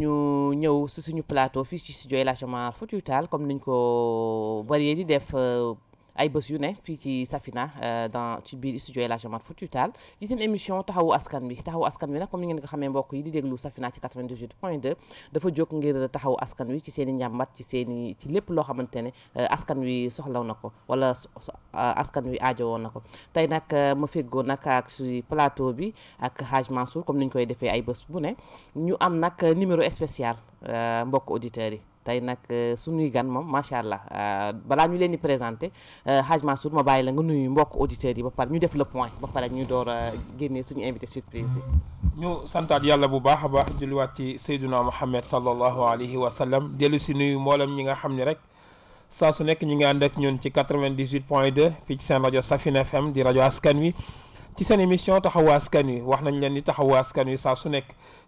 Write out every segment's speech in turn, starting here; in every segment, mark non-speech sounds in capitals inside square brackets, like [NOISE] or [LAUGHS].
ñu ñëw si suñu plateau fii ci studio El Hadji Omar Foutiyou Tall comme niñ ko bëree di def euh, ay bés yu ne fii ci Safina euh, dans ci biir studio El Hadj Omar Foutiyou Tall ci seen émission taxawu askan wi taxawu askan wi nag comme ni ngeen ko xamee mbokk yi di déglu Safina ci 98 point 2 dafa jóg ngir taxawu askan wi ci seen i njàmbat ci seen ci lépp loo xamante ne euh, askan wi soxlaw na ko wala euh, askan wi aajo woon na ko tey nag ma fegoon nag ak si plateau bi ak Hadj Mansour comme ni ñu koy defee ay bés bu ne ñu am nag numéro spécial mbokk auditeurs yi tey nag euh, suñuy gan moom macha allah euh, balaa ñu leen di présenté euh, Hadj Mansour ma bàyyi la nga nuyu mbokk auditeurs yi ba pare ñu def la point ba pare ñu door a génne suñu invité surprise yi. ñu santaat yàlla bu baax a baax julliwaat ci Seydina Mouhamed sallallahu alayhi wa sallam dellu si nuyu mboolem ñi nga xam ne rek saa su nekk ñu ngi ànd ak ñun ci 98 point 2 fii ci seen rajo Safina FM di rajo askan wi ci seen émission taxawu askan wi wax nañ leen ni taxawu askan wi saa su nekk.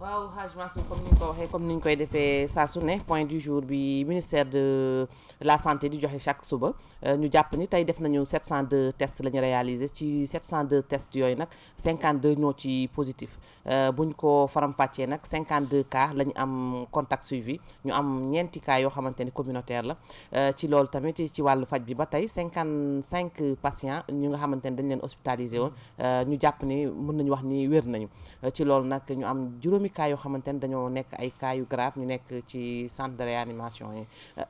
waaw Hadj Mansour comme ni ñu ko waxee comme koy defee saa su ne point du jour bi ministère de la santé di joxe chaque suba euh, ñu jàpp ni tey def nañu 702 tests la ñu réalisé ci 702 tests yooyu nak 52 ñoo ci positif euh, bu ñu ko faram-fàccee nag 52 cas la am contact suivi ñu am ñeenti cas yoo xamante ni communautaire la euh, ci loolu tamit ci wàllu faj bi ba 55 patients ñu nga xamante ni dañ leen hospitalisé woon mm. ñu jàpp ni mën nañu wax ni wér nañu ci loolu nag ñu am juróomi. juróomi cas yoo xamante ne dañoo nekk ay cas yu grave ñu nekk ci centre de réanimation yi euh,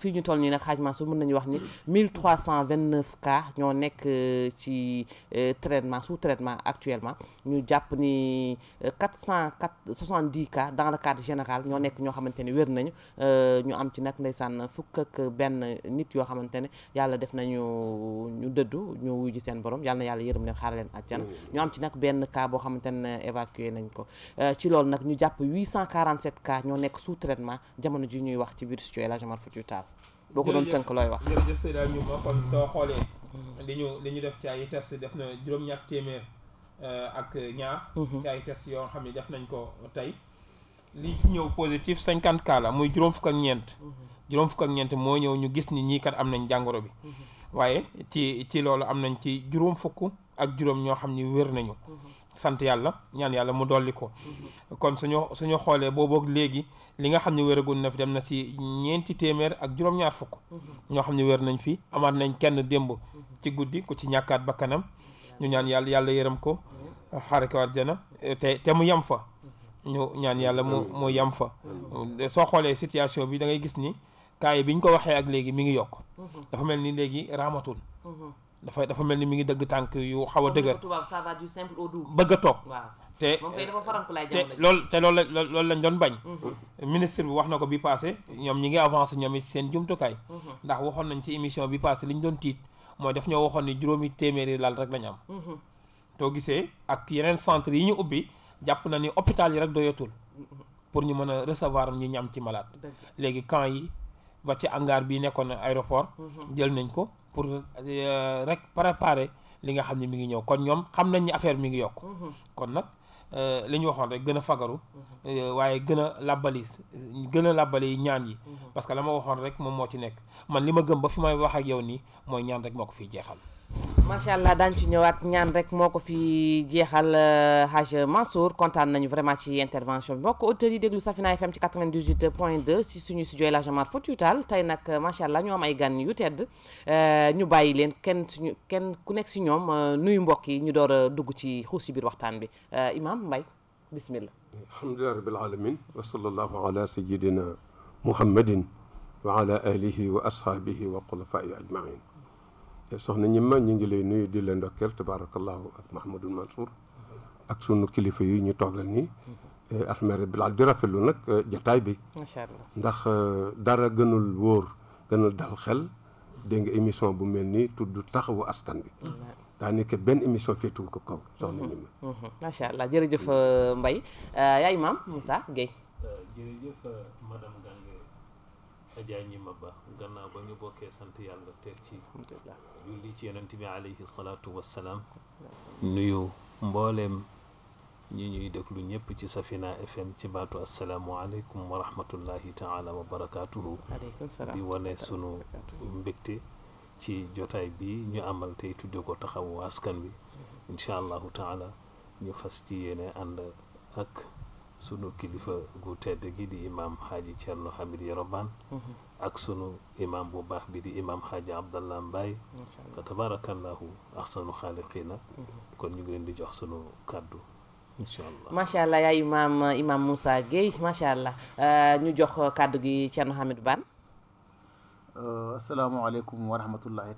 fi ñu toll nii nag xaaj Mansour mën nañu wax ni 1329 cas ñoo nekk euh, ci euh, traitement sous traitement actuellement ñu jàpp ni 470 euh, cas dans le cadre général ñoo nekk ñoo xamante ne wér nañu ñu am ci nag ndeysaan fukk ak benn nit yoo xamante ne yàlla def nañu ñu dëddu ñu wuyu ci seen borom yàlla na yàlla yërëm leen xaar leen àjjana mm. ñu am ci nag benn cas boo xamante ne évacué nañ ko ci loolu nag ñu jàpp 847 cas ñoo nekk sous traitement jamono ji ñuy wax ci virus situation Omar Foutiyou Tall boo ko doon tënk looy wax jërëjëf Seydou ñu ma kon soo xoolee li ñu li ñu def ci ay test def na juróom-ñaar téeméer eh, ak ñaar mhm. ci ay test yoo xam ne def nañ ko tey li ci ñëw positif cinquante cas muy juróom fukk ak ñeent mhm. juróom fukk ak ñeent moo ñëw ñu gis ni ñii kat am nañ jàngoro bi mhm. waaye ci ci loolu am nañ ci juróom fukk ak juróom ñoo xam ni wér nañu sant yàlla ñaan yàlla mu dolli ko kon suñu suñu xoolee boobook léegi li nga xam ne wéragul na fi dem na si ñeenti téeméer ak juróom-ñaar fukk ñoo xam ne wér nañ fi amaat nañ kenn démb ci guddi ku ci ñàkkaat ba kanam ñu ñaan yàlla yàlla yërëm ko xaare ko àjjana te te mu yem fa ñu ñaan yàlla mu mu yem fa soo xoolee situation bi da ngay gis ni kaay bi ñu ko waxee ak léegi mi ngi yokk dafa mel ni léegi raamatul dafa dafa mel ni mi ngi dëgg tànk yu xaw a dëgër ça va du simple au doux bëgg a toog te te loolu lañ doon bañ mhm. ministre bi wax na ko bi passé ñoom ñi ngi avancé ñoom it seen jumtukaay mhm. ndax waxoon nañ ci émission bi passé li ñu doon tiit mooy daf ñoo waxoon ni juróomi téeméeri lal rek lañ am mhm. too gisee ak yeneen centre yi ñu ubbi jàpp na ni hôpital yi rek doyatul pour ñu mën a recevoir ñi ñam ci malade léegi camp yi ba ci hangar bi nekkoon aéroport jël nañ ko pour euh, rek préparer li nga xam ne mi ngi ñëw kon ñoom xam nañ ni affaire mi ngi yokk mhm. kon nag euh, li ñu waxoon rek gën a fagaru mhm. euh, waaye gën a làbbali gën a làbbali ñaan yi mhm. parce que la ma waxoon rek moom moo ci nekk man li ma gëm ba fi may wax ak yow nii mooy ñaan rek moo ko fiy jeexal macha allah ci ñëwaat ñaan rek moo ko fi jeexal Haj Mansour kontaan nañu vraiment ci intervention bi mbokk auditeurs yi déglu Safina FM ci 98 point 2 si suñu studio El Hadj Omar tey nag macha ñu am ay gan yu tedd ñu bàyyi leen kenn suñu kenn ku nekk si ñoom nuyu mbokk yi ñu door a dugg ci xuus ci biir waxtaan bi Imaam Mbaye bismillah. alhamdulilah rabbil alamin wa sallallahu ala sayyidina muhammadin wa ala alihi wa ashaabihi wa xulafaa'i ajmain soxna ñi ma ñu ngi lay nuyu di la ndokkeel tabaarakallaahu ak Mahamadul Mansour ak sunu kilifa yi ñu toogal nii eh, alhamdulilah bilaal di rafetlu nag eh, jataay bi macha allah ndax eh, dara gënul wóor gënul dal xel dégg nga émission bu mel nii tudd taxawu askan bi mm-hmm. daanaka benn émission féetuwu ko kaw soxna mm-hmm. ñi mm-hmm. ma allah jërëjëf Mbaye yaay maam Moussa Guèye Adja Ñima Ba gannaaw ba ñu bokkee sant yàlla teg ci julli ci yonent bi alayhi salaatu wassalaam nuyu mbooleem ñi ñuy déglu ñëpp ci Safina FM ci baatu asalaamualeykum wa rahmatullahi taala wa barakaatuhu wane sunu mbégte ci jotaay bi ñu amal tey tudde ko taxawu askan wi mm-hmm. incha allahu taala ñu fas ci yéene ànd ak sunu kilifa gu tedd gi di imam xaaji Thierno Hamid Yoroban mm-hmm. ak sunu imam bu baax bi di imam xaaji Abdallah Mbaye fa tabarakallahu ahsanu xaaliqina mm-hmm. kon ñu ngi leen di jox sunu kàddu incha allah macha allah yaa imaam uh, imaam Moussa allah uh, ñu jox kàddu gi Thierno Hamidou Bane. Uh, wa rahmatullahi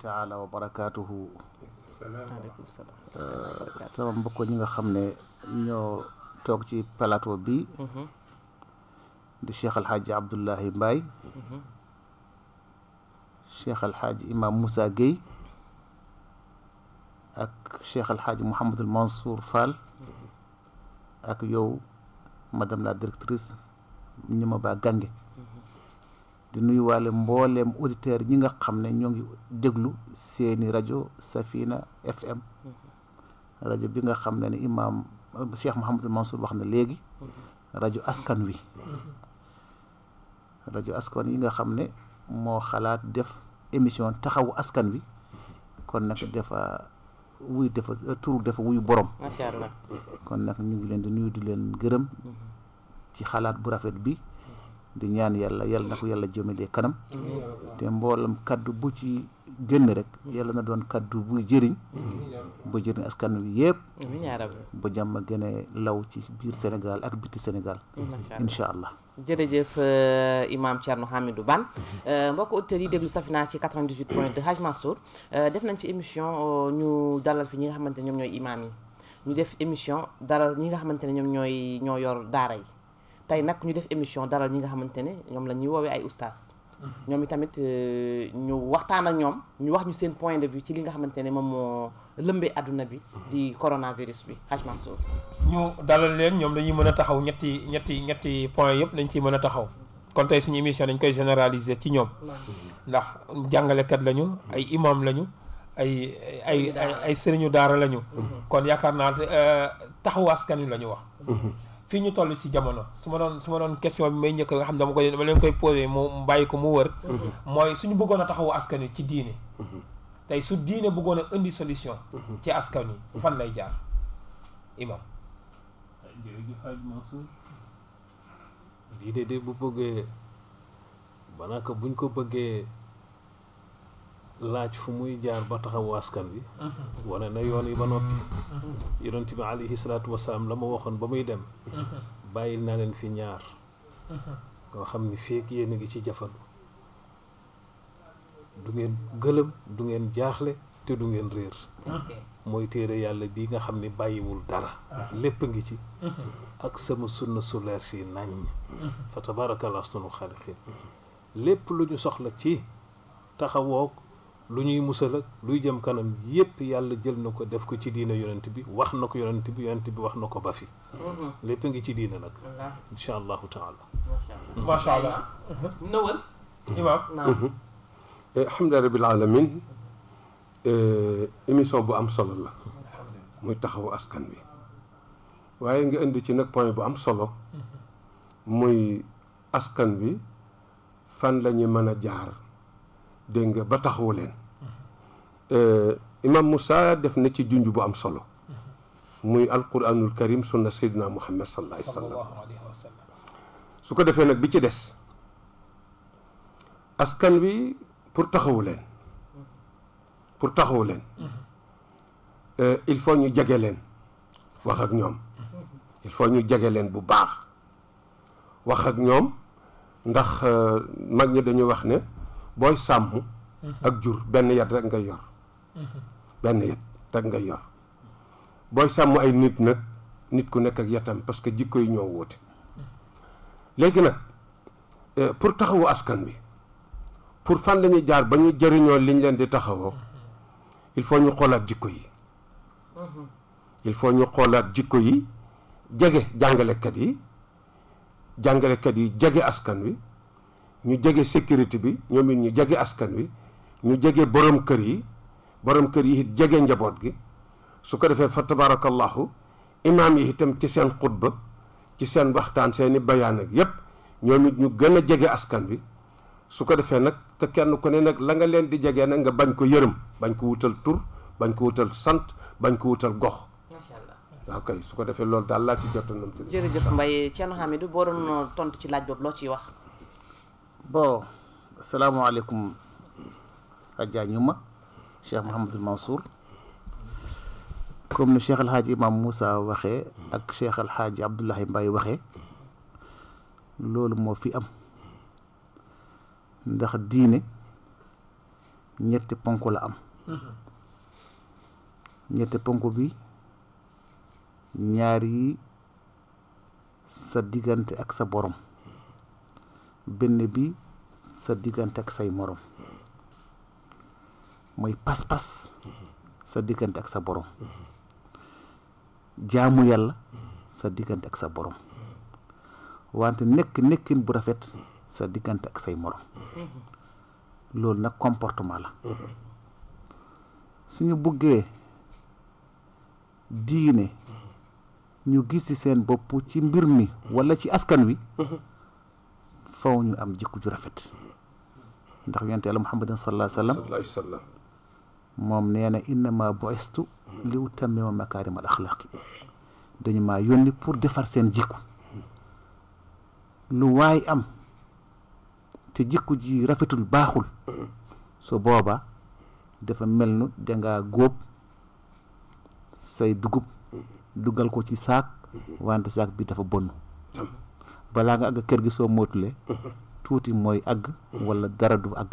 toog ci palato bi mm-hmm. di cheikh alxaaji abdullahi mbaay mm-hmm. cheikh alxaaji imam moussa gueye ak cheikh alxaaji mouhamadul mansour fall mm-hmm. ak yow madame la directrice ñu ma baa gànge di nuyuwaale mbooleem auditeur ñi nga xam ne ñoo ngi déglu seeni rajo safina fm rajo bi nga xam ne ne imaam Cheikh Mouhamadul Mansour wax na léegi rajo askan wi rajo askan yi nga xam ne moo xalaat def émission taxawu askan wi kon nag dafa ah, wuy dafa ah, tur dafa wuyu borom macha kon nag ñu ngi leen di nuyu di leen gërëm ci xalaat bu rafet bi di ñaan yàlla yàlla na ko yàlla jëmale kanam te mboolam kaddu bu ci génn rek yàlla na doon kaddu buy jëriñ ba jëriñ askan wi yëpp ba jàmm gën law ci biir Sénégal ak biti Sénégal incha allah jërëjëf euh, imam Thierno Hamidou Bane euh, mbokk auditeurs yi déglu Safina ci 98 point 2 Haj Mansour euh, def nañ fi émission ñu dalal fi ñi nga xamante ne ñoom ñooy imam yi ñu def émission dara ñi nga xamante ne ñoom ñooy ñoo yor daara yi tey nag ñu def émission dalal ñi nga xamante ne ñoom la ñuy woowee ay ustaas ñoom itamit euh, ñu waxtaan ak ñoom ñu wax ñu seen point de vue ci li nga xamante ne moom moo lëmbee àdduna bi di coronavirus bi Haj Mansour ñu dalal leen ñoom dañuy mën a taxaw ñetti ñetti ñetti point yëpp dañ ciy mën a taxaw kon tey suñu émission dañ koy généraliser ci ñoom ndax jàngalekat lañu ay imam lañu ay ay ay sëriñu daara lañu mhm. kon yaakaar naa euh, taxawu askan wi la wax mhm. fii ñu toll si jamono su ma doon su ma question bi may njëkk nga xam dama koy dama leen koy posé mu bàyyi ko mu wër. Mhm. mooy suñu bëggoon a taxawu askan wi ci diine. Mhm. tey su diine bëggoon a indi solution. Mhm. ci askan wi fan lay jaar imam. jërëjëf Hadj Mansour diine de bu bëggee buñ ko bëggee. laaj fu muy jaar ba taxaw askan wi wane na yoon yi ba noppi yonent bi alayhi salaatu wasalaam la ma waxoon ba muy dem bàyyil naa leen fi ñaar yoo xam ni feek yéen a ngi ci jafandu du ngeen gëlëm du ngeen jaaxle te du ngeen réer mooy téere yàlla bii nga xam ni bàyyiwul dara ah. lépp ngi ci ak sama sunna su leer si nañ fa tabaarakallah sunu xaaliqiin lépp lu ñu soxla ci taxawook lu ñuy musal ak luy jëm kanam yépp yàlla jël na ko def ko ci diine yonent bi wax na ko yonent bi yonent bi wax na ko ba fi mhm. lépp ngi ci diine nag insha allahu taala macha allah nawal imaam alhamdulilah alamin eh, émission bu am solo la muy taxawu askan bi waaye nga indi ci nag point bu am solo mhm. muy askan bi fan la ñu mën a jaar dégg nga ba taxawu leen imam Moussa def na ci junj bu am solo muy alquranul karim sunna sayyidina muhammad sallallahu alayhi wa sallam su ko defee nag bi ci des askan wi pour taxawu leen pour taxawu leen il faut ñu jege leen wax ak ñoom il faut ñu jege leen bu baax wax ak ñoom ndax mag ñi dañuy wax ne booy sàmm. Mhm. ak jur benn yat rek ngay yor. Mhm. benn yat rek ngay yor booy sàmm ay nit nag nit ku nekk ak yatam parce que jikko yi ñoo wóote mhm. léegi nag euh, pour taxawu askan bi pour fan lañuy jaar ba ñu jëriñoo liñ leen di taxawoo il faut ñu xoolaat jikko yi il faut ñu xoolaat jikko yi jege jàngalekat yi jàngalekat yi jege askan wi ñu jege sécurité bi ñoom ñu jege askan wi ñu jege borom kër yi borom kër yi it jege njaboot gi su ko defee fa tabarakallahu imam yi itam ci seen xutba ci seen waxtaan seeni bayaan ak yépp ñoom it ñu gën a askan wi su ko defee nag te kenn ku ne nag la nga leen di jegee nag nga bañ ko yërëm bañ ko wutal tur bañ ko wutal sant bañ ko wutal gox waaw kay su ko defee loolu daal laa ci jotoon nam jërëjëf mbay Thierno Hamidou boo doon ci laaj boobu السلام عليكم حجا نيوما شيخ محمد المنصور كوم شيخ الحاج امام موسى وخي اك شيخ الحاج عبد الله مباي وخي لول مو في ام ندخ ديني نيتي بونكو لا ام نيتي بونكو بي نياري سا ديغانتي اك سا بوروم benn bi sa diggante ak say morom mooy pas-pas sa diggante ak sa borom jaamu yàlla sa diggante ak sa borom wante nekk nekkin bu rafet sa diggante ak say morom loolu nag comportement la suñu buggee diine ñu gis ci seen bopp ci mbir mi walla ci askan wi faw ñu am jikko ju rafet ndax yonent yàlla muhammadin sallallahu alayhi wa sallam moom nee na innama bu'istu li utammima makaarimal axlaaqi dañu ma yónni pour defar seen jikko lu waay am te jikko ji rafetul baaxul su booba dafa mel nu dangaa góob say dugub dugal ko ci saak wante saak bi dafa bonn balaa nga àgg kër gi soo moytulee [LAUGHS] tuuti mooy àgg [LAUGHS] wala dara du àgg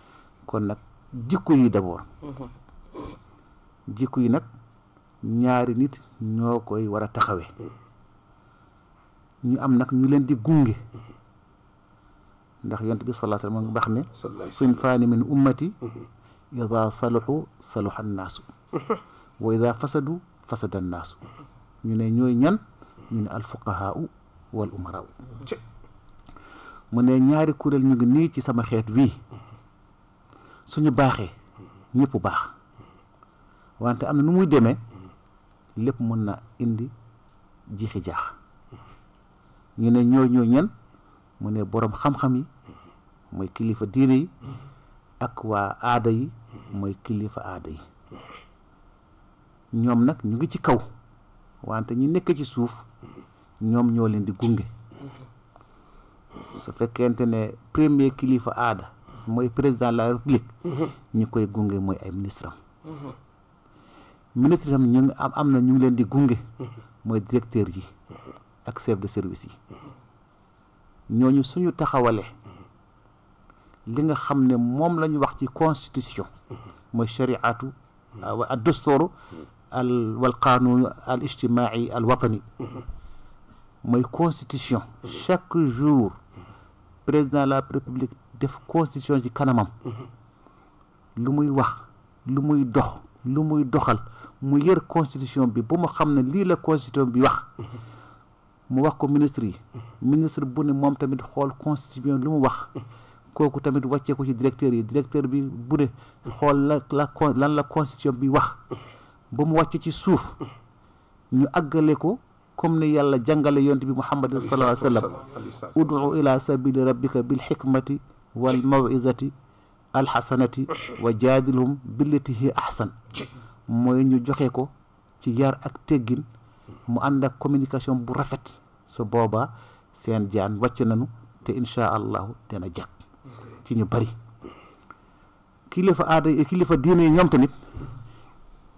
[LAUGHS] kon nag jikko yi d'abord jikko yi nag ñaari nit ñoo koy war a taxawee ñu am nag ñu leen di gunge ndax yonent bi salaa sallam mu baax ne sinfaani min ummati ida saluxu saluxa annaasu wa ida fasadu fasada annaasu ñu ne ñooy ñan ñu ne alfuqahaau wal umaraw mu ne ñaari kuréel ñu ngi nii ci sama xeet wii suñu baaxee ñëpp baax wante am na nu muy demee lépp mën na indi jiixi jaax ñu ne ñoo ñoo ñen mu ne boroom xam-xam yi mooy kilifa diine yi ak waa aada yi mooy kilifa aada yi ñoom nag ñu ngi ci kaw wante ñi nekk ci suuf ñoom ñoo leen di gunge su fekkente ne premier kilifa aada mooy président de la république mhm. ñi koy gunge mooy ay ministre am mhm. ministre am ñu am am na ñu ngi leen di gunge mhm. mooy directeur yi ak de service yi ñooñu suñu taxawalee li nga xam ne moom la ñu wax ci constitution mooy shariatu ad dusturu al wal qanun al ijtimaai al watani constitution chaque jour président de la république la constitution du kanamam lu muy wax lu muy dox lu constitution bi je la constitution bi wax mu ministre ministre ne tamit constitution lu wax tamit ko directeur directeur bi ne la la la constitution bi comme ni yàlla jàngale yonent bi muhammadin sallallahu alayhi wa sallam ud'u ila sabili rabbika bil xikmati wal mawizati alxasanati wa jaadilhum billati hi ahsan mooy ñu joxe ko ci yar ak teggin mu ànd communication bu rafet su booba seen jaan wàcc nañu te incha allahu dina jag ci ñu bari kilifa aada yi ñoom tamit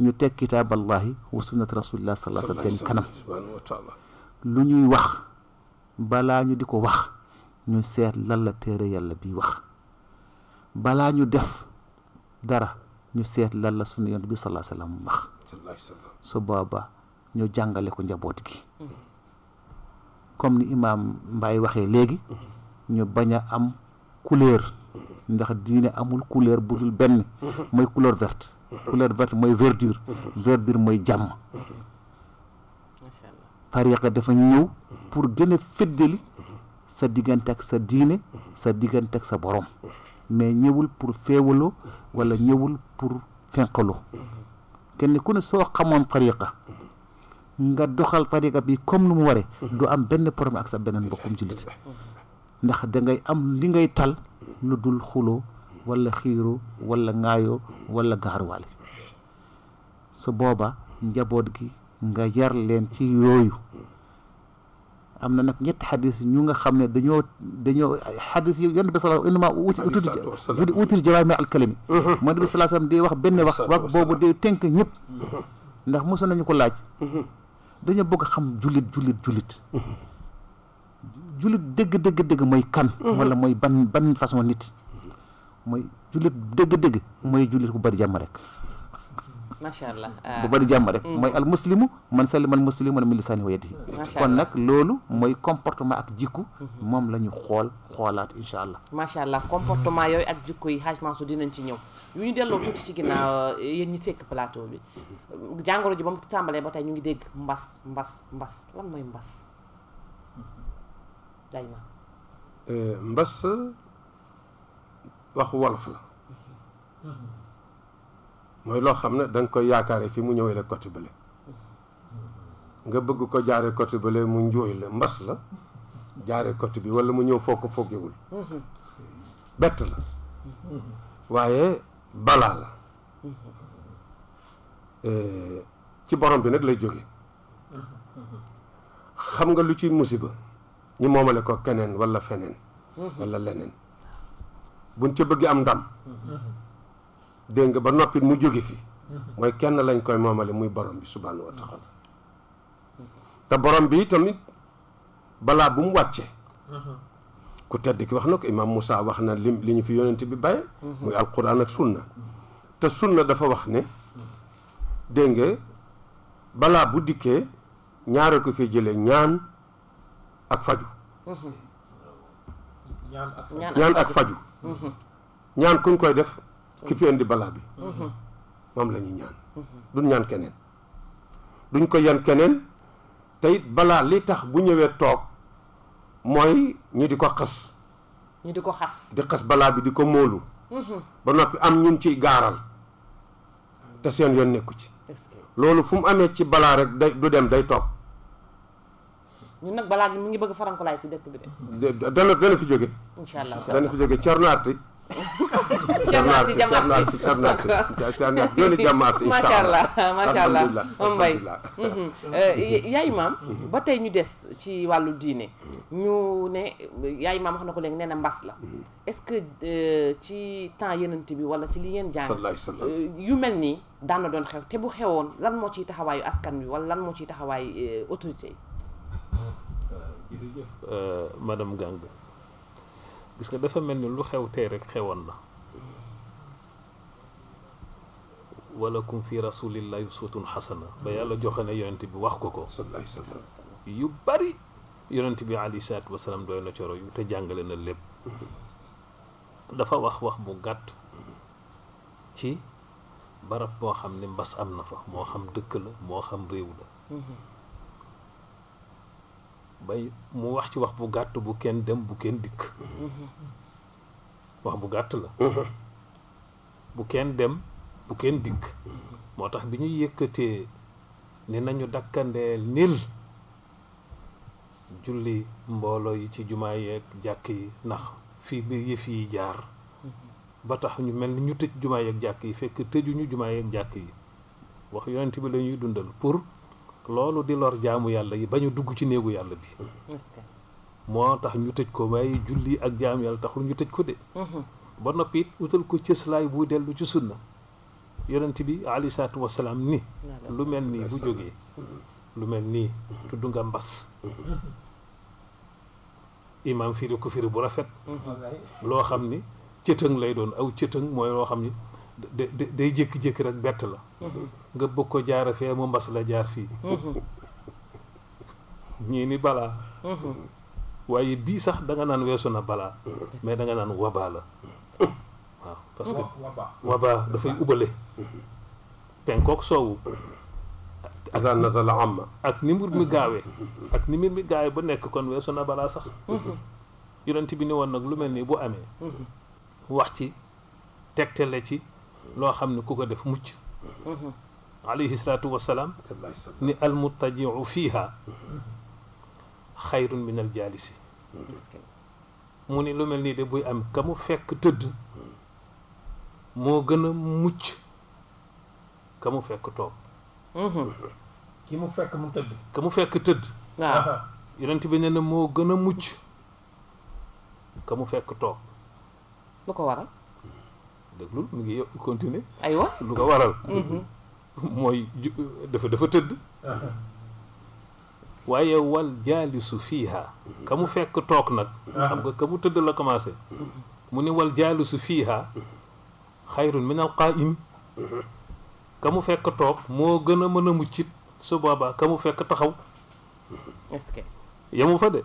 ñu teg kitaaballahi wa sunnat rasulillah sallallahu alayhi wasallam seen kanam lu ñuy wax balaa ñu di ko wax ñu seet lan la téere yàlla bi wax balaa ñu def dara ñu seet lan la sunna yonent bi sallallahu alayhi wasallam wax su booba ñu jàngale ko njaboot gi comme ni imaam Mbaye waxee léegi ñu bañ a am couleur ndax diine amul couleur bu dul benn [LAUGHS] mooy couleur verte couleur verte mooy verdure verdure mooy jàmm tariqa dafa ñëw pour gën a féddali sa diggante ak sa diine sa diggante ak sa borom mais ñëwul pour féewaloo wala ñëwul pour fenqaloo kenn ku ne soo xamoon tariqa nga doxal tariqa bi comme lu mu waree du am benn problème ak sa beneen mbokkum jullit ndax da am li ngay tal lu dul xuloo wala xiiro wala ŋaayoo wala gaaruwaale su booba njaboot gi nga yar leen ci yooyu am na nag ñetti xadis ñu nga xam ne dañoo dañoo xadis yi yonent bi sala innama utudd utir jawaami alkalami moo wax benn wax boobu day tënk ñëpp ndax mosoon nañu ko laaj dañoo bëgg xam jullit jullit jullit jullit dëgg dëgg dëgg mooy kan wala mooy ban ban façon nit mooy jullit dëgg-dëgg mooy jullit bu bari jàmm rek. macha allah [LAUGHS] ah. bu bari jàmm rek. Mm. mooy al muslimu man salima al muslimu min lisaanihi wa yadihi kon nag loolu mooy comportement ak jikku. Mm-hmm. moom la ñu xool xoolaat incha allah. macha allah comportement yooyu ak jikku yi Hajj Mansour dinañ ci ñëw yu ñu delloo tuuti ci ginnaaw euh, yéen ñi sekk plateau bi jàngoro ji ba mu tàmbalee ba tey ñu ngi dégg mbas mbas mbas lan mooy mbas. Euh, mbas. wax wolof la mooy loo xam ne danga nga koy yaakaare fi mu ñëwee la côté bële nga bëgg ko jaare côté bële mu njóoy la mbas la jaare côté bi wala mu ñëw foo ko foogewul bett la waaye balaa la eh, ci borom bi nag lay jóge xam nga lu ci musiba ñu moomale ko keneen wala feneen wala leneen buñ ca bëgg am ndam dégg nga ba mu jóge fi mooy kenn lañ koy moomale muy borom bi subhanahu wa taala te borom bi tamit balaa bu mu wàcce ku tedd ki wax na imam Moussa wax na li li ñu fi yonent bi baye muy alquran ak sunna te sunna dafa wax ne dégg nga balaa bu dikkee ñaare ko fi jëlee ñaan ak faju ñaan ak faju ñaan kuñ koy def ki fi indi balaa bi mhm. moom lañuy ñuy ñaan duñ ñaan keneen duñ ko yan keneen te balaa li tax bu ñëwee toog mooy ñu di ko xas ñi di ko xas di xas balaa bi di ko móolu mhm. ba noppi am ñun ciy gaaral te seen yoon nekku ci loolu fu mu amee ci balaa rek du dem day toog ñun nag balaa gi mi ngi bëgg farankulaay ci dëkk bi de. dana dana fi jóge. incha allah dana fi jóge Thierno Arti. [LAUGHS] Thierno Arti Thierno Arti Thierno allah macha allah moom Mbaye. Mm-hmm. Euh, yaay maam. ba tey ñu des ci wàllu diine. ñu ne yaay maam wax na ko léegi nee mbas la. Mm-hmm. est-ce que euh, ci temps yenant bi wala ci li ngeen jàng. Euh, yu mel nii daana doon xew te bu xewoon lan moo ciy taxawaayu askan wi wala lan moo ciy taxawaayu autorité madame Gang gis nga dafa mel ni lu xew tey rek xewoon na walakum fi rasulillahi uswatun xasana ba yàlla joxe ne yonent bi wax ko ko yu bari yonent bi alayhi salaatu wasalaam doy na coro yu te jàngale na lépp dafa wax wax bu gàtt ci barab boo xam ne mbas am na fa moo xam dëkk la moo xam réew la bay mu wax ci wax bu gàtt bu kenn dem bu kenn dikk wax bu gàtt la bu kenn dem bu kenn dikk moo tax bi ñu nañu dakkandeel nil julli mbooloo yi ci jumaa yeeg jàkk yi ndax fii bi yëf yi jaar ba tax ñu mel ni ñu tëj jumaa yeeg jàkk yi fekk tëjuñu jumaa yeeg jàkk yi wax yonent bi dundal pour loolu di lor jaamu yàlla yi bañ dugg ci néegu yàlla bi moo tax ñu tëj ko waaye julli ak jaamu yàlla taxul ñu tëj ko de mm-hmm. ba noppi it ko cëslaay buy dellu ci sunna yonent bi alayhi salaatu wasalaam ni lu mel nii bu jógee lu mel nii tudd nga mbas imaam firi ko bu rafet mm-hmm. loo xam ni cëtëng lay doon aw cëtëng mooy loo xam ni day jékki-jékki rek bett la nga bëgg ko jaar fee mu mbas la jaar fii mm-hmm. ñii ni balaa mm-hmm. waaye bii sax danga nga naan weesu na balaa mm-hmm. mais da naan wabaa la waaw parce que wabaa dafay ubale penkook soowu sa la am ak ni mbir mi gaawee ak ni mbir mi gaawee ba nekk kon weesu na balaa sax yonent bi ni woon nag lu mel nii bu amee wax ci tegtale ci loo xam ne ku ko def mucc Mm-hmm. alayhi salaatu wasalaam ni almutajiu fiiha xayrun min aljaalisi mm-hmm. mu ni lu mel nii de buy am ka mu fekk tëdd moo gën a mucc ka mu fekk toog mm-hmm. mu fekk mu tëdd ka mu fekk tëdd waaw bi nee na moo gën a mucc ka mu fekk toog ko waral déglul mu ngi continuer aywa lu ko waral mhm. mooy dafa dafa tëdd waaye wal jaalisu fiiha mhm. ka mu fekk toog nag ah. xam nga ka mu tëdd la commencé mhm. mu ni wal jaalisu fiiha xayrun min al qaim ka mu fekk toog moo gën a mën a muccit su boobaa ka mu fekk taxaw est fa de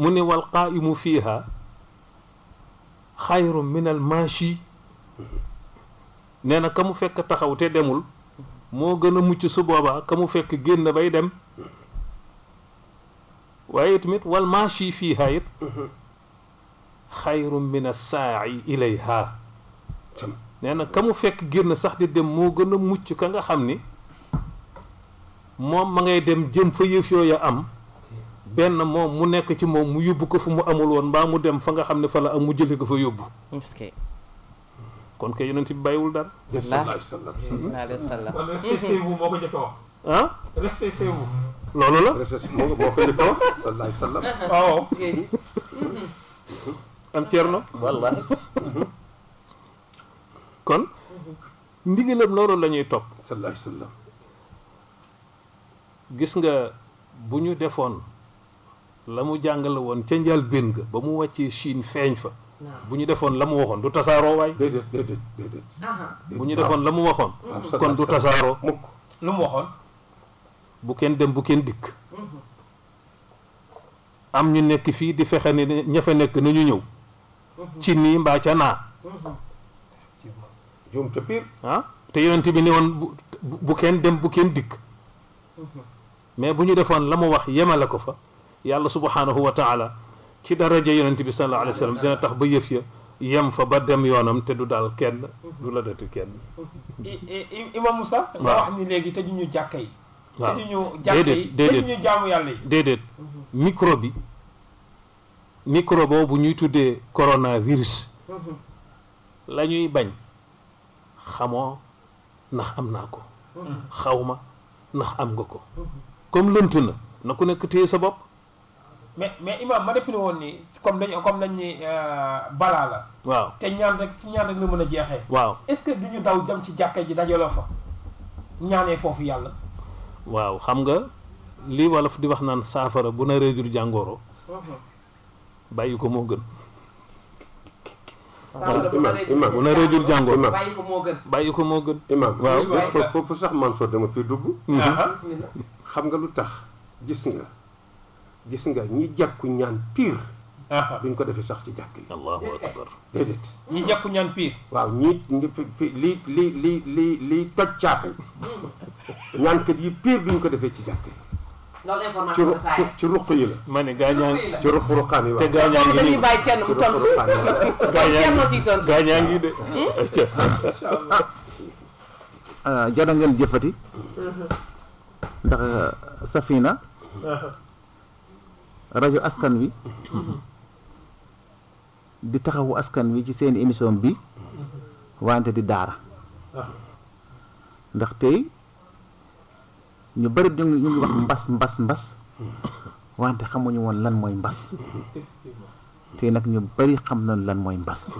mu ni wal qaimu fiiha xayru minal maashi nee na ka mu fekk taxaw te demul moo gën a mucc su boobaa ka mu fekk génn bay dem waaye tamit wal maashi fiihaa it xayru min assaa'i ilayha nee na ka mu fekk génn sax di dem moo gën a mucc ka nga xam ni moom ma ngay dem jëm fa yëf yooya am benn moom mu nekk ci moom mu yóbbu ko fu mu amul woon mbaa mu dem fa nga xam ne fa la am mu jëlee ko fa yóbbu. kon kay yonent bi bàyyiwul dara. wallaahi wallaahi kon recherché wu a wax. ah loolu la recherché moo ko jot a wax. wallaahi wallaahi waaw. la ñuy topp. wallaahi wallaahi. gis nga bu ñu defoon. Lamu jangal won ci ndial njal ba mu wacce Chine feñ fa buñu defon lamu waxon du tasaro way déedéet déedéet déedéet bu ñu defoon la mu kon du tasaro mukk lu mu bu ken dem bu ken dik mhm. am ñu nekk fi di fexé ne ña fa nekk nañu ñew mhm. ci ni mba ca na mhm. te pir ah te yonent bi ne woon bu ken dem bu ken dik mais buñu defon lamu wax yema la ko fa yàlla subhaanahu wa taala ci daraja yonent bi sallallahu alayhi wa sallam dina tax ba yëf ya yem fa ba dem yoonam te du daal kenn du la dati kenn. imam Moussa. waaw wax ni léegi te ñu jàkka yi. waaw déedéet ñu jaamu yàlla yi déedéet. micro bi micro boobu ñuy tuddee coronavirus. la ñuy bañ xamoo ndax am naa ko. Mm-hmm. xaw ma ndax am nga ko. comme lënt na na ku nekk téye sa bopp. mais mais Imaam ma defe ne woon nii comme dañu comme dañ ni euh, balaa la. waaw te ñaan rek ci ñaan rek mën a jeexee. waaw est-ce que duñu daw dem ci jàkka ji dajaloo fa ñaanee foofu yàlla. waaw xam nga lii wolof di wax naan saafara bu naree jur jàngooro uh-huh. bàyyi ko moo gën. imaam bu naree jur jàngoro imaam bàyyi ko moo gën. bàyyi ko moo gën. imaam waaw foofu sax man soo dama fi dugg. Uh-huh. xam nga lu tax gis nga. gis nga ñi jakku ñaan pire buñ ko defé sax ci jàkk yi allahu akbar dedet ñi jakku ñaan pire waaw ñi li li li li li toj ñaan hmm. ñaankat yi pire buñ ko defé ci jàkk yi ci ci ruq yi la mané gañan ci ruq ruqan yi te gañan ngi dañuy bay cenn mu tontu gañan [LAUGHS] ci tontu de hmm? [LAUGHS] ah, ngeen jëfati hmm. ndax uh, safina rajo askan wi di taxawu askan wi ci seen émission bi wante di daara ndax tey ñu bari ñu ngi wax mbas mbas mbas wante xamuñu woon lan mooy mbas tey nag ñu bari xam nañ lan mooy mbas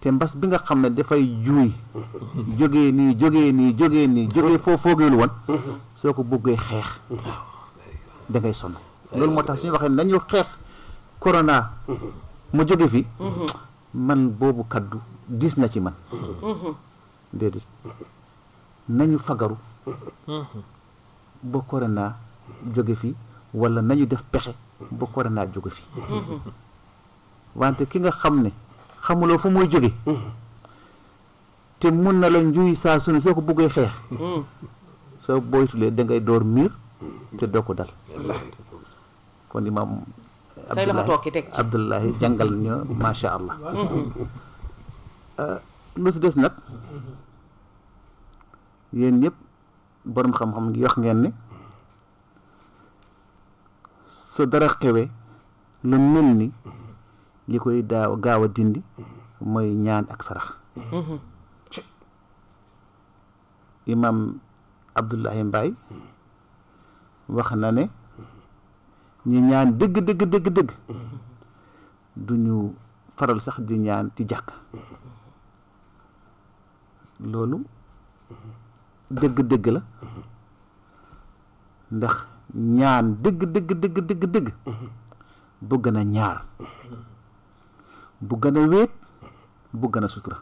te mbas bi nga xam ne dafay juuy jóge nii jógee nii jógee nii foo foogeelu woon soo ko bëggee xeex da ngay sonn loolu moo tax suñu waxee nañu xeex corona mu jóge fi man boobu kàddu dis na ci man déedéet nañu fagaru ba corona jóge fi wala nañu def pexe ba corona jóge fi wante ki nga xam ne xamuloo fu muy jóge te mun na la njuy saa su ne soo ko bëggee xeex soo boytulee da ngay door miir te doo ko dal wallaahi kon imaam abdullahi jàngal ñu macha allah mm-hmm. euh, lu si des nag yéen ñëpp borom xam-xam ngi wax ngeen ne su dara xewee lu mel ni li koy daaw gaaw a dindi mooy ñaan ak sarax mm-hmm. imaam abdullahi mbaay wax na ne ñu ñaan dëgg dëgg dëgg dëgg duñu faral sax di ñaan di jàkk loolu dëgg dëgg la ndax ñaan dëgg dëgg dëgg dëgg bu gën a ñaar bu gën a wéet bu gën a sutura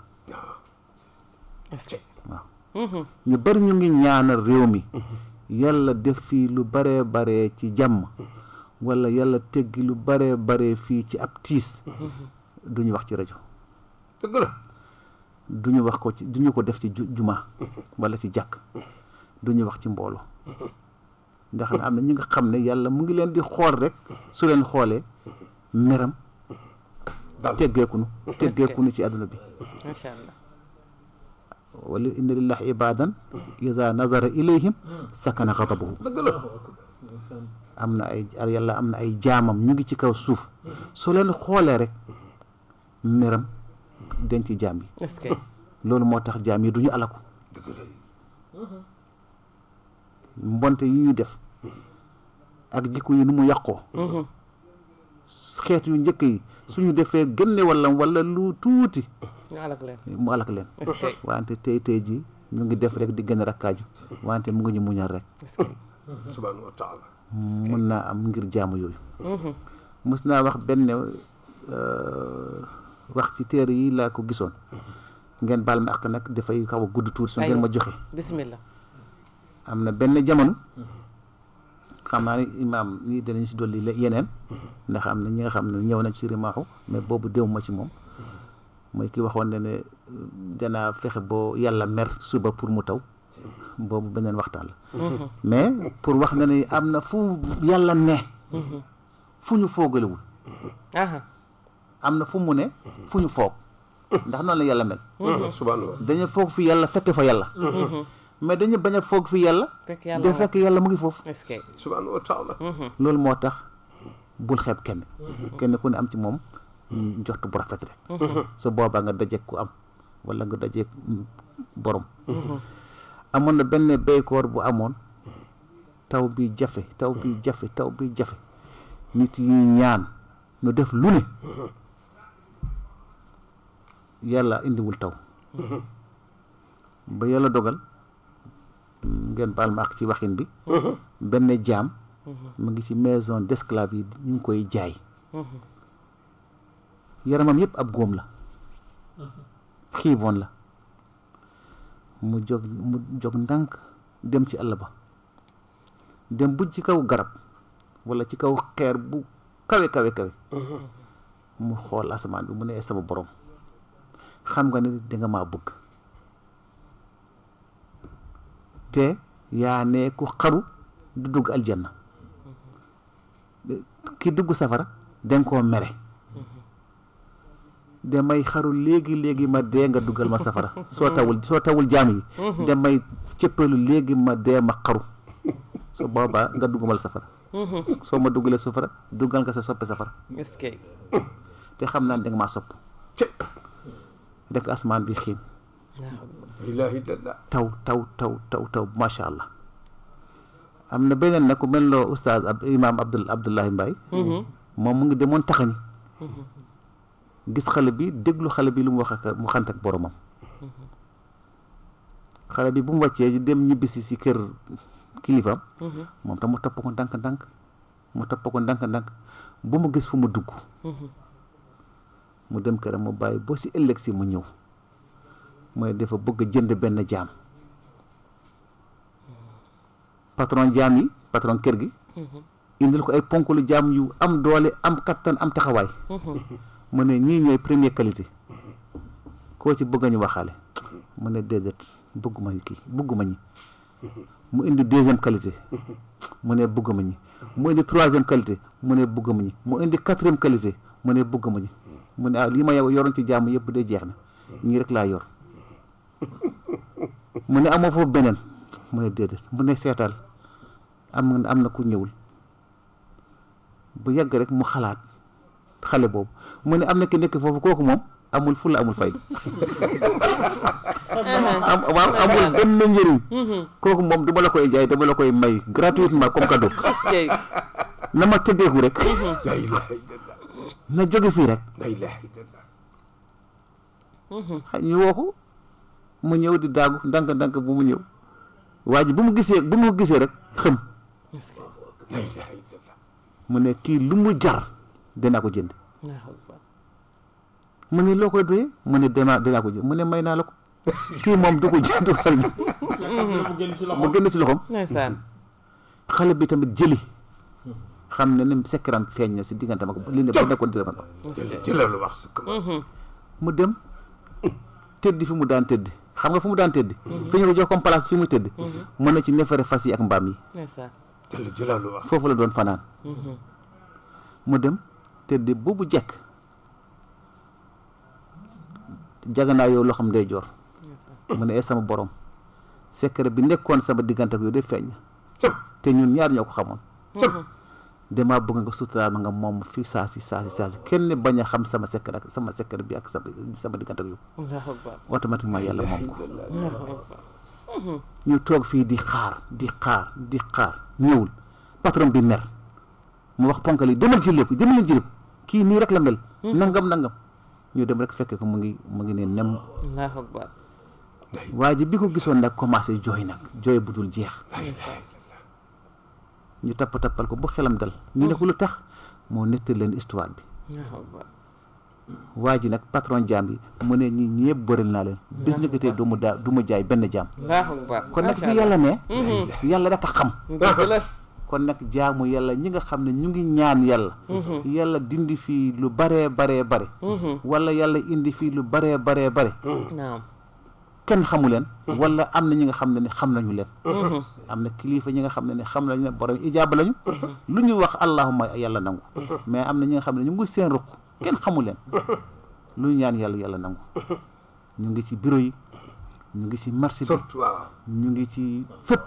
ñu bari ñu ngi ñaanal réew mi yàlla def fii lu bare bare ci jàmm wala yàlla teggi lu baree baree fii ci ab tiis mhm. duñu wax ci rajo duñu wax ko ci duñu ko def ci jumaa mhm. wala ci jàkk mhm. duñu wax ci mbooloo ndax na am na ñi nga xam ne yàlla mu ngi leen di xool rek su leen xoolee meram teggeekunu teggeekunu ci àdduna bi macha allah wala inna nazara ilayhim sakana xatabuhu am na ay yàlla am na ay jaamam ñu ngi ci kaw suuf soo leen xoolee rek meram denc jaam yi loolu moo tax jaam yi du ñu alaku mbonte yi ñuy def ak jikko yi nu mu yàqoo mhm. xeet yu njëkk yi suñu defee génne walla walla lu tuuti mu alak leen wante tey tey ji ñu ngi def rek di gën a rakkaaju wante mu ngi ñu muñal rek mën naa am ngir jaamu yooyu mhm. mës naa wax benn euh, wax ci téere yi laa ko gisoon mhm. ngeen baal ma ak nag dafay xaw gudd tuuti su ngeen ma joxe bismillah am na benn jamono mhm. xam naa ne imaam nii danañ si dolli yeneen ndax am na ñi nga xam ne ñëw nañ ci rimaaxu mais boobu déw ma ci moom mooy ki waxoon ne ne danaa fexe boo yàlla mer suba pour mu taw boobu beneen waxtaan la mm-hmm. Mm-hmm. mais pour wax na ne am na fu yàlla ne mm-hmm. fu ñu foogalewul am na fu mu ne fu ñu foog ndax noonu yàlla mel subhanallah dañu foog fi yàlla fekk fa yàlla mais dañu bañ a foog fi yàlla de fekk yàlla mu ngi foofu loolu moo tax bul xeeb kenn kenn ku ne am ci moom njort bu rafet rek su boobaa nga dajeek ku am wala nga dajeek borom amoon na benn béykoor bu amoon taw bi jafe taw bi jafe taw bi jafe nit yi ñaan nu def lu ne yàlla indiwul taw ba yàlla dogal ngeen baal ma ak ci waxin bi benn jaam mu ngi ci maison d'esclave yi ñu ngi koy jaay yaramam yëpp ab góom la xiiboon la mu jóg mu jóg ndànk dem ci àll ba dem bu ci kaw garab walla ci kaw xeer bu kawe kawe kawe mm-hmm. mu xool asamaan bi mu ne sama borom xam nga ni dinga maa bëgg te yaa ne ku xaru du dugg aljanna mm-hmm. ki dugg safara danga koo mere damay xaru léegi léegi ma dee nga dugal ma safara soo tawul soo tawul jaam yi mhm. damay cëppalu léegi ma dee ma xaru so boobaa nga dugumal safara mhm. soo ma dugalee safara duggal nga sa soppe safara te xam naa ne danga maa sopp rek asmaan bi xiin taw taw taw taw taw macha allah am na beneen nag ku mel loo oustaz ab imaam abdul abdullahi mbaay mhm. moom mu ngi demoon taxañ gis xale bi déglu xale bi lu mu wax ak mu xant ak boromam xale bi bu mu wàccee dem ñibbisi si kër kilifaam moom tam mu topp ko ndànk ndànk mu topp ko ndànk ndànk bu mu gis fu mu dugg mu dem këram mu bàyyi boo si ëllëg si mu ñëw mooy dafa bëgg jënd benn jaam patron jaam yi patron kër gi indil ko ay ponklu jaam yu am doole am kattan am taxawaay mu ne ñii ñooy première qualité koo ci bëgg ñu waxaale mu ne déedéet bëgguma kii bëgguma ñi mu indi deuxième qualité mu ne bëgguma ñi mu indi troisième qualité mu ne bëgguma ñi mu indi quatrième qualité mu ne bugg ma ñi mu ne ah li ma yoroon ci jàmm yëpp de jeex na ñii rek laa yor mu ne amoo foofu beneen mu ne déedéet mu ne seetal am am na ku ñëwul bu yàgg rek mu xalaat xale boobu. mu ne am na ki nekk foofu kooku moom amul fulla amul fay [LAUGHS] am waaw amul benn njëriñ mhm. kooku moom dama la koy jaay dama la koy may gratuitement comme cadeau na ma tëddeeku rek mhm. na jóge fii rek mhm. mu ñëw di daagu ndànk ndànk bu mu ñëw waa ji bu mu gisee bu mu gisee rek xëm mu ne kii lu mu jar danaa ko jënd ma ne loo koy doyee mu ne dinaa dinaa ko jël mu ne may naa la ko [LAUGHS] kii moom du ko jël du [LAUGHS] mu génn ci loxoom xale bi tamit jëli hmm. xam ne ni sekkiram feeñ na si diggante ma ko li ne ba nekkoon dina ko jëlal wax mm-hmm. mu dem tëdd fi mu daan tëdd xam nga mm-hmm. fi mu daan tëdd fi fi mm-hmm. mu tëdd mën ci neefere fas yi ak mbaam yi foofu la doon fanaan mu dem tëdd jekk Jangan yow lo xam day jor borong. ne eh, sama borom secret bi nekkoon sama digant ak yow de feeñ te ñun ñaar ñoko xamone xamoon dama bëgg nga suturaal ma nga moom sa sa kenn baña xam sama secret ak sama secret bi ak sama sama diggante ak yow automatiquement yalla mom ko mhm. ñu tok fi di xaar di xaar di xaar ñewul patron bi mer mu wax ponkali demal jëlee ko demal jëlee ki ni rek la mel mhm. nangam nangam ñu dem rek fekk ko mu ngi mu ngi ne nem. allahu akbar. waa ji bi ko gisoon nag commencé jooy nag jooy bu dul jeex. ñu tapp tappal ko bu xelam dal. ñu ne ko lu tax moo nettali leen histoire bi. waa ji nag patron jaam bi mu ne ñi ñëpp bëral naa leen. bis ni du mu daa du mu jaay benn jaam. kon nag fi yàlla ne. Mm-hmm. yàlla dafa xam. kon nag jaamu yàlla ñi nga xam ne ñu ngi ñaan yàlla mhm. yàlla dindi fii lu baree baree bare mhm. wala yàlla indi fii lu baree baree bare mhm. kenn xamu leen wala am na ñi nga xam ne ne xam nañu leen am na kilifa ñi nga xam ne ne xam nañu ne borom ijaaba lañu lu ñu wax allahuma yàlla nangu mais am na ñi nga xam ne ñu ngi seen rukk kenn xamu leen lu ñaan yàlla yàlla nangu ñu ngi ci bureau yi ñu ngi ci marché bi ñu ngi ci fépp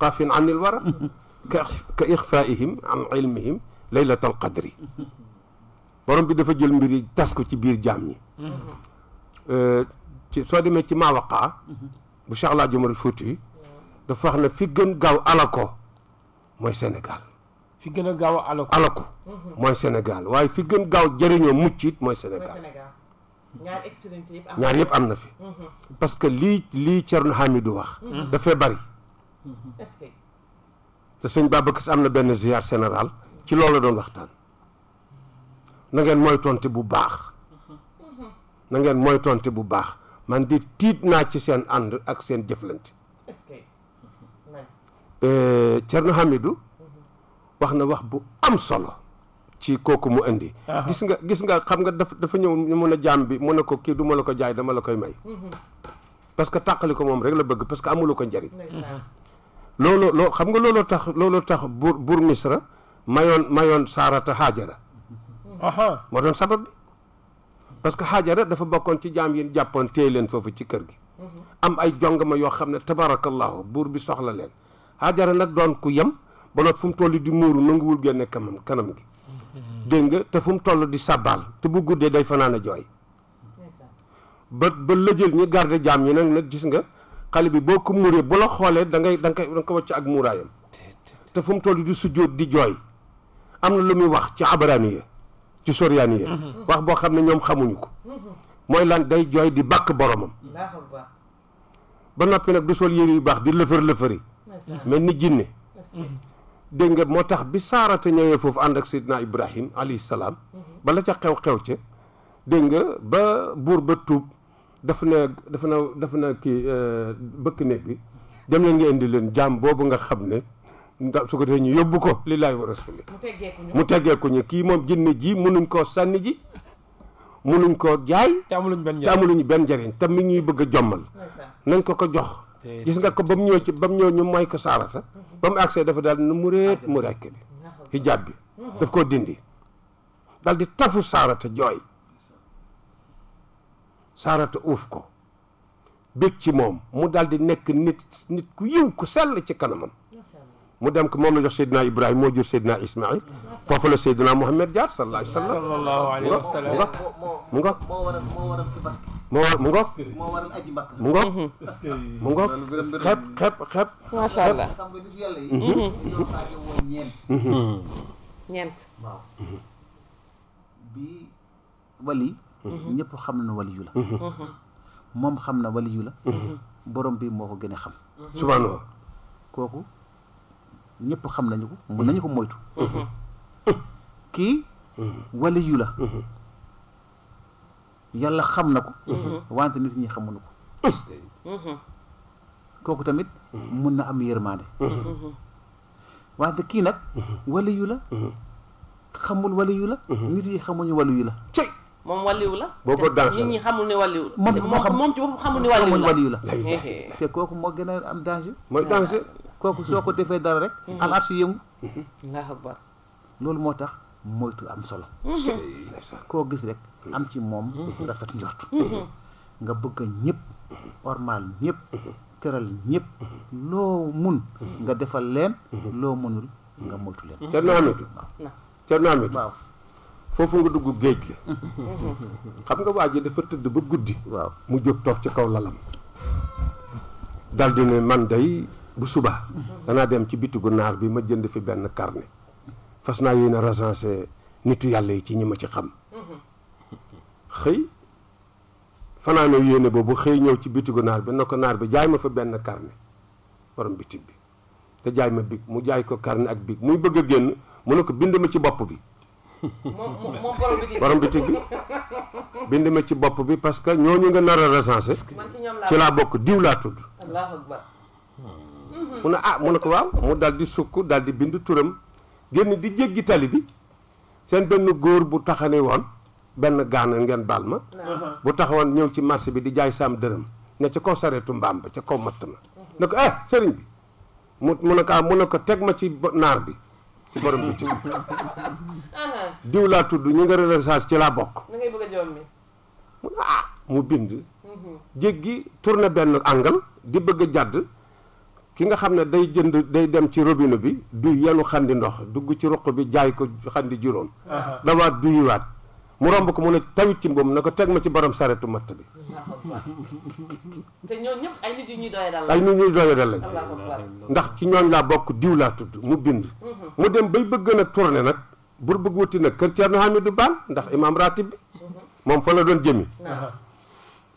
qaafin an il wara ka ixfaihim an ilmihim qadri borom bi dafa jël mbir yi tas ko ci biir jaam ñi soo demee ci maawaqaa bu Cheikh Alaaji Umar Fuuti dafa wax ne fi gën gaaw alako mooy Sénégal gën a gaaw alako alako mooy waaye fi gën gaaw jëriñoo mucc mooy Sénégal ñaar yëpp am na fi mhm. parce que lii lii Thierno Hamidou wax mhm. dafay bari Mm-hmm. est-ce que te sëñ Babacar Sy am na benn ziar général ci loolu la doon waxtaan na ngeen mooy tonti bu baax mm-hmm. na ngeen mooy tonti bu baax man di tiit naa ci seen ànd ak seen jëflante mm-hmm. euh, Thierno Hamidou wax na wax bu am solo ci kooku mu indi gis nga gis nga xam nga dafa dafa ñëw ñu mun a jaam bi mun ne ko kii duma la ko jaay dama la koy may parce que tàqali ko moom rek la bëgg parce que amulu ko njariñ looloo loo xam nga looloo tax looloo tax buur buur misra mayoon mayoon saarata xaajara moo doon sabab bi parce que xaajara dafa bokkoon ci jaam yi jàppoon téye leen foofu ci kër gi mhm. am ay jongama yoo xam ne tabarakallahu buur bi soxla leen xaajara nag doon ku yem ba nag fu mu toll di muuru nanguwul génne kanam kanam gi mhm. dégg nga te fu mu toll di sàbbaal te bu guddee day fanaan a jooy ba ba lëjël ñi garde jaam ñi nag nag gis nga xale bi boo ko muuree bu la xoolee da ngay da nga da nga ko ak muuraayam te fu mu toll di sujjóot di jooy am na lu muy wax ci abaraani ya ci soriyaani ya mm-hmm. wax boo xam ne ñoom xamuñu ko mm-hmm. mooy lan day jooy di bàkk boromam ba noppi nag du sol yére yu baax di lëfër lëfëri mel ni jinne mm-hmm. dégg nga moo tax bi saarata ñëwee foofu ànd ak sidna ibrahim alayhi salaam la ca xew-xew ca dégg nga ba buur ba tuub daf ne dafa na dafa ne ki euh, bëkk néeg bi dem leen nga indi leen jaam boobu nga xam ne ndax su ko defee ñu yóbbu ko lillaahi wa rasuli mu teggee ko ñu kii moom jinne ji mënuñ koo sànni ji mënuñ koo jaay te amuluñu benn njëriñ te mi ñuy bëgg a jommal nañ ko ko jox gis nga ko ba mu ñëw ba mu ñëw ñu mooy ko saarata ba mu accès dafa daal nu mu réet mu rekk bi hijaab bi daf koo dindi daal di tafu saarata jooy saarata uuf ko bég ci moom mu daldi nekk nit ku yiw ku sell ci kanamam mu dem ko moom la jox Seydina Ibrahima moo jur Seydina Ismaïl foofu la Seydina jaar mu ngoog mu ngoog mu ngoog mu ngoog mu ngoog mhm. xepp xepp xepp Mhm. ñëpp xam na waliyu la mhm. Mhm. moom xam na waliyu la borom bi moo ko gën a xam subhanallah kooku ñëpp xam nañu ko mun nañu ko moytu kii waliyu la yàlla xam na ko wante nit ñi xamuñu ko kooku tamit mun na am yërmande wante kii nag waliyu la xamul waliyu la nit yi xamuñu waliyu la moom wàlliw la. boobu danse la nit ñi xamul ne wàlliw la. moom moom ci boppam xamul ne wàlliw la eh, eh, eh. te kooku moo gën a am danger. mooy danger kooku soo ko defee dara rek. al mm-hmm. arsi yëngu. allahu akbar loolu moo tax moytu am solo. Mm-hmm. koo gis rek am ci moom mm-hmm. rafet njort. nga bëgg ñëpp ormal ñëpp. teral ñëpp loo mun. nga defal leen. loo munul nga moytu leen. ca Naamid. ca Naamid waaw. fofu nga dugg geej gi xam nga waji dafa tedd ba guddi waaw mu jog tok ci kaw lalam dal di ne man day bu suba dana dem ci bitu naar bi ma jënd fi ben carnet fas naa na a nitu yalla yi ci ñima ci xam xëy fanaano yéene boobu xey ñew ci bitu bi nako naar bi jaay ma fa ben carnet borom bitu bi te jaay ma big mu jaay ko carnet ak bik muy bëgg mu ko bind ma ci bop bi borom bitig bi bind ma ci bopp bi parce que ñoo nga nar a recensé ci laa bokk diw laa tudd mu ne ah mu ne ko waaw mu dal di sukk dal di bind turam génn di jéggi tali bi seen benn góor bu taxani woon benn gaana ngeen baal ma bu taxawoon ñëw ci marché bi di jaay saam dërëm ne ca kaw sareetu mbaam ba ca kaw matt ma ne ko eh sëriñ bi mu mu ne ko ah mu ne ko teg ma ci naar bi ci borom bi ci diw laa tudd ñu nga renaissance ci laa bokk da ngay bëgg a ah, mu bind mhm. jéggi tourné benn angle di bëgg jàdd ki nga xam ne day jënd day dem ci robinet bi duy yenu xandi ndox dugg ci ruq bi jaay ko xandi juróom damaa duyuwaat mu romb ko mu ne tawit ci mboom na ko teg ma ci borom saretu matt bi. ay nit ñuy doyee lañ. ndax ci ñooñ laa bokk diw laa tudd mu bind. Mhm. mu dem bay bëgg nag tourné nag bur bëgg wuti nag kër Thierno Hamidou Bane ndax imam ratib bi mhm. moom fa la doon jëmi.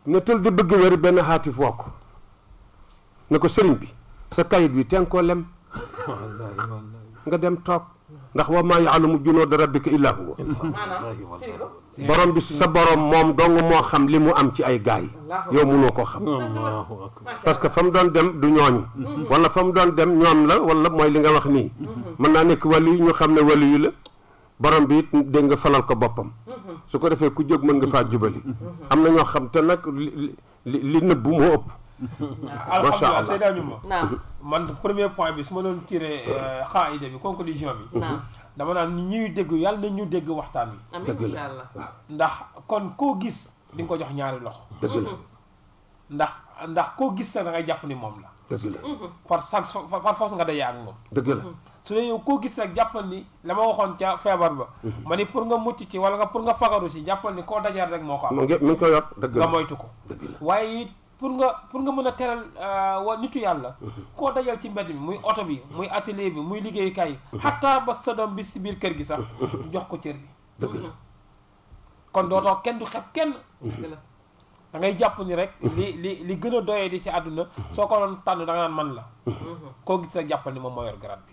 ne tël di bëgg wér benn xaatif woo ko ne ko sëriñ bi sa kayit bi teen koo lem [LAUGHS] nga dem toog. ndax wa maa yaalamu junuuda rabbika illa huwa borom bi sa borom moom dong moo xam li mu am ci ay gaay yow mënoo ko xam parce que fa mu doon dem du ñooñu wala fa mu doon dem ñoom la wala mooy li nga wax nii mën naa nekk wali ñu xam ne wali yu la borom bi it dégg nga falal ko boppam su ko defee ku jóg mën nga faa jubali am na ñoo xam te nag li li nëbbu moo ëpp alhamdulilah Seyda Ñuma man premier point bi su ma doon tiré euh, xaayida bi conclusion bi dama naan ñuy dégg yàlla na ñu dégg waxtaan bi amiin ndax kon koo gis di ko jox ñaari loxo dëgg la ndax ndax koo gis nag da ngay jàpp ni moom la dëgg la mhm. par force par force nga day ak moom dëgg la mhm. su dee yow koo gis rek jàppal ni la ma waxoon ca feebar ba mhm. ma ni pour nga mucc ci wala nga pour nga fagaru ci jàppal ni koo dajar rek moo ko am mu ngi ko yor dëgg la moytu ko waaye it pour nga pour nga mën a teral euh, wa nitu yàlla mhm. koo dajal ci mbedd mi muy oto bi mhm. muy atelier bi muy liggéeykaay yi xataa mhm. ba sa doom bi si biir kër gi sax jox ko cër bi dëgg la kon dootoo kenn du xeeb kenn da ngay jàpp ni rek li li li gën a doyee di si àdduna soo ko doon tànn da nga man la koo gis sa jàppal ni ma moo yor bi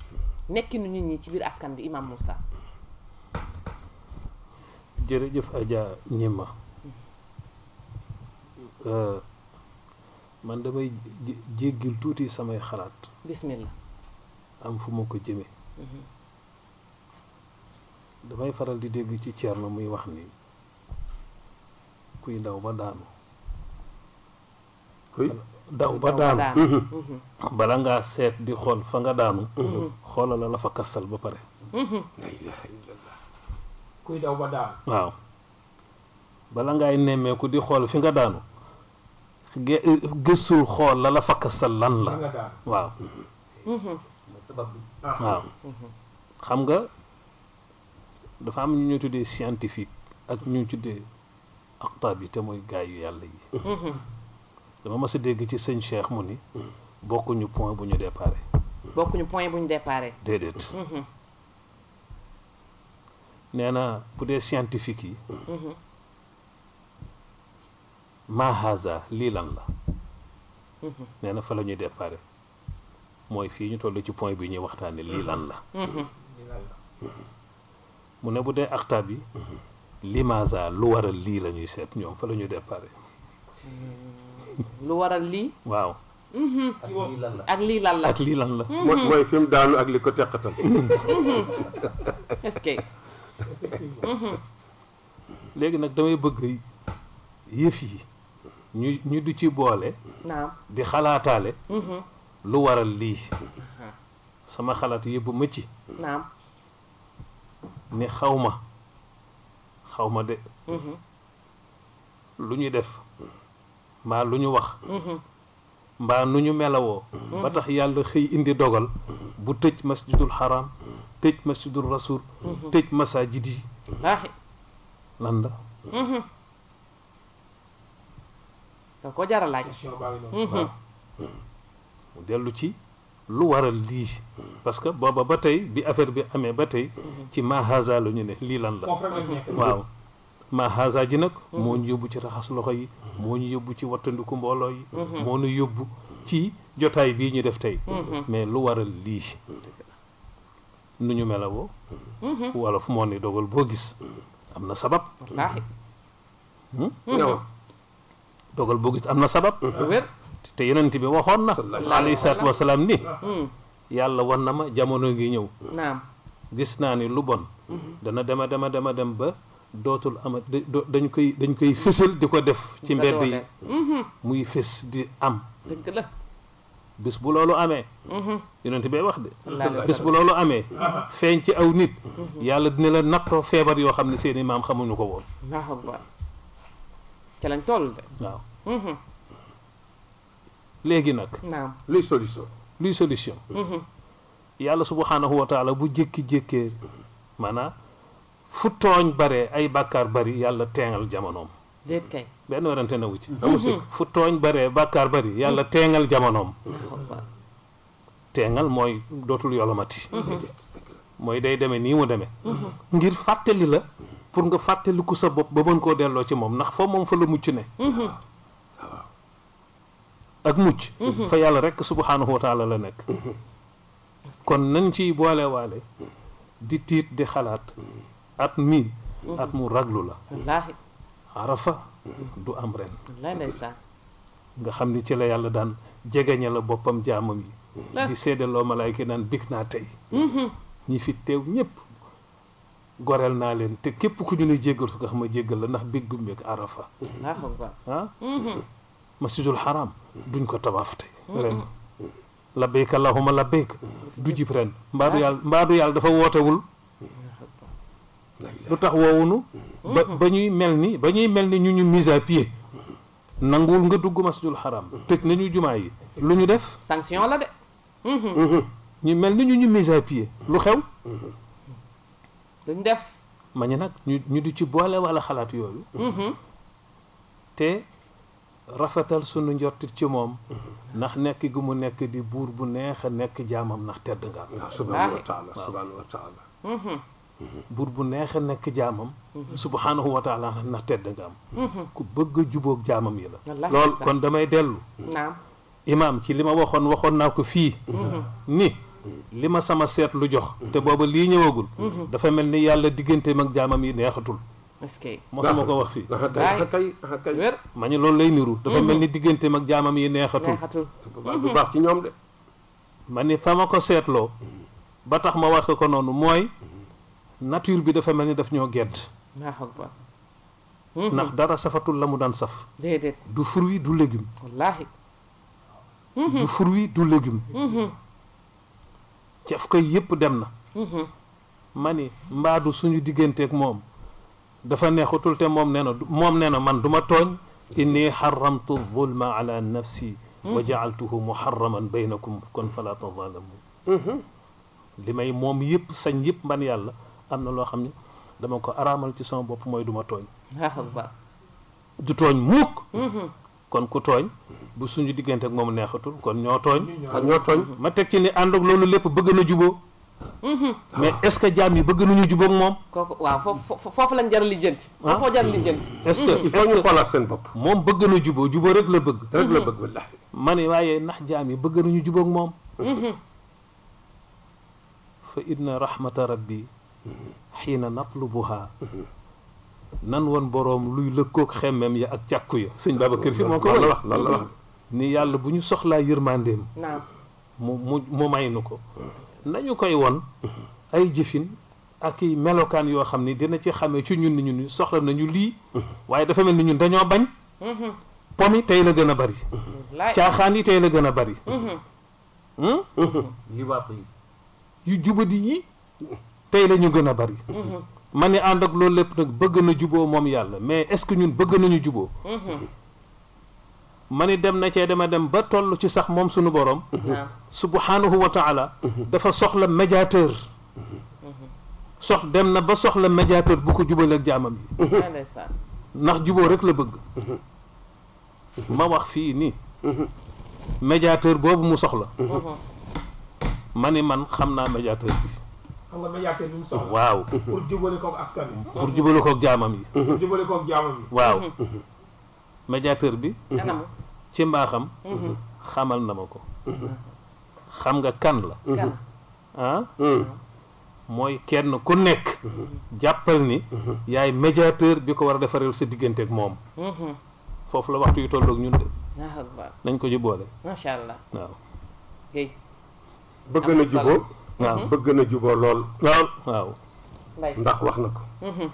nekkinu nit ñi ci biir askan bi Imam Moussa. jërëjëf Adja Ñima mm. euh, man damay jéggil tuuti samay xalaat. bismillah. am fu ma ko jëme mm-hmm. damay faral di dégg ci ceer na muy wax ni kuy ndaw ba daanu. daw ba daanu mhm. Mhm. bala ngaa seet di xool fa nga daanu mhm. xoolal la fa kasal ba pare kuy daw waaw bala ngaay nemmeeku di xool fi nga daanu gëstul xool la la fa kasal lan la waaw ah. xam nga dafa am ñu ñu tuddee scientifique ak ñu tuddee aqtaab yi te mooy gaay yàlla yi dama mas a dégg ci sëñ Cheikh mu ni bokkuñu point bu ñu déparé. bokkuñu point bu ñu déparé. déedéet. Mm-hmm. nee na bu dee scientifique yi. Mm-hmm. mahaza lii la. Mm-hmm. nee na fa la ñuy déparé mooy fii ñu toll ci point bi ñuy waxtaanee lii lan la. mu ne bu dee acta bi. limaza lu waral lii lañuy seet ñoom fa la ñuy déparé. lu waral lii. waaw. Mhm. ak lii lan la ak lii lan la. Mhm. mooy fi daanu ak li ko teqatal. Mhm. [LAUGHS] léegi nag damay bëgg yëf yi ñu ñu du ci boole. di xalaataale. lu waral lii. sama xalaat yóbbu ma ci. ni xaw ma xaw ma de. lu ñu def. mbaa lu ñu wax mhm. mbaa nu ñu melawoo mhm. ba tax yàlla xëy indi dogal bu tëj masjidul haram tëj masjidul rasul mhm. tëj masajid yi lan la ko jar a dellu ci lu waral lii parce que booba ba tey bi affaire bi amee ba tey ci mahaza lañu ne lii lan waaw mahaza ji nag moo ñu yóbbu ci raxas loxo yi moo ñu yóbbu ci wattandiku mbooloo yi mhm. moo ñu yóbbu ci jotaay bii ñu def tey mhm. mais lu waral lii nu ñu melawoo mhm. wala fu moo ni dogal boo gis am na sabab hmm? dogal boo gis am na sabab te yonent bi waxoon na alayhi salaatu wasalaam ni yàlla wan na ma jamono ngi ñëw gis naa ni lu bon dana dema dema dema dem ba dootul ama dañ koy dañ koy fësal di ko def ci mbedd yi muy fës di am dëgg la bis bu loolu amee yonent bee wax de bis bu loolu amee feeñ ci aw nit yàlla dina la nattoo feebar yoo xam ne seeni maam xamuñu ko woon waaw ca lañ toll de waaw léegi nag luy solution luy solution yàlla subhanahu wa taala bu jékki-jékkee maanaam fu tooñ bare ay bàkkaar bari yàlla teengal jamonoom. déet benn werante na wu mhm. fu tooñ bare bàkkaar bari teengal jamonoom. teengal mooy dootul yolomati. Mhm. mooy day deme nii mu demee. Mhm. ngir fàttali la pour nga fàttaliku sa bopp ba mën koo delloo ci moom ndax foo moom fa la mucc ne. ak mucc. fa yàlla rekk subhaanahu wa la nekk. kon nañ ciy boolewaale di tiit di xalaat. at mi uhuh. at mu raglu la arafa du am ren wallahi ndaysan nga xamni ci la yalla dan jegeñe la bopam jaamam yi di seedaloo malaayka naan big naa tey uhuh. ñi fi tew ñépp gorel na len te kep ku ñu ne jéggal su nga xam jéggal la ndax big gum arafa ah? uhuh. masjidul haram duñ ko tawaf tay ren labbayka allahumma labbayk du jib ren mbaadu yalla mbaadu yalla dafa wotewul lu tax woowunu ba mm-hmm. ba ñuy mel ni ba ñuy mel ni ñu ñu mise à pied nanguwul nga dugg masjidul xaram mm-hmm. tëj nañu jumaa yi lu ñu def sanction la de mm-hmm. ñu mel ni ñu ñu mise à pied lu xew luñ def ma nag ñu ñu di ci boole wala xalaat yooyu te rafetal sunu njortit ci moom ndax nekk gi mu nekk di buur bu neex a nekk jaamam ndax tedd nga am subhaanahu wa buur bu neex a nekk jaamam mhm. subhaanahu wa taala na tedd nga am mhm. ku bëgg a jubóog jaamam yi la lool kon damay dellu imaam ci li ma waxoon waxoon naa ko fii mhm. ni li ma sama seetlu jox te booba lii ñëwagul dafa mel ni yàlla digganteem ak jaamam yi neexatul mosuma ko wax fii kay kay wér ma lay niru dafa mel ni digganteem ak jaamam yi neexatul bu baax ci ñoom ni fa ma ko seetloo ba tax ma wax ko noonu mooy nature bi dafa mel ni daf ñoo gedd ndax dara safatul la mu daan saf déedéet du fruit du légume wallaahi du fruit du légume caf koy yépp dem na ma ni mbaadu suñu digganteeg moom dafa neexutul te moom nee na moom nee na man du ma tooñ inni xaramtu zulma ala nafsi wa jaaltuhu muharraman baynakum kon fala tazalamu li may moom yépp sañ yépp man yàlla am na loo xam ne dama ko araamal ci sama bopp mooy duma ma tooñ du tooñ mukk mhm. kon ku tooñ bu suñu diggante ak moom neexatul kon ñoo tooñ kon mhm. ma teg ci ni ànd ak loolu lépp bëgg na juboo mhm. mais est-ce que jaam yi bëgg nañu jubóog moom. kooku waaw foofu jar a lijjanti. Ah. a lijjanti. est-ce que bopp. moom bëgg na jubóo jubóo rek la bëgg. rek la bëgg wallaahi. ma ne waaye ndax jaam yi bëgg nañu jubóog moom. fa inna rahmata rabbi xiina natlubuha nan woon boroom luy lëkkoog xemmem yi ak càkku ya sëñ Babacar Si moo la yàlla bu ñu soxlaa yërmandeem mu mu mu may nu ko nañu koy won ay jëfin ak i melokaan yoo xam ni dina ci xamee ci ñun ni ñun soxla nañu lii waaye dafa mel ni ñun dañoo bañ pom tey la gën a bari caaxaan yi tey la gën a bari yu jubadi yi tey la ñu bari. ma ànd ak loolu lépp nag bëgg na juboo moom yàlla mais est-ce que ñun bëgg nañu juboo ma dem na ci dama dem ba tollu ci sax mom suñu borom. subhanahu wa taala. dafa soxla médiateur. sox dem na ba soxla médiateur bu ko jubal ak jamam yi. ndax jubo rek la bëgg. ma wax fi ni médiateur bobu mu soxla. ma man xamna médiateur bi. xam nga médiateur bi mu soxla. waaw pour jubale koog askan wi. pour jubale koog jaamam yi. pour jubale koog jaamam yi. waaw. Mhm. médiateur bi. Mhm. ci mbaaxam. Mhm. xamal na ma ko. xam nga kan la. Ah? mooy kenn ku nekk. jàppal ni. yaay médiateur bi ko war a defareel sa digganteeg moom. foofu la waxtu yu tolloog ñun de. nañ ko jubboole. macha allah waaw. waaw bëgg na juboo lool lool waaw ndax wax na ko mhm.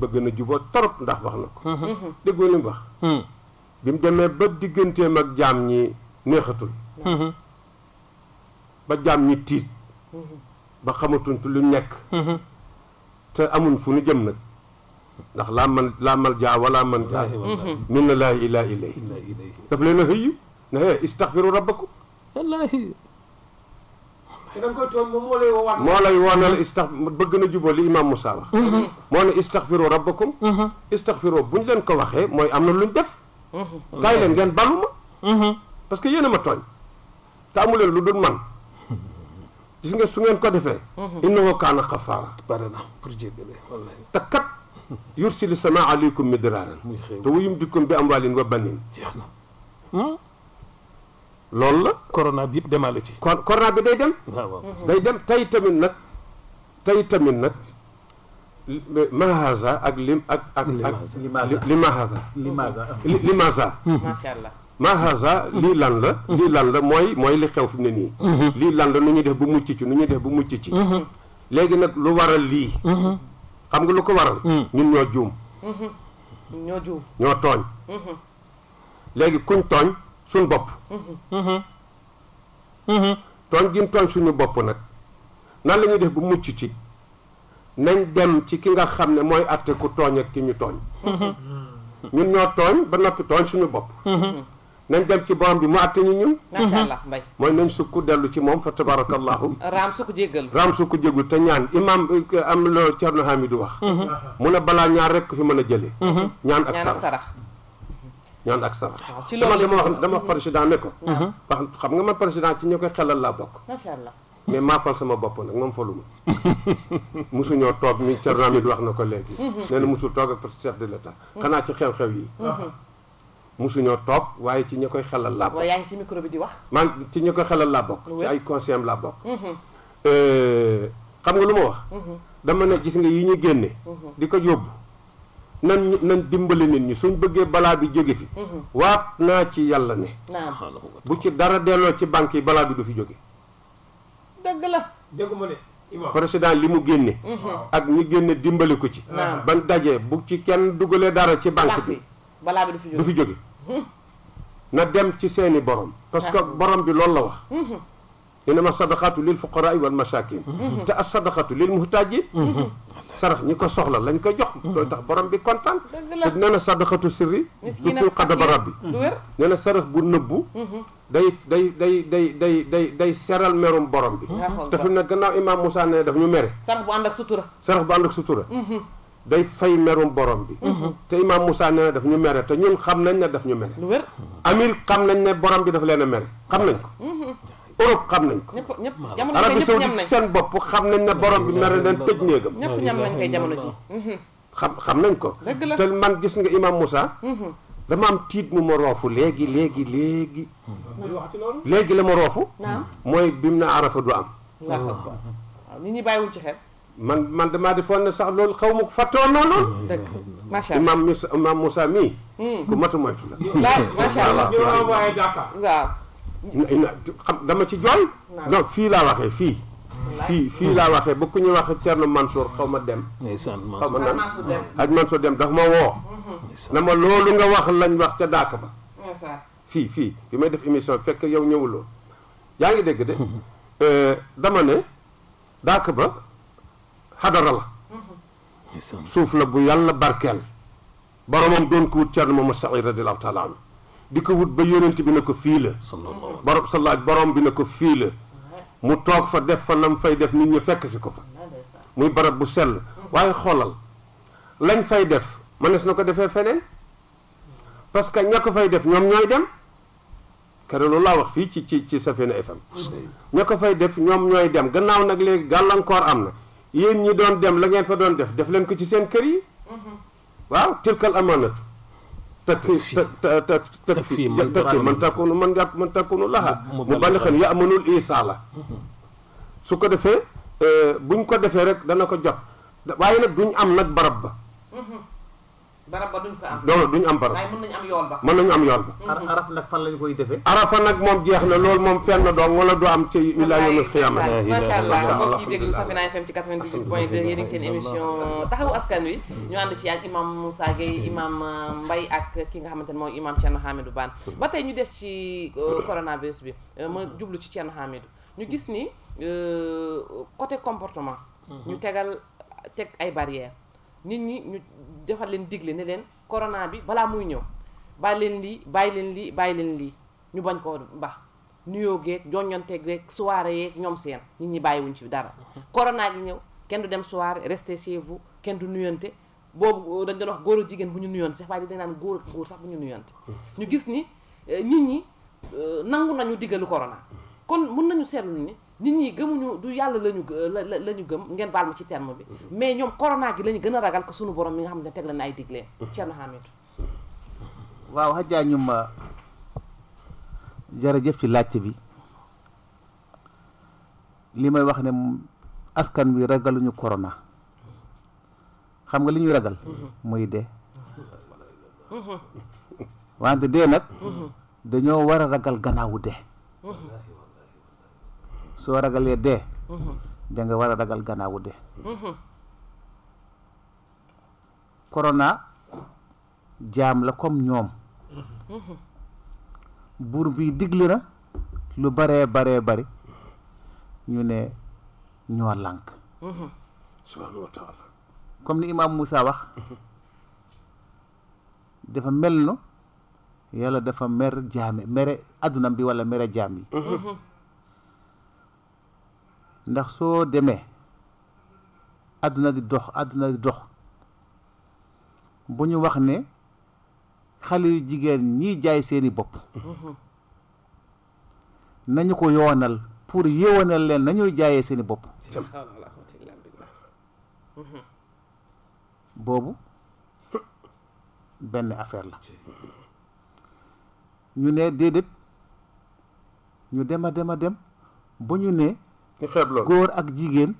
bëgg na juboo torop ndax wax na ko mhm. Mhm. déggoo li mu wax hmm. bi mu demee ba digganteem ak jaam ñi neexatul ba jaam ñi tiit ba xamatuñ lu nekk te amuñ fu nu jëm nag ndax laa man laa mal jaa wala man jaa min na laa ilaa ilay daf leen a hëyyu ne istaxfiru rabbakum wallaahi مولاي وانا استغفر بغنا جوبو لي امام موسى واخ مون استغفروا ربكم استغفروا بون لن كو واخي موي امنا لون ديف كاي لن غن بالوما باسكو يينا ما توي تا امول لو دون مان جيس نغا سوغن كو ديفه انه كان خفارا بارنا بور جيبي والله تكات يرسل السماء عليكم مدرارا تو يمدكم بأموال وبنين جيخنا loolu la. corona bi ci. kon corona bi day dem. waaw mm-hmm. day dem tey tamit nag tey tamit nag mahaza ak lim ak ak ak. limahaza limahaza ah. mm-hmm. lii lan la. Mm-hmm. lii lan la mooy mooy li xew fi mu ne nii. lii lan la nu ñuy def bu mucc ci nu ñuy def bu mucc ci. léegi nag lu waral lii. xam nga lu ko waral. Mm. ñun ñoo ñoo juum ñoo tooñ. léegi kuñ tooñ. Sun bop tuan gi ton suñu bop nak nan lañu def bu mucc ci nañ dem ci ki nga xamne ne mooy ku togn ak ki ñu togn mm-hmm. ñun ñoo togn ba noppi togn suñu bop mm-hmm. nañ dem ci borom bi mu àtte ñu ñun macha allah nañ sukk delu ci mom fa tabarakallah ram jéggal ram te ñaan imam am lo Thierno Hamidou wax mm-hmm. mu ne bala ñaar rek fi mëna jëlé ñaan ak sarax ñu ànd ak sawar ah, ci loolu dama wax dama wax président ne ko wax xam nga man président ci ñu koy xelal laa bokk macha allah mais maa fal sama bopp nag moom faluma [LAUGHS] mosuñoo toog mi Thierno Hamidou wax na ko léegi mhm. nee na toog ak chef de l'état xanaa ci xew-xew yi mosuñoo mhm. mhm. toog waaye ci ñi koy xelal laa ci micro bi di wax man ci ñi koy xelal laa bokk euh, xam nga lu ma wax dama ne gis nga yi ñu génne di ko yóbbu nan nan dimbali nit ñi suñ bëggee balaa bi jóge fi mhm. waat naa ci yàlla ne bu ci dara delloo ci banque yi balaa bi du fi jóge dëgg la dégguma ne président li mu génne mhm. ak ñi génne dimbali ko ci ban dajee bu ci kenn dugalee dara ci banque bi balaa bi du fi jóge na dem ci seeni borom parce que borom bi loolu la wax mhm. innama sadaqatu lil fuqaraa wal masaakin te as sadaqatu lil muhtaajin sarax ñi ko soxla lañ koy jox hmm. loolu tax borom bi kontaan te nee na sadaxatu sirri dutul xadaba rabbi nee na sarax bu nëbbu hmm. day day day day day day day seral merum borom bi te fi mu ne gannaaw imaam Moussa ne daf ñu mere sarax bu ànd ak sutura sarax bu ànd ak sutura hmm. day fay merum borom bi te imaam Moussa ne daf ñu mere te ñun xam nañ ne daf ñu mere amir xam nañ ne borom bi daf leen a mere xam nañ ko Europe xam nañ ko. ñëpp ñëpp jamono ji Arabie seen bopp xam nañ ne borom bi nar a leen tëj néegam. ñëpp ñam nañ koy xam xam nañ ko. dëgg la te man gis nga imam Moussa. Mm-hmm. dama am tiit mu ma roofu léegi léegi léegi. Mm-hmm. léegi la ma mooy bim na arafa du am. waaw nit ñi bàyyiwul man man damaa defoon ne sax loolu xaw ma ko fàttewoon naa lool. imam Moussa imam Moussa mii. Mm. ku matu la. macha allah waaw xam dama ci jooy. non fii laa waxee fii. fii fii laa waxee ba ku ñuy wax Thierno Mansour xaw ma dem. xaw ma nan ak Mansour dem daf ma woo. na ma loolu nga wax lañ wax ca daaka ba. fii fii bi may def émission fekk yow ñëwuloo yaa ngi dégg de. [LAUGHS] Euh, dama ne daaka ba xadara la. suuf la bu yàlla barkeel. boromam doon ko wut Thierno ma Saïd radiyallahu taala anhu diko wut ba yonent bi nako fi la borom sa laaj borom bi nako fi la mu tok fa def fa lam fay def nit ñi fekk ci ko fa muy barab bu sel way xolal lañ fay def manes nako defé fenen parce que ñako fay def ñom ñoy dem kéro lu la wax fi ci ci ci safena FM ñako fay def ñom ñoy dem gannaaw nak léegi galankor amna yéen ñi doon dem la ngeen fa doon def def leen ko ci seen kër yi waaw tilkal amanatu تكفي تكفي تكفي من تكون من من تكون لها مبلغا يأمن الإيصال su ko defee bu ñu ko defee rek dana ko jot waaye nag duñ am nag barab ba barab ba duñ ko am. loolu duñ am barab waaye mën nañu am yoon ba. mën nañu am yoon ba. Mm-hmm. araf nag fan lañ koy defee. arafa nag moom jeex na loolu moom fenn doom wala du am ci ila yawmil xiyaama. macha allah mbokk yi déglu Safina FM ci 98 point 2 yéen a ngi seen émission taxawu askan wi. ñu ànd ci ak euh, ne mooy imam Thierno Hamidou Bane ba tey ñu des ci euh, coronavirus bi euh, ma jublu ci Thierno Hamidou ñu gis ni côté comportement. Mm-hmm. ñu tegal teg ay barrières. nit ñi ñu defal leen digle ne leen corona bi balaa muy ñëw bàyyi leen lii bàyyi leen lii bàyyi leen lii ñu bañ koo bax nuyoo geeg joññante geeg soirée yeeg ñoom seen nit ñi bàyyiwuñ ci dara. corona gi ñëw kenn du dem soirée restez chez vous kenn du nuyante boobu euh, dañ doon wax góor jigéen bu ñu nuyoon sax waaye dañ naan góor ak góor sax bu ñu nuyante. Mm. ñu gis ni euh, nit ñi euh, nangu nañu diggalu corona. kon mun nañu seetlu ni nit ñi gëmuñu du yàlla lañu la ñu gëm ngeen baal ma ci terme bi mm-hmm. mais ñoom corona gi la ñu gën a ragal ko sunu borom mi nga xam ne teg la na ay digleen mm-hmm. Thierno Hamidou waaw xajaa ñu ma jërëjëf ci laajte bi li may wax ne askan wi ragaluñu corona xam nga li ñuy ragal mm-hmm. muy dee wante dee nag dañoo war a ragal gannaawu dee soo ragalee dee mhm. da war a ragal gannaawu dee korona mhm. jaam la comme ñoom mhm. buur bi digle na lu baree baree bari ñu ne ñoo lànk subhaanahu wa taala comme ni imaam Moussa wax dafa mel no yàlla dafa mer jaame mere addunam bi wala mere jaam yi ndax soo demee àdduna di dox àdduna di dox bu ñu wax ne xale yu jigéen ñiy jaay seeni bopp nañu ko yoonal pour yéwanal leen nañuy jaaye seeni bopp boobu benn affaire la ñu ne déedéet ñu dem a dem a dem bu ñu ne ñu góor ak jigéen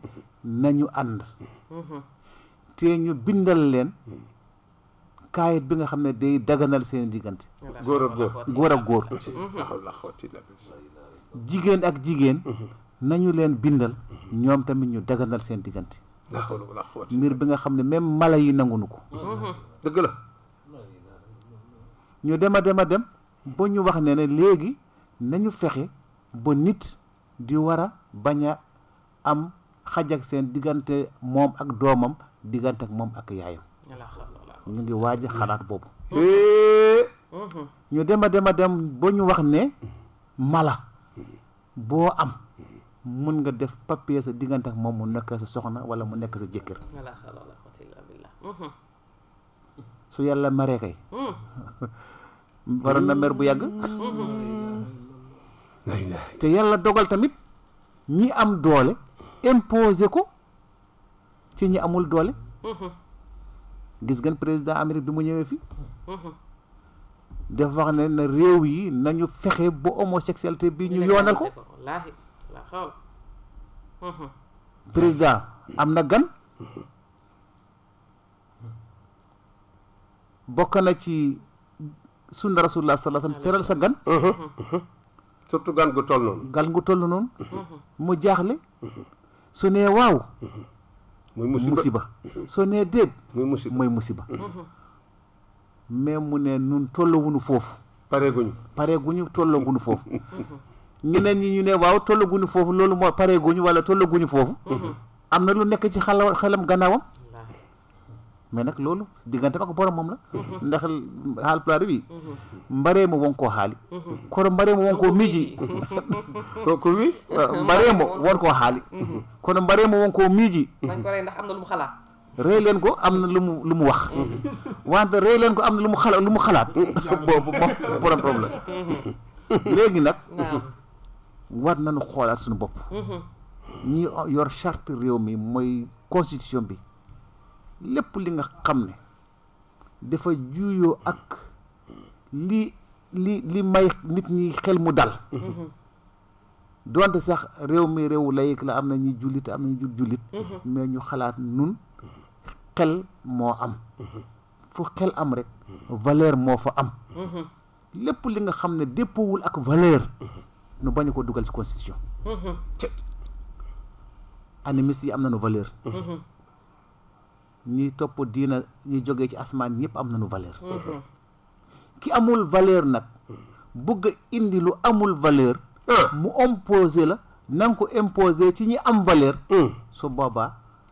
nañu ànd te ñu bindal leen kaayit bi nga xam ne day daganal seen diggante góor ak góor góor ak góor jigéen ak jigéen nañu leen bindal ñoom tamit ñu daganal seen diggante mbir bi nga xam ne même mala yi nangunu ko dëgg la ñu dem a dem ba ñu wax ne ne léegi nañu fexe ba nit di war baña am xaj ak seen diggante moom ak doomam diggante ak moom ak yaayam ñu ngi waaj xalaat boobu ñu dema dema dem bo ñu wax ne mala boo am mën nga def papier sa diggante ak moom mu nekk sa soxna wala mu nekk sa jëkkër su yàlla maree kay waroon na mer bu yàgg te yàlla dogal tamit ñi am doole imposer ko ci ñi amul doole mm-hmm. gis ngeen président Amérique bi mu ñëwee fii mm-hmm. def wax ne na réew yi nañu fexe ba homosexualité bi ñu yoonal ko mm-hmm. président am na gan bokk na ci sunna rasulullah sallallahu alayhi wasallam teral sa gan surtout gan gu toll noonu. gan gu mhm. mu jaaxle. su nee waaw. Mhm. muy musiba mhm. su nee déet. muy musiba muy musiba. mais mu ne nun tollawuñu foofu. pareeguñu ñu tollaguñu foofu. ñeneen ñi ñu ne waaw tollaguñu foofu loolu moo ñu wala tollaguñu foofu. am na lu nekk ci xala xelam gannaawam. mais nag loolu diggante ma ko borom moom la mhm. ndax haalpulaar wi mhm. mbareemo wonko haali mhm. kono mbareemo wonko miiji ko [LAUGHS] ko wi ah, mbareemo wonko haali kono mbareemo wonko miiji dañ rey lu mu xalaat leen ko am na lu mu lu wax wante rey leen ko am na lu mu xala lu mu xalaat [LAUGHS] [LAUGHS] boobu léegi nag war nañu xoolaat suñu bopp ñi yor charte réew mi mooy constitution bi lépp li nga xam ne dafa juuyoo ak li li li may nit ñi xel mu dal mhm. doonte sax réew mi réewu layik la am na ñuy jullit am na ñuy jullit mhm. mais ñu xalaat nun xel moo am mhm. fu xel am rek valeur moo fa am lépp li nga xam ne déppoowul ak valeur nu bañ ko dugal ci constitution animiste yi am nañu valeur ñi topp diina ñi jógee ci asmaan ñëpp am nañu valeur mm-hmm. Mm-hmm. ki amul valeur nag bëgg indi lu amul valeur ah. mu imposé la nanga ko imposé ci ñi am valeur mm. su boobaa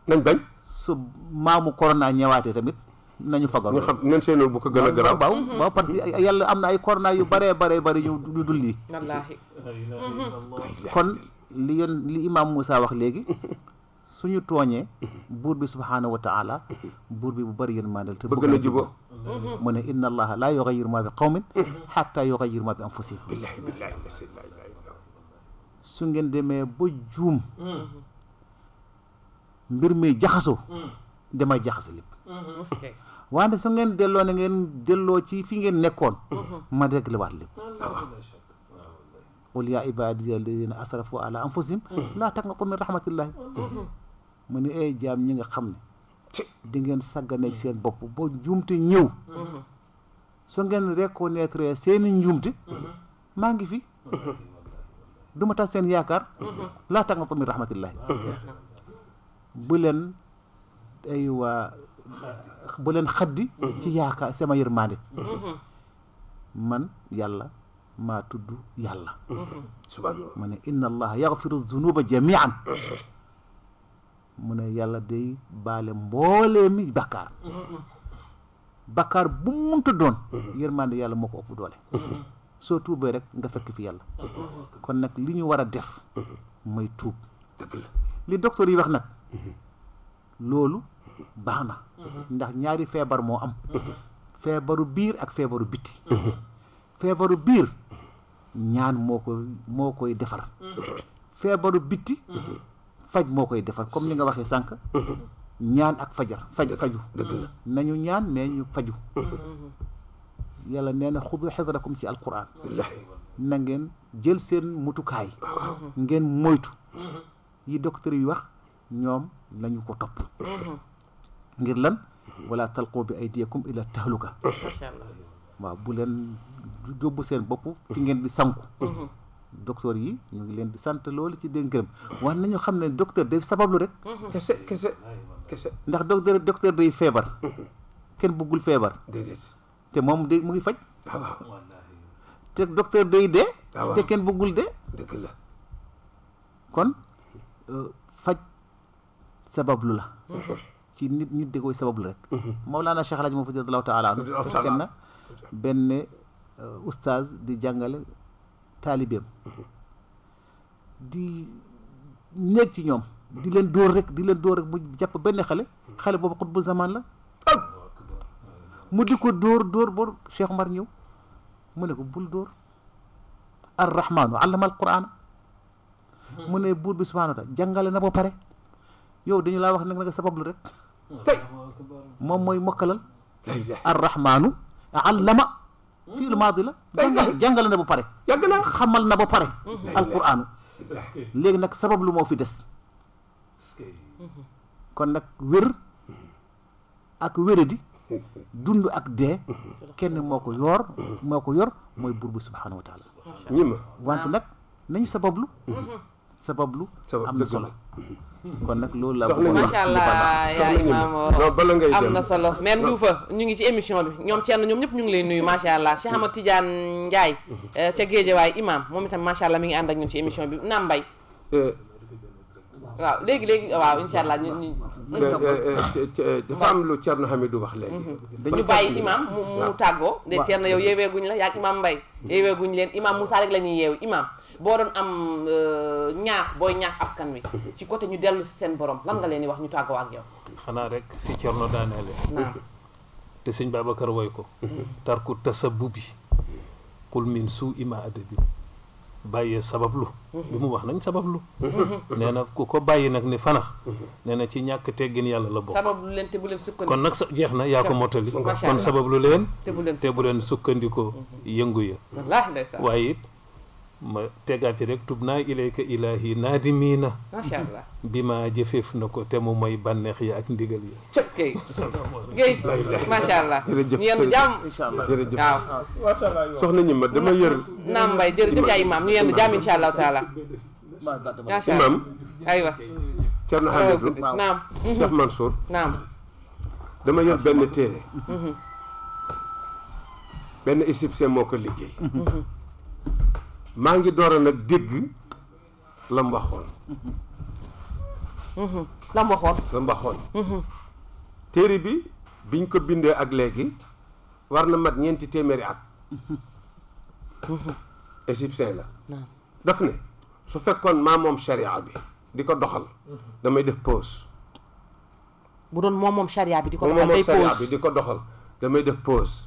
nañ bañ su maamu corona ñëwaatee tamit nañu fagal ñu xam ñun seen bu ko gën a garaaw waaw waaw mm-hmm. parce que yàlla am na ay corona yu bëree bare bëri ñu ñu dul yi kon li yoon li imaam Moussa wax léegi [LAUGHS] suñu toñé bur bi subhanahu wa taala bur bi bu bari yeen yërmande te bëgg na jubóo mo ne inna allaha la yuxayyiru ma bi qawmin hatta yuxayyiru ma bi anfusihim billahi billahi billaahi billaahi su ngeen démé ba joom mbir mi jaxaso damay jaxase lépp wante su ngeen delo na ngeen delo ci fi ngeen nekkon ma réglé wat lépp قل يا عبادي الذين اسرفوا على انفسهم لا تقنطوا من رحمه الله mu ne ay eh, jaam ñi nga xam ne di ngeen saggane seen bopp ba njuumte ñëw mhm. su ngeen reconnaître seen njuumte mhm. maa ngi fi mhm. duma tax seen yaakaar laa taqnatu min rahmatillahi bu leen ay waa bu leen xaddi ci yaakaar sama yërmande man yalla, maa tudd yàlla ma ne inna allaha yaghfiru dhunuba jamian mu ne yàlla day baale mbooleemi bàkkaar bàkkaar bu mu munta doon yërmande yàlla moo ko ëpp doole soo tuubee rek nga fekk fi yàlla kon nag li ñu war a def mooy tuub li docteur yi wax nag loolu baax na ndax ñaari feebar moo am feebaru biir ak feebaru biti feebaru biir ñaan moo koy moo koy defar feebaru bitti faj moo koy defal comme ni nga waxee sànq ñaan ak fajar faj faju nañu ñaan mais ñu faju yàlla nee na xudu xedrakum ci alquran na ngeen jël seen mutukaay ngeen moytu yi docteur yi wax ñoom nañu ko topp ngir lan wala talqoo bi aydiyakum ila tahluka waaw bu leen yóbbu seen bopp fi ngeen di sanku docteur yi ñu ngi leen di sant loolu ci dén gërëm wax nañu xam ne docteur day sabablu rek kese kese ndax docteur docteur day feebar kenn bëggul feebar déedéet te moom day mu ngi faj ah, waaw te docteur day dee ah, te kenn bëggul dee kon euh, faj sabablu la ci nit nit di koy sabablu rek Mawlana Cheikh Alhaji Mouhamed radiyallahu taala anhu fekk na benn oustaz euh, di jàngale talibem di nek ci ñom di len dóor rek di len dóor rek bu jàpp ben xale xale bobu xut bu zaman la mu diko dóor dóor bor Cheikh mar ñëw mu ne ko bul dóor ar rahman allama al qur'an mu ne bur bi subhanahu wa taala jàngale na bo pare yow dañu la wax nak nga sababu rek tay mom moy mokalal ar rahman allama fii lu maadi la jàngale na ba pare yàgg na xamal na ba pare alquraanu léegi nag sabab lu moo fi des kon nag wér ak wéradi dund ak dee kenn moo ko yor moo ko yor mooy buur bi subhaanahu wa taala ñima wante nag nañu sabablu sabablu am na solo kon nag loolu la. macha allah yaa imaam am na solo men luufa ñu ngi ci émission bi ñoom Thierno ñoom ñëpp ñu ngi lay nuyu macha allah Cheikh Ahmad Tidiane Ndiaye mhm. eh, ca Géejawaay imaam moom itam macha allah mi ngi ànd ak ñun ci émission bi naam mbay euh, waaw léegi léegi waaw incha allah ñu ñu. Euh, euh, euh, dafa am lu Thierno Hamidou wax léegi. Mhm. dañu bàyyi imam mu mu tàggoo. de Thierno yow yeeweeguñ la yaag imam Mbaye. Mhm. yeeweeguñ leen imam Moussa rek la ñuy yeewu imam boo doon am ñaax booy ñaax askan wi. Mhm. ci côté ñu dellu si seen borom lan nga leen di wax ñu tàggoo ak yow. xanaa rek fi Thierno daaneele. waaw te sëñ Babacar woy ko. tarku tasabubi. kul min suu ima adabi bàyyee sabablu mhm. bi mu wax nañ sabablu mhm. nee na ku ko bàyyi nag ni fana mhm. nee na ci ñàkk teggin yàlla la bokk sabablu leen bu leen sukkandiku kon nag sa jeex na yaa ko mottali kon sabablu leen te bu leen sukkandikoo yëngu ya waaye it ma tegaati rek tub naa ilayka ilaahi naadimiina. macha allah bi ma jëfeef na ko te mu mooy bànneex yi ak ndigal yi. cës kay. [LAUGHS] macha allah. jërëjëf ñu yendu jàmm a allah jërëjëf dama yër. naam mbay jërëjëf yaa imaam ñu yendu jàmm incha allahu taala. imaam. aywa. Thierno Hamidou naam. Cheikh mhm. Mansour. naam. dama yër benn téere. Mhm. benn égyptien moo ko liggéey. Mhm. maa ngi door a nag dégg la mu waxoon. Mhm. la waxoon. Mhm. téere bi biñ ko bindee ak léegi war na mat ñeenti téeméeri at. Mhm. égyptien la. daf ne su fekkoon maa moom charia bi di ko doxal. damay def pause. bu doon moo moom charia bi di ko doxal damay def pause.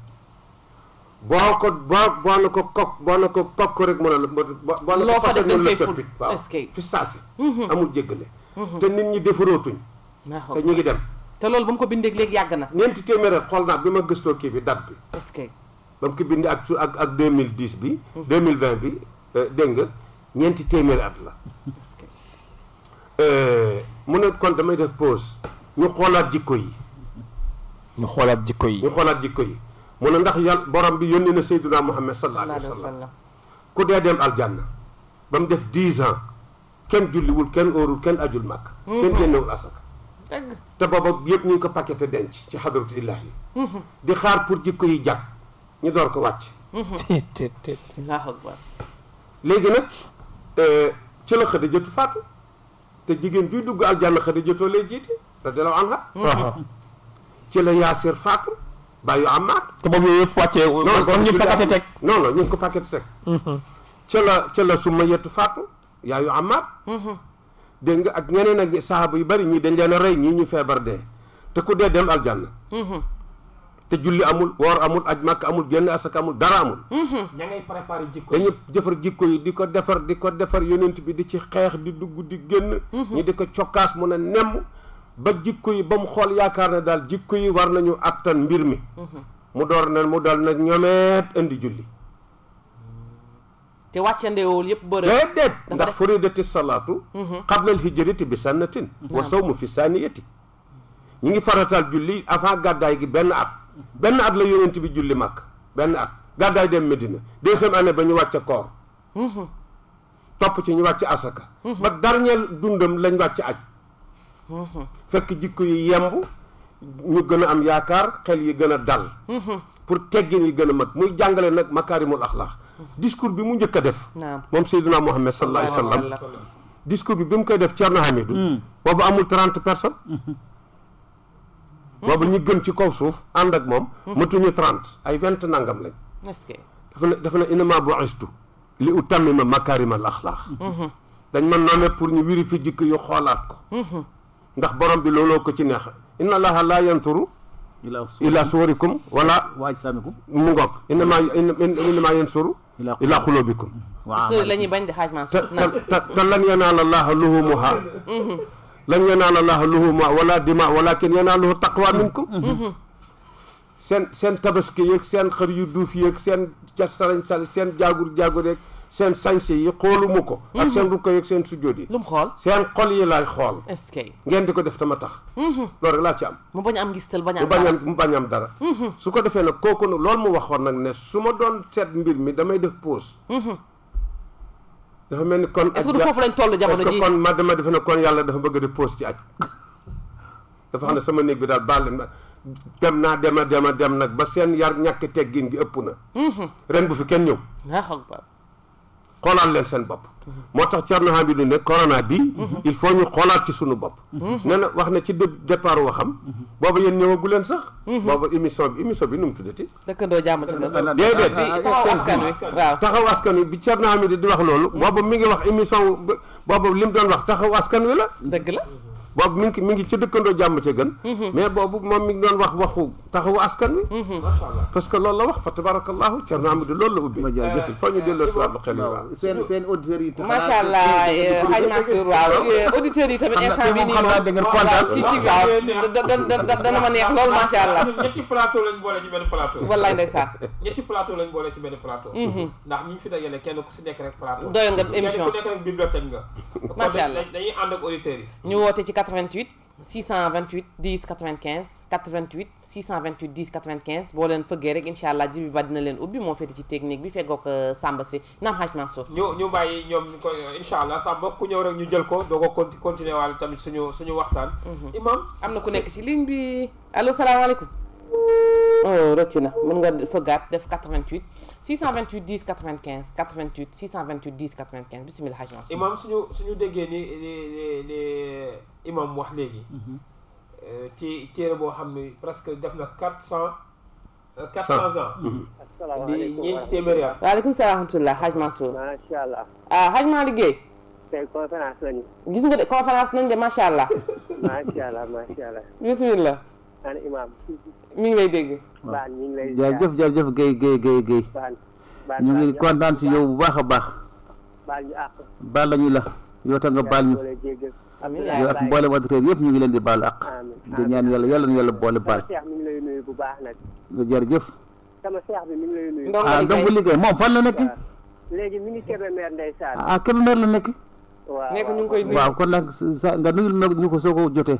boo ko boo boo ko ko kok boo na ko kokk rek mën a la boo na ko fas rek mën la toppi waaw fi saasi mhm. amul jéggale mhm. te nit ñi defarootuñ ah, te ñu ngi dem te loolu ba mu ko bindee léegi yàgg na ñeenti téeméer at xool naa bi ma gëstoo kii bi date bi est-ce que ba mu ko bindee ak su ak ak bi mhm. euh, dégg nga ñeenti téeméer at la euh, mu ne kon damay def pose ñu xoolaat jikko yi ñu xoolaat jikko yi ñu xoolaat jikko yi mu ne ndax yàlla borom bi yónni na Seydina Muhammad sallallahu alayhi wa sallam ku dee dem aljanna ba mu def 10 ans kenn julliwul kenn óorul kenn ajul màkk. Mm-hmm. kenn génnewul asaka. te booba yëpp ñu ngi ko paqueté denc ci xadratu illahi yi. Mm-hmm. di xaar pour jikko yi jàpp ñu door ko wàcc. Mm-hmm. [LAUGHS] léegi nag euh, ci la xëy jotu faatu te jigéen juy dugg aljanna xëy jotoo lay jiite radiallahu anha. ci la yaasir faatu. bayu am te bobu yooyu yëpp non kon ñu paquet tek non non ñu ko paquet tek hmm ci la ci la suma yettu ya yu am hmm de nga ak ñeneen ak sahabu yu bari ñi dañ leen reey ñi ñu febar de te ku de dem aljanna. hmm te julli amul wor amul aj makka amul genn asaka amul dara amul. hmm ñay ngay préparer jikko dañu jëfër jikko yi diko ko defar di defar yonent bi di ci xex di dugg di genn mm-hmm. ñi diko ciokas mu na a ba jikko yi ba mu xool yaakaar ne daal jikko yi war nañu attan mbir mi mu door na mu dal na ñomeet indi julli te wàccandeewul yëpp bëri déedéet ndax furidati salaatu mhm. qabla alhijrati bi sannatin wa sawmu fi saniyati ñi ngi farataal julli avant gàddaay gi benn at benn at la yonent bi julli màkk benn at gàddaay dem Medina deuxième année ba ñu wàcce koor mhm. topp ci ñu wàcc asaka mhm. ba dernier dundam lañ wàcc aj fekk jikko yi yemb ñu gën a am yaakaar xel yi gën a dal pour teggin yi gën a mat muy jàngale nag makaarimul axlaax discours bi mu njëkk a def moom Seydina Muhammad sallallahu alayhi wa sallam discours bi bi mu koy def Thierno Hamidou hmm. boobu amul trente personnes hmm. boobu ñu gën ci kaw suuf ànd ak moom hmm. matuñu trente ay vingt nangam lañ dafa ne dafa ne innama bu'istu li utammima makaarimal axlaax dañ man noome pour ñu wiri fi jikko yu xoolaat ko ndax borom bi looloo ko ci neex inna allah la yanturu ila suwarikum wala wajsamikum mu ngoog inna ma yansuru ila xuloobikum waaw la bañ de xaaj Mansour te lan yanal allah luhumha lan yanaal allaha luhumuha wala dima walakin yanaaluhu taqwa minkum sen sen tabaski yek sen xër yu duuf yek sen ca sarañ sal sen jagur jaagur yeeg seen sañse yi xooluma ko ak mhm. seen rukko ak seen sujjóot yi lu mu xool seen xol yi laay xool est-ce que ngeen di ko def tama tax mhm. loolu rek laa ci am mu bañ am gistal bañ am dara mu bañ am dara su ko defee nag kooku nag loolu mu waxoon nag ne su ma doon seet mbir mi damay def pause mhm. dafa mel ni kon est-ce que du foofu lañ ma dama defe ne kon yàlla dafa bëgg di pause ci aj [LAUGHS] dafa xam ne sama néeg bi daal baal ma dem naa dema dema dem nag ba seen yar ñàkk teggin gi ëpp na ren bu fi kenn ñëw xoolaat leen seen bopp moo tax Thierno Hamidou ne corona bi il faut ñu xoolaat ci sunu bopp ne na wax ne ci départ waxam booba yéen ñëwagu leen sax booba émission bi émission bi num mu tuddati dëkkandoo jàmm ci gën déedéet taxaw askan wi waaw taxaw askan wi bi Thierno Hamidou di wax loolu booba mi ngi wax émission booba lim doon wax taxaw askan wi la dëgg la boobu mi ngi mi ngi ci dëkkandoo jamm ci gën mhm. mais bobu mom mi ngi doon wax waxu taxawu askan wi mhm. parce que loolu la wax fa tabarakallah tabarakallahu Thierno Amadou loolu la ubbi fa ñu delo ci wàllu xel sen sen auditeur yi auditeurs ma sha allah eh, Hadj Mansour waaw eh, auditeur yi tamit instant bi ni da nii moom ci ci waaw na ma neex loolu sha allah ñetti plateau lañ boole ci benn plateau wallaay ndeysaan ñetti plateau lañ boole ci benn plateau mhm. ndax ñi fi da yele kenn ku ci nekk rek plateau doyo nga émission ku nekk rek bibliothèque nga ma sha allah dañuy and ak auditeur yi ñu wote ci 88 628 10 95 88 628 10 95 boo leen fëggee rek incha allah jibi ba dina leen ubbi moo féete ci technique bi fekkook euh, Samba si naam xaj ñu ñu bàyyi ñoom ñu ko incha allah Samba ku ñëw rek ñu jël ko doo ko continuer tamit suñu suñu waxtaan mhm. imam am na ku nekk ci ligne bi allo salaamaaleykum Oh, rëcc na mën nga fëggaat def 88 628 10 95 88 628 10 95 bisimilah. imaam suñu suñu déggee ni ni ni ni imaam wax léegi. Mhm. Euh, ci téere boo xam ne presque def na 400. 400 euh, ans. Mhm. Mhm. di ñeenti téeméeri at. waaleykum salaam wa rahmatulah Haj Mansour. macha allah. ah Haj maa liggéey. tey conférence lañu. gis nga de conférence nañ de macha allah. macha allah macha allah. bisimilah. mi ngi lay dégg. baan mi ngi lay jaajëf jaajëf Guèye Guèye Guèye Guèye. ñu ngi kontaan si yow bu baax a baax. baal ñu àq. baal lañu la yow tam nga baal ñu. yow ak mboolem auditeurs yëpp ñu ngi leen di baal àq. di ñaan yàlla yàlla na yàlla boole baal. jërëjëf. ah donc liggéey moom fan la nekk. léegi mi ngi Kébémer ndeysaan. ah Kébémer la nekk. waaw kon nag sa nga nuyul ñu ko soo ko jotee.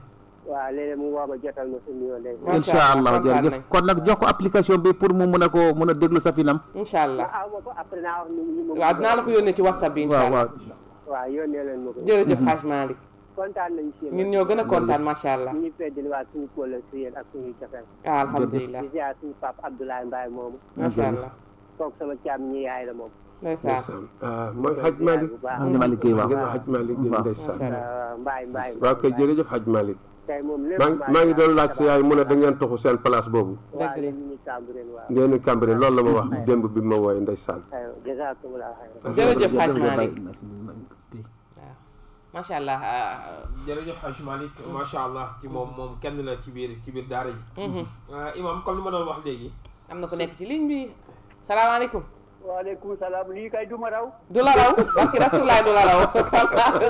waaw léeg-léeg mu woo ma jotal ma suñu yoon léegi. incha allah jërëjëf kon nag jox ko application bi pour mu mun a koo mun a déglu sa film. incha allah waaw ah, ma ko après naa wax ni mu. waaw dinaa la ko yónnee ci whatsapp bi. incha allah waaw waaw yónnee leen ma ko. jërëjëf mhm. Hadj Malick. kontaan nañu si yéen ñun ñoo gën a kontaan macha allah. ñu feddali waa suñu kóol si yéen ak suñuy cafeel. Ah, alhamdulilah di ziar suñu papa Abdoulaye Mbaye moomu. macha allah kooku sama caam ñi yaay la moom. ndeysaan ah, mooy Hadj Malick. Hadj Malick Guèye waaw Hadj Malick Guèye ndeysaan. waaw kay jërëjëf Hadj Malick maa ngi doon laaj sa yaay mu ne da ngeen toxu seen place boobu. ngeen di Cambérène loolu la ma wax démb bi ma wooye ndeysaan. Ah, ah. jërëjëf Hadj Malick mm-hmm. macha allah. jërëjëf macha allah ci moom moom kenn la ci biir ci biir daara ji. Mm-hmm. Ah, imam comme li ma a wax léegi. am na ku nekk ci ligne bi salaamaaleykum. waaleykum salam, lii kay du ma raw. du la raw barki rasulaay du la raw.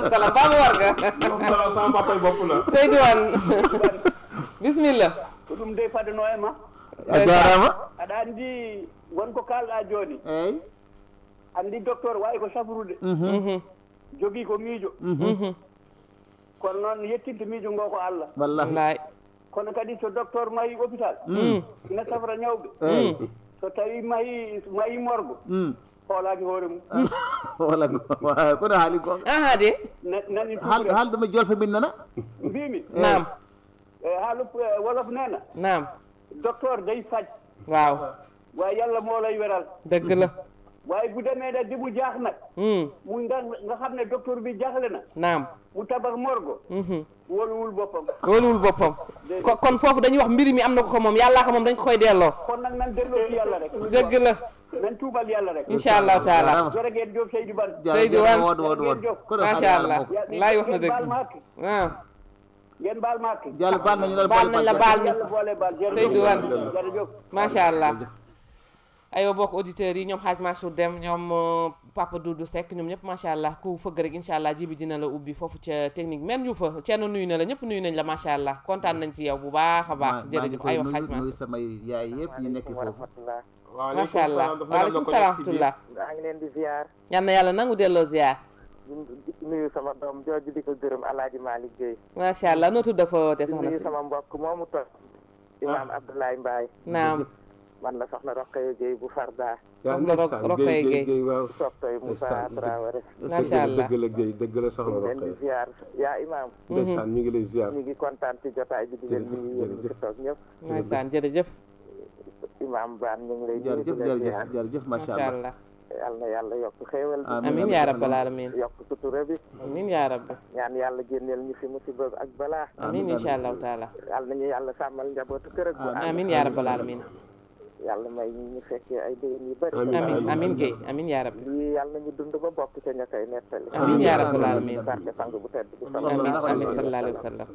Salam, baamu war nga. moom salaam sama papa bopp la. Seydou Wane. bismillah. ko ɗum eh? de fade mhm. no ema. a jarama. aɗa andi wonko kalɗa joni. eyyi. andi docteur wawi ko safrude. jogii ko miijo. Mhm. Mhm. kono noon yettinte miijo ngo ko allah. wallahi. kono kadi so docteur mayi hôpital. ina safra ñawɓe. so tawi mayi mayi morgo hoolaki hmm. hoore mum wala kono haali gonga an ah, haade nani haalduma jolfe min eh. nana mbimi nam haala eh, eh, wolof nena nam docteur day faj waaw way yalla moolay weral dëgg la waaye bu demee da di bu jaax nag. Hmm. mu nga xam ne docteur bi jaaxle na. naam mu tabax morgo. Hmm. wóoluwul boppam. wóoluwul boppam. kon foofu dañuy wax mbir mi am na ko ko moom yàllaa ko moom dañ ko koy delloo. kon nag nan delloo ci yàlla dëgg la. nan incha allah taala jërëjëf Diop Seydou Ban. Seydou Ban macha allah. wax na dëgg baal ma ak. baal nañ la baal nañ la baal mi Seydou Ban macha allah. aywa bokk auditeur yi ñoom Hadj Mansour dem ñoom euh, Papa Doudou sekk ñoom ñëpp macha allah ku fëgg rek incha allah ji bi dina la ubbi foofu ca technique men ñu fa cenn nuyu na la ñëpp nuyu nañ la macha allah kontaan nañ ci yow bu baax a baax jërëjëf aywa Hadj Mansour samay yaay yëpp ñu nekk foofu macha allah waaleykum salaam rahmatullah maa ngi leen di ziar ñaan na yàlla nangu delloo ziar sama doom jooju di ko gërëm alaaji Malick Gueye macha allah noo tudd ak fa woote soxna si nuyu sama mbokk moomu toog imaam ah. Abdoulaye Mbaye naam man la soxna Roqaye Gueye bu Farda. soxna Roqaye Gueye waaw soppay Moussa Traoré. macha allah dëgg la Gueye dëgg la soxna Roqaye. ñu ngi leen yaa imaam. ndeysaan ñu ngi lay ziar. ñu ngi kontaan ci jotaay bi di leen nuyu yéen ñi ci toog ñëpp. ndeysaan jërëjëf. imaam Baan ñu ngi lay. jërëjëf jërëjëf jërëjëf macha allah. yàlla na yàlla yokk xéewal bi amiin yaa rabbal aalamiin yokk sutura bi amiin yaa rabbi ñaan yàlla génneel ñu fi musiba ak balaa amiin incha allahu taala yàlla nañu yàlla sàmmal njabootu kër yàlla may ñu fekkee ay déwén yu bëri. amiin amiin Guèye amiin yaa rabbi. lii yàlla ñu dund ba bokk ca wa sallam.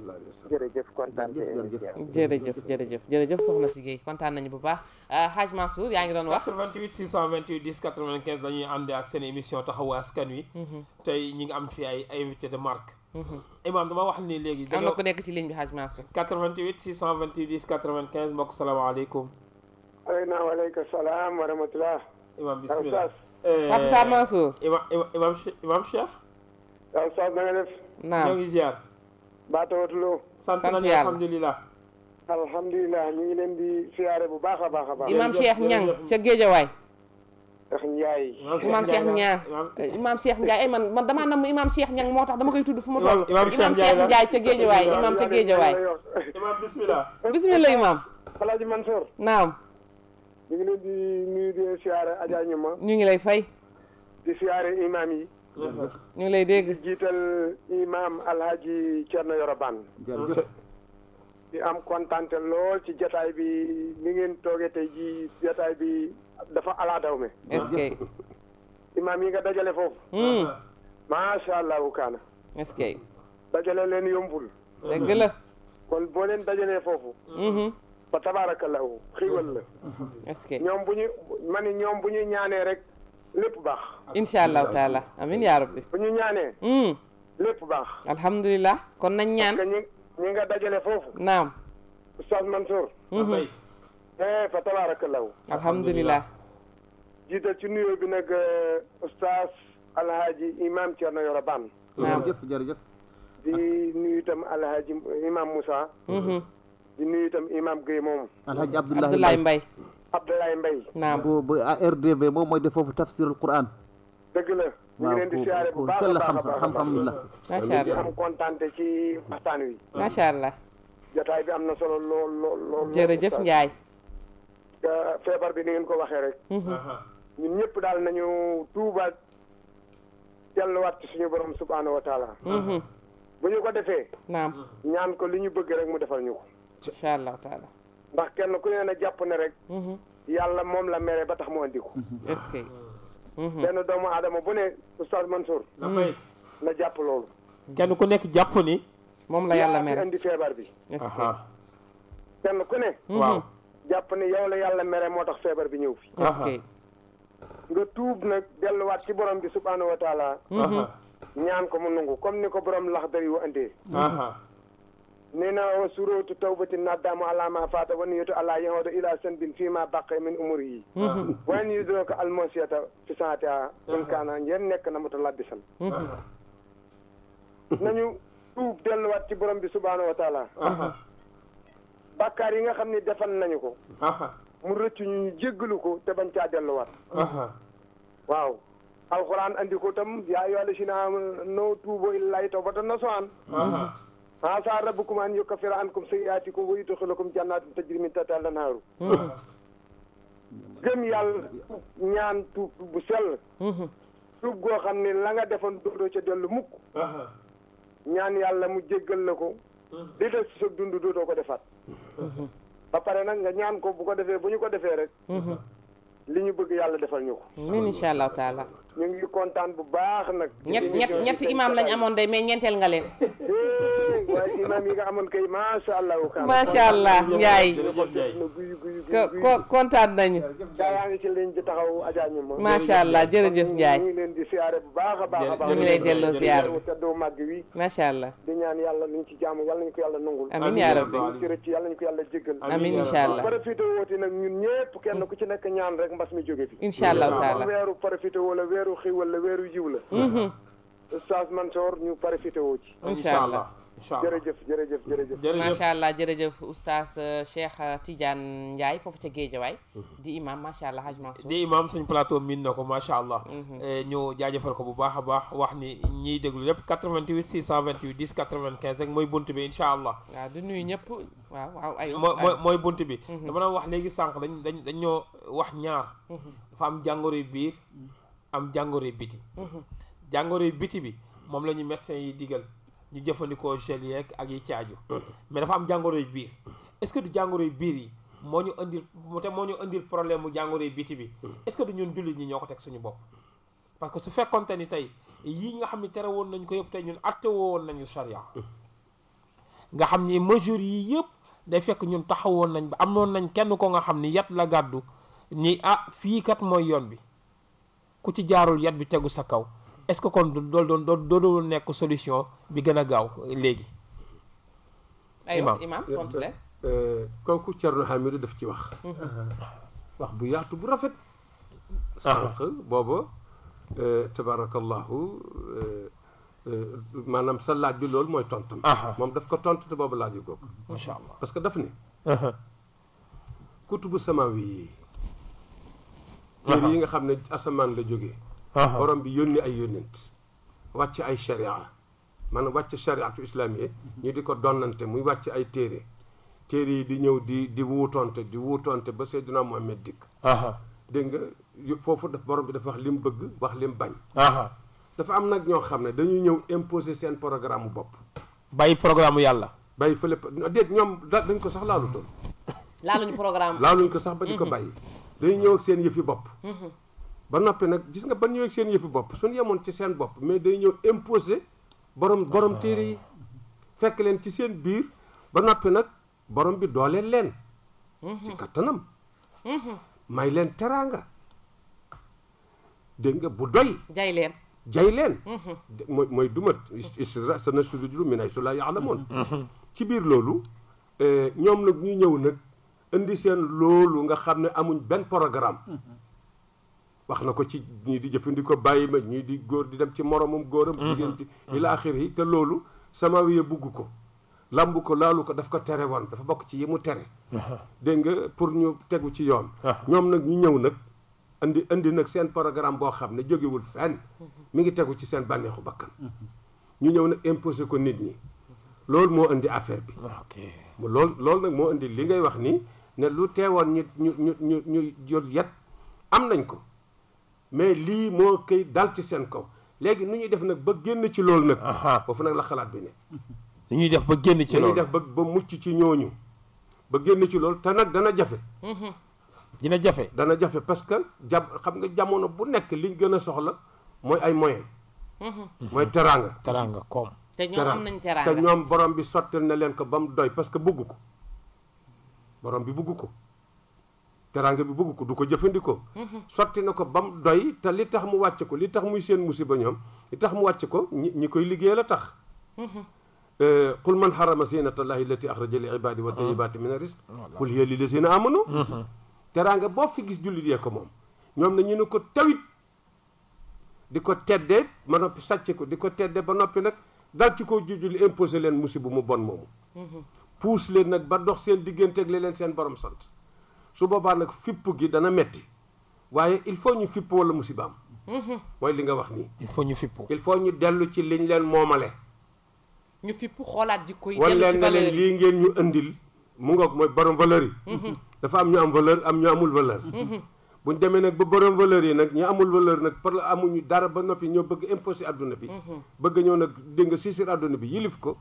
jërëjëf kontaan te émission. jërëjëf jërëjëf jërëjëf soxna si Guèye kontaan nañu bu baax ah, Hadj Mansour yaa ngi doon wax. dañuy ànd ak seen émission taxawu askan wi. Mhm. tey ñi ngi am fi ay invité de marque. Mhm. imam dama wax ni léegi. am na ku nekk ci ligne bi Hadj Mansour. 88 628 10 95 mbokk salaamaaleykum. aleyna waaleykum salaam wa rahmatulah. imaam bisimilah eh, Pape Sarr Mansour. imaam imaam imaam Cheikh. waaw Saad na nga def. naam ñoo ngi ziar. baatawatuloo. sant yàlla sant nañu alhamdulilah. alhamdulilah ñu ngi leen di siyaare bu baax a baax a baax. imaam Cheikh Niang ca Géejawaay. Cheikh Ndiaye. imaam Cheikh Niang imaam eh, Cheikh Ndiaye ay man man damaa nam imaam Cheikh Niang moo tax dama koy tudd fu ma toll. imaam Cheikh Ndiaye ca Géejawaay imaam ca Géejawaay. imaam bisimilah. bisimilah imaam. El Hadj Mansour. naam. ñu ngi leen di nuyu di ñu ngi lay fay. di siyaare imaam yi. ñu ngi lay dégg. jiital imaam Alhaji Thierno Yoroban. di am kontante lool ci jataay bi ni ngeen toogee tey jii jataay bi dafa alaadaw me. est imaam yi nga dajale foofu. Hmm. macha allahu kaana. est dajale leen yombul. dëgg la. kon boo leen dajalee foofu. Hmm. ba tabaarakallahu xiiwal la. est-ce que ñoom bu ñu ma ñoom bu ñu ñaanee rek lépp baax. incha allahu taala amin yaa rabbi. bu ñu ñaanee. Hmm. lépp baax. alhamdulilah kon nañ ñaan. parce ñi ñi nga dajale foofu. naam. Oustaz Mansour. eh fa tabaarakallahu. alhamdulilah. jiital ci nuyoo bi nag euh, Oustaz Alhaji Imam Thierno Yoro Bane. naam jërëjëf Alhaji Imam Moussa. Hmm. di nuyu itam imam moom moomu. alhaji Abdoulaye Mbaye Abdoulaye mbay naam bu bu RDV moom mooy def foofu tafsirul Quran. dëgg la. ñu ngi leen di siyaare bu baax a baax a baax xam-xam la. ci waxtaan wi. macha allah. bi am na solo lool lool lool. jërëjëf Ndiaye. feebar bi ni ngeen ko waxee rek. Mhm. ñun ñëpp daal nañu tuuba delluwaat suñu borom subhaanahu wa mhm. bu ñu ko defee. naam ñaan ko li ñu bëgg rek mu defal ñu ko. incha allahu taala ndax kenn ku ne na jàpp ne rek mhm. yàlla moom la mere ba tax mu andi ko mhm. est-ce que mhm. benn doomu aadama bu ne oustaz Mansour na jàpp loolu kenn ku nekk jàpp ni ne jàpp ni yow la yàlla mere moo tax feebar bi ñëw fi est-ce que nga tuub nag delluwaat ci borom bi subhaanahu wa ñaan ko mu nungu comme ni ko borom lax dari wu andee nee naa wa surootu tawbatin naddaama alaa maa faata wa niyatu alaa yahuda ila sanbin fii maa baqee min umuri yi mm-hmm. wan yudroka almosiyata fi saata sun kaana yéen nekk na muta labbisan mm-hmm. nañu tuub delluwaat ci borom bi subhaanahu wa taala mm-hmm. yi nga xam ni defan nañu ko mu rëcc ñu jéggalu ko te bañ caa delluwaat waaw alxuraan andi ko tam yaa ayyuhaa llaziina aamanuu tuubu ilallaahi tawbatan nasuuhan asa rabbukum an yukaffira ankum sayyi'aatikum wa yudxilakum jannaatin tajri min tahtiha al-anhaaru gëm yàlla ñaan tuub bu sell tuub goo xam ne la nga defoon doodoo ca dellu mukk ñaan yàlla mu jéggal la ko li des ci sa dund doodoo ko defaat ba pare nag nga ñaan ko bu ko defee bu ñu ko defee rek mm-hmm. li ñu bëgg yàlla defal ñu ko min incha allahu taala ñu ngi kontaan bu baax nag. ñett ñett ñetti imaam lañ amoon day mais ñeenteel nga leen. waaye imaam yi nga amoon kay macha allah. [LAUGHS] macha allah ko kontaan nañu. ci taxaw macha allah jërëjëf ñu leen di siyaare bu baax a baax a baax. ñu lay delloo siyaare teddoo màgg wi. macha allah. di ñaan yàlla luñ ci jaamu yàlla ñu ko yàlla rabbi ci rëcc yàlla ñu ko yàlla jéggal. amiin incha allah profité wooti nag ñun ñëpp kenn ku ci nekk ñaan rek mbas mi jóge fi. incha allah taala weeru profité wala weeru weeru xiwal la weeru jiw la. Mhm. Mhm. Oustaz Mansour ñu profité woo ci. incha allah incha allah jërëjëf jërëjëf jërëjëf. jërëjëf macha allah jërëjëf Oustaz euh, Cheikh euh, Tidiane Ndiaye foofu ca Géejawaay. Mhm. di imam macha allah Haj Mansour. di imam suñ plateau miin na ko macha allah. Eh, ñu jaajëfal ko bu baax a baax wax ni ñiy déglu lépp 88 628 10 95 rek mooy bunt bi incha allah. waaw di nuyu ñëpp waaw waaw ay. mooy mooy bunt bi. dama doon wax léegi sànq dañ dañ dañ ñoo wax ñaar. dafa am biir. am jàngoro biti mhm. jàngoro biti bi moom la ñu médecin yi digal ñu jëfandikoo gel yeeg ak yi caaju mhm. mais dafa am jàngoro biir est-ce que du jàngoro biir yi moo ñu indil te moo ñu indil problème mu jàngoro biti bi mhm. est-ce que du ñun jullit ñi ñoo ko teg suñu bopp parce que su fekkonte ni tey yi nga xam ne tere woon nañ ko yëpp tey ñun atte woon nañu charia nga xam ni mesures yii yëpp day fekk ñun taxawoon nañ ba amoon nañ kenn ko nga xam ni yat la gàddu ni ah, ku ci jaarul yat bi tegu sa kaw est-ce que kon dool doon doo doon nekk solution bi gën a gaaw léegi imaam imaam tontu leen euh, euh, kooku Thierno Hamidou daf ci wax mm-hmm. wax bu yaatu bu rafet ah. sànq booba euh, tabarakallahu maanaam sa laaj bi loolu mooy tontam ah. moom daf ko tontu te boobu laa yu googu masha allah parce que daf ne uh-huh. kutubu samaawi yi téere yi nga xam ne asamaan la jóge borom bi yónni ay yónnent wàcc ay sharia maanaam wàcc shariatu islamiye ñu di ko donnante muy wàcc ay téere téere yi di ñëw di di wuutonte di wutonte ba Seydina Muhammad dikk dégg nga foofu daf borom bi dafa wax li mu bëgg wax lim mu bañ dafa am nag ñoo xam ne dañuy ñëw imposer seen programme bopp bàyyi programme yàlla bàyyi fële déet ñoom dañ ko sax laalutoon laaluñ programme laaluñ ko sax ba di ko mm-hmm. bàyyi day ñëw ak seen yëfi bopp mhm. ba noppi nag gis nga ban ñëw seen yëfi bopp suñu yemoon ci seen bopp mais day ñëw imposé borom borom ah. téere yi fekk leen ci seen biir ba noppi nag borom bi dooleel leen mhm. ci kattanam mhm. may leen teraanga dégg nga bu doy jay leen jay leen mooy mooy dumat isra sa na sududu mi nay su la yaalamoon ci biir loolu eh, ñoom nag ñu ñëw nag indi seen loolu nga xam ne amuñ benn programme wax na ko ci ñi di bàyyi ma ñii di góor di dem ci moromam góoram mm-hmm. jigéen ci mm-hmm. ila axir yi te loolu sama wiye bugg ko lamb ko laalu ko daf ko tere woon dafa bokk ci yi mu tere uh-huh. dégg nga pour ñu tegu ci yoon uh-huh. ñoom nag ñu ñëw nag andi andi nag seen programme boo xam ne jógewul fenn mm-hmm. mi ngi tegu ci seen bànneexu bakkan ñu ñëw nag imposé ko nit ñi loolu moo indi affaire bi loolu loolu nag moo indi li ngay wax nii ne lu teewoon ñu ñu ñu ñu ñu jot yet am nañ ko mais lii moo koy dal ci seen kaw léegi nu ñuy def nag ba génn ci loolu nag foofu nag la xalaat bi ne nu ñuy def ba génn ci lool def ba ba mucc ci ñooñu ba génn ci loolu te nag dana jafe mm-hmm. dina jafe dana jafe parce que jam xam nga jamono bu nekk liñ gën a soxla mooy ay moyen mm-hmm. mooy teraanga teraanga koom te ñoom am nañ teraanga ñoom borom bi sottal na leen ko ba mu doy parce que bugg ko borom bi bugg ko teraanga bi bugg ko du ko jëfandikoo. Mhm. sotti na ko ba mu doy te li tax mu wàcc ko li tax muy seen musiba ñoom li tax mu wàcc ko ñi ñi koy liggéey a tax. Mhm. Eh, qul man harrama zinata llahi allati axraja li ibadi wa mhm. tayyibati min ar-rizq oh, qul hiya lillazina amanu teraanga boo fi gis jullit yee ko moom ñoom na ñu ne ko tawit di ko teddee ba noppi sàcc ko di ko teddee ba noppi nag dal ci ko jujul imposé leen musiba mu bon moomu puus leen nag ba dox seen digganteeg li leen seen borom sant su boobaa nag fipp gi dana metti waaye il faut ñu fipp wala musibaam mhm. mooy li nga wax nii. il faut ñu fipp il faut ñu dellu ci liñ leen moomale. ñu fipp xoolaat jikko yi. dellu ci valeur leen lii ngeen ñu indil mu ngoog mooy borom valeur yi. Mhm. dafa am ñu am valeur am ñu amul valeur. Mhm. bu demee nag ba borom valeur yi nag ñu amul valeur nag par amuñu dara ba noppi ñoo bëgg imposé adduna bi. bëgg ñëw nag dégg nga siisir adduna bi yilif ko.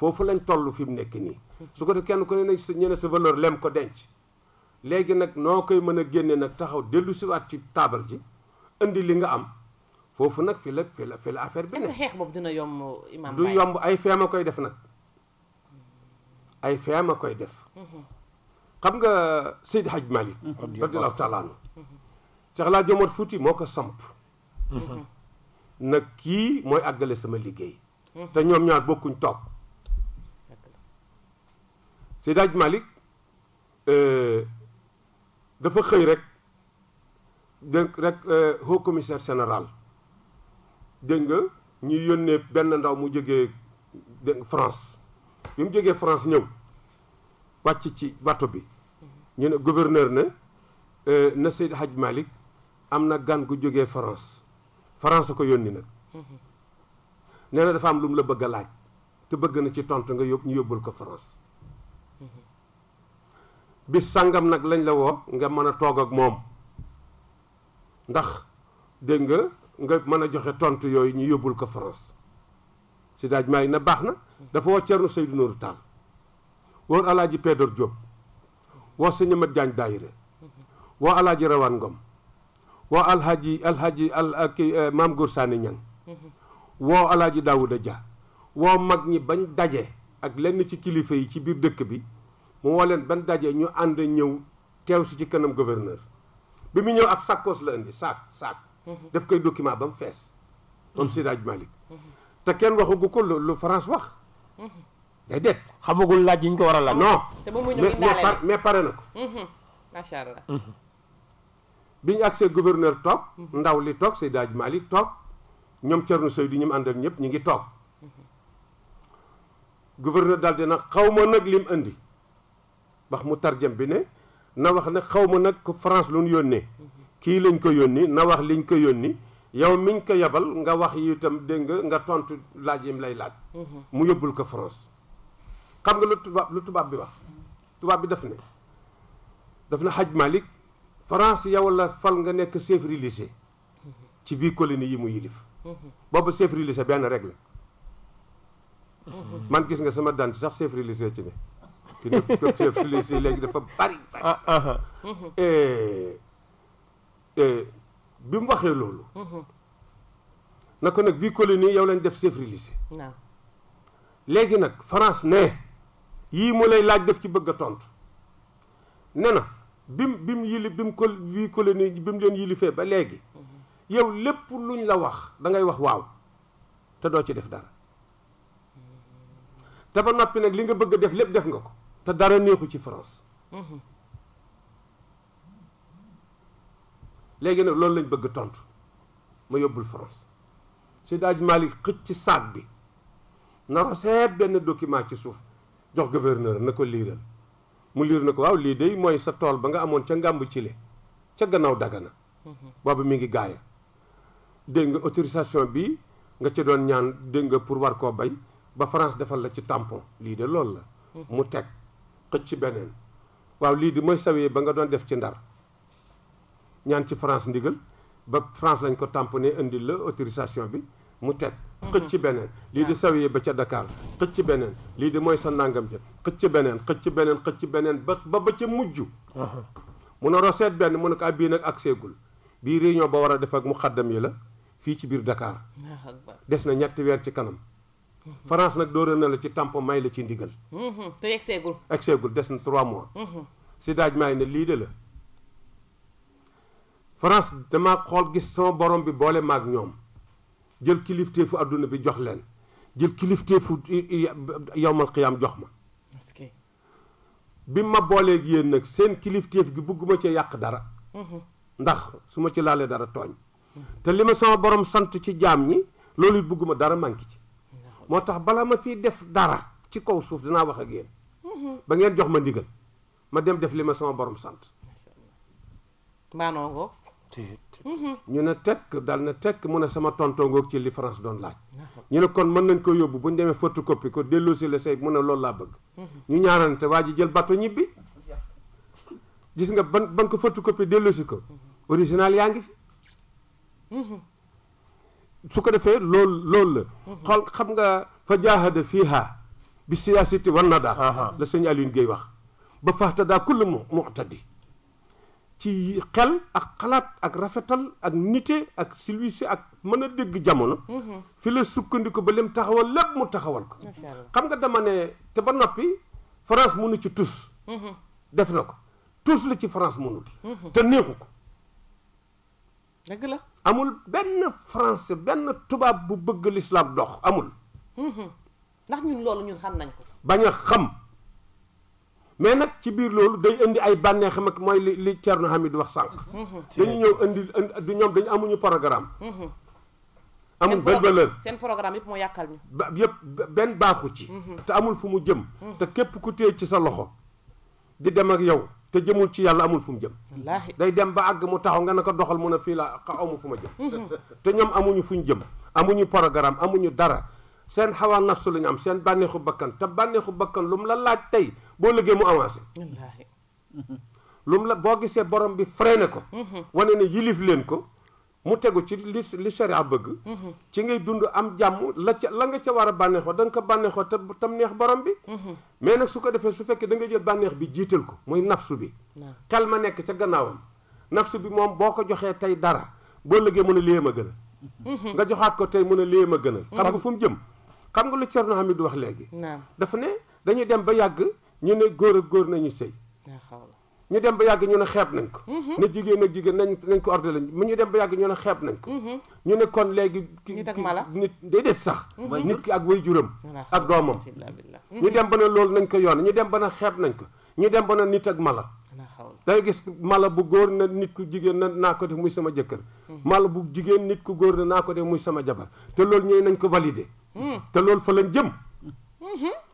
foofu lañ toll fi mu nekk nii su ko def kenn ku ne nañ sa ñene sa valeur lem ko denc léegi nag noo koy mën a génne nag taxaw dellu siwaat ci taabal ji indi li nga am foofu nag fi la fi la fi la affaire bi nekk xeex boobu dina yomb imam yomb ay feem a koy def nag ay feem a koy def mhm. xam nga Seydi Hadj Malick radiallahu taala mhm. Fuuti moo ko samp mhm. nag kii mooy àggale sama liggéey te ñoom ñaar bokkuñ toog Seydi Hadj Malick euh, dafa xëy rek dégg rek euh, haut commissaire général dégg nga ñu yónnee benn ndaw mu jógee France bi mu jógee France ñëw wàcc ci bato bi ñu ne gouverneur ne euh, na Seydi Hadj malik am na gan ku jógee France France ko yónni nag mm-hmm. nee dafa am lu mu la bëgg a laaj te bëgg na ci tontu nga yób ñu yóbbul ko France bis sangam nak lañ la wo nga mëna a ak mom ndax de nga nga mëna joxe tontu yoy ñu yobul ko France ci daj may na baxna dafa wo Thierno Seydou nour tam woo Alaaji Pedor job wo seigne mat jang daire wo Alaaji rawan Ngom wo Alhaji Alhaji al aki eh, mam gour sani Ñang wo Alaaji Daawuda Dia wo mag ñi bañ daje ak lenn ci kilifa yi ci bir dekk bi mu woo leen ban daje ñu ànd ñëw teew si ci kanam gouverneur bi mu ñëw ab sàkkoos la indi saak saak mhm. daf koy document ba mu fees moom mhm. Sidaaj Malick mhm. te kenn waxagu ko lu France wax day det xamagul laaj yi ñu ko war a la non mais pare na ko macha allah bi ñu agsee gouverneur toog ndaw li toog Sidaaj Malick toog ñoom Thierno Seydou ñu mu àndal ñëpp ñu ngi toog gouverneur daal dina xaw ma nag lim indi ndax mu tarjam bi ne na wax ne xaw ma nag France lu ñu yónnee kii lañ ko yónni na wax liñ ko yónni yow miñ ko yebal nga wax yi itam dégg nga nga tontu laaj yim lay laaj mu yóbbul ko France xam nga lu tubaab lu tubaab bi wax tubaab bi daf ne daf na xaj malik France yow la fal nga nekk chef religieux ci biir colonie yi mu yilif boobu chef religieux benn règle man gis nga sama daan sax chef religieux ci ne te nag pep si léegi dafa bari bari ah, ah, ah. Eh, eh, bi mu waxee loolu mhm. na ko nag vie colonie yow lañ def chef religieux léegi nag France ne yii mu lay laaj def ci bëgg a tontu ne na bim bi mu bim bi mu colonie bi mu leen yilifee ba léegi mhm. yow lépp luñ la wax dangay wax waaw te doo ci def dara mhm. te ba noppi nag li nga bëgg a def lépp def nga ko te dara neexu ci France léegi nag loolu lañ bëgg tontu ma yóbbul France Seydi Hadji Malick xëcc ci saag bi naro seet benn document ci suuf jox gouverneur na ko liiral mu liir na ko waaw lii day mooy sa tool ba nga amoon ca ngàmb ci le ca gannaaw daggana boobu mi ngi gaaya dégg nga autorisation bi nga ci doon ñaan dégg nga pour war koo bay ba France defal la ci tampon lii de loolu la mu teg xëcc beneen waaw lii di mooy sawee ba nga doon def ci ndar ñaan ci France ndigal ba France lañ ko ne indi la autorisation bi mu teg mm-hmm. xëcc beneen lii di sawee ba ca Dakar xëcc beneen lii di mooy sa nangam ja xëcc beneen xëcc beneen xëcc beneen ba ba ca mujj uh-huh. mun a roseet benn mu ne ko ab ah, bii nag ak seegul bii réunion ba war a def ak mu xaddam yi la fii ci biir Dakar des na ñetti weer ci kanam France nag dóoral na la ci tampon may la ci ndigal. Mm-hmm. te egg seegul. egg des na trois mois. Mm-hmm. si daaj maay lii de la. France dama xool gis sama borom bi boole maag ñoom jël kilifteefu adduna bi jox leen jël kilifteefu yowmal qiyaam jox ma. bi ma booleeg yéen nag seen kilifteef bugguma cee yàq dara. Mm-hmm. ndax su ma ci laalee dara tooñ. te li ma sama borom sant ci jaam ñi loolu bugguma dara manqué ci. moo tax bala ma fi def dara ci kaw suuf danaa wax ak yéen ba ngeen jox ma ndigal ma dem def li ma sama borom sant mbaanoongoog mhm. ñu ne tekk dal na tekk mu ne sama tontongoog ci li France doon laaj ah. ñu ne kon mën nañ koo yóbbu bu ñu demee photocopie ko delloosi la say mu ne loolu laa bëgg mhm. ñu ñaarante waa ji jël bato ñibbi gis nga ban ban ko photocopie delloosi ko mhm. original yaa ngi fi su ko defee loolu loolu la xam nga fa jaahada fiiha bi siyaasati wan na daa la sëñ Alioune Guèye wax ba daal kull mu muqtadi ci xel ak xalaat ak rafetal ak nite ak silwise ak mën a dégg jamono mhm. fi la sukkandiku ba lim taxawal lépp mu taxawal ko xam nga dema ne te ba noppi France mënu ci tus mhm. def na ko tus la ci France mënul mhm. te neexu ko amul benn français benn tubaab bu bëgg l'islam dox amul. Mhm. ndax ñun loolu ñun xam nañ ko. bañ a xam mais nag ci biir loolu day indi ay bànneexam ak mooy li li Thierno Hamid wax sànq. Mhm. dañu ñëw indi du ñoom dañu amuñu programme. Mhm. amul benn valeur seen programme yëpp moo yàqal ñu. ba yëpp benn baaxu ci. te amul fu mu jëm. te képp ku téye ci sa loxo di dem ak yow. te jëmul ci yàlla amul fu mu jëm day dem ba ag mu taxaw nga naka doxal mun a fii la xawmu fu ma jëm te ñom amuñu fu ñu jëm amuñu programme amuñu dara seen xawaa nafs lu ñu am seen banexu bakkan te banexu bakkan lum la laaj tay bo liggé mu avancer lum la bo gisé borom bi freiné ko wane ne yilif leen ko mu tegu ci li li sharia bëgg mhm. ci ngay dund am jàmm la ca la nga ca war a bànneexoo danga ko bànneexoo te tam neex borom bi mhm. mais nag su ko defee su fekkee da nga jël bànneex bi jiital ko muy nafsu bi xel ma nekk ca gannaawam nafsu bi moom boo ko joxee tey dara boo lëgee mën a léem a gënal mhm. nga joxaat ko tey mën a léem a gënal xam nga fu mu jëm xam nga lu Cerno Hamidou wax léegi dafa ne dañuy dem ba yàgg ñu ne góor ak góor nañu sëy ñu dem ba yàgg ñu ne xeeb nañ ko mhm. ne jigéen ak jigéen nañ nañ ko ordre lañ mu ñu dem ba yàgg ñu ne xeeb nañ ko mhm. ñu ne kon léegi nit day def sax mhm. nit ki ak waajuram ak doomam ñu dem ba ne loolu nañ ko yoon ñu dem ba ne xeeb nañ ko ñu dem ba ne nit ak mala day gis mala bu góor na nit ku jigéen na naa ko def muy sama jëkkër mala bu jigéen nit ku góor na naa ko def muy sama jabar te loolu ñëw nañ ko validé te loolu fa lañ jëm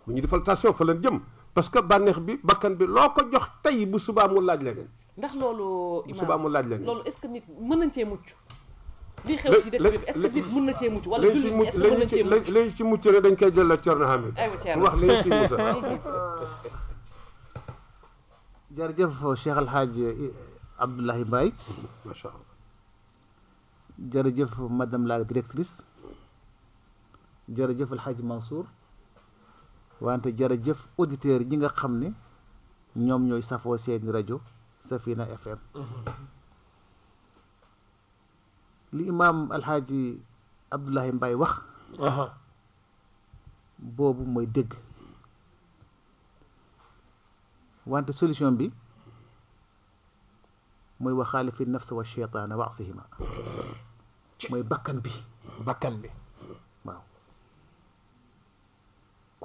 bu ñu defal station fa lañ jëm parce que banex bi bakkan bi loko jox tay bu suba mu laaj leneen. ndax lolu imam suba mu laaj leneen lolu est-ce nit meun nañ cee mucc. li xew ci dëkk bi est-ce nit meun na cee mucc. wala jullit est-ce meun mën nañ cee mucc ci muccu rek dañ koy jël la Thierno Hamid. wax lay ci musa. jar jërëjëf Cheikh El abdullah Abdoulaye ma sha allah. jërëjëf madame la directrice. jërëjëf El Hadj Mansour. wante jërëjëf auditeur yi nga xam ne ñoom ñooy safoo seeni rajo Safina FM li imaam alxaaji Abdoulaye mbay wax boobu mooy dégg wante solution bi mooy wa fi nafs wa cheytaana wa asihima mooy bakkan bi bakkan bi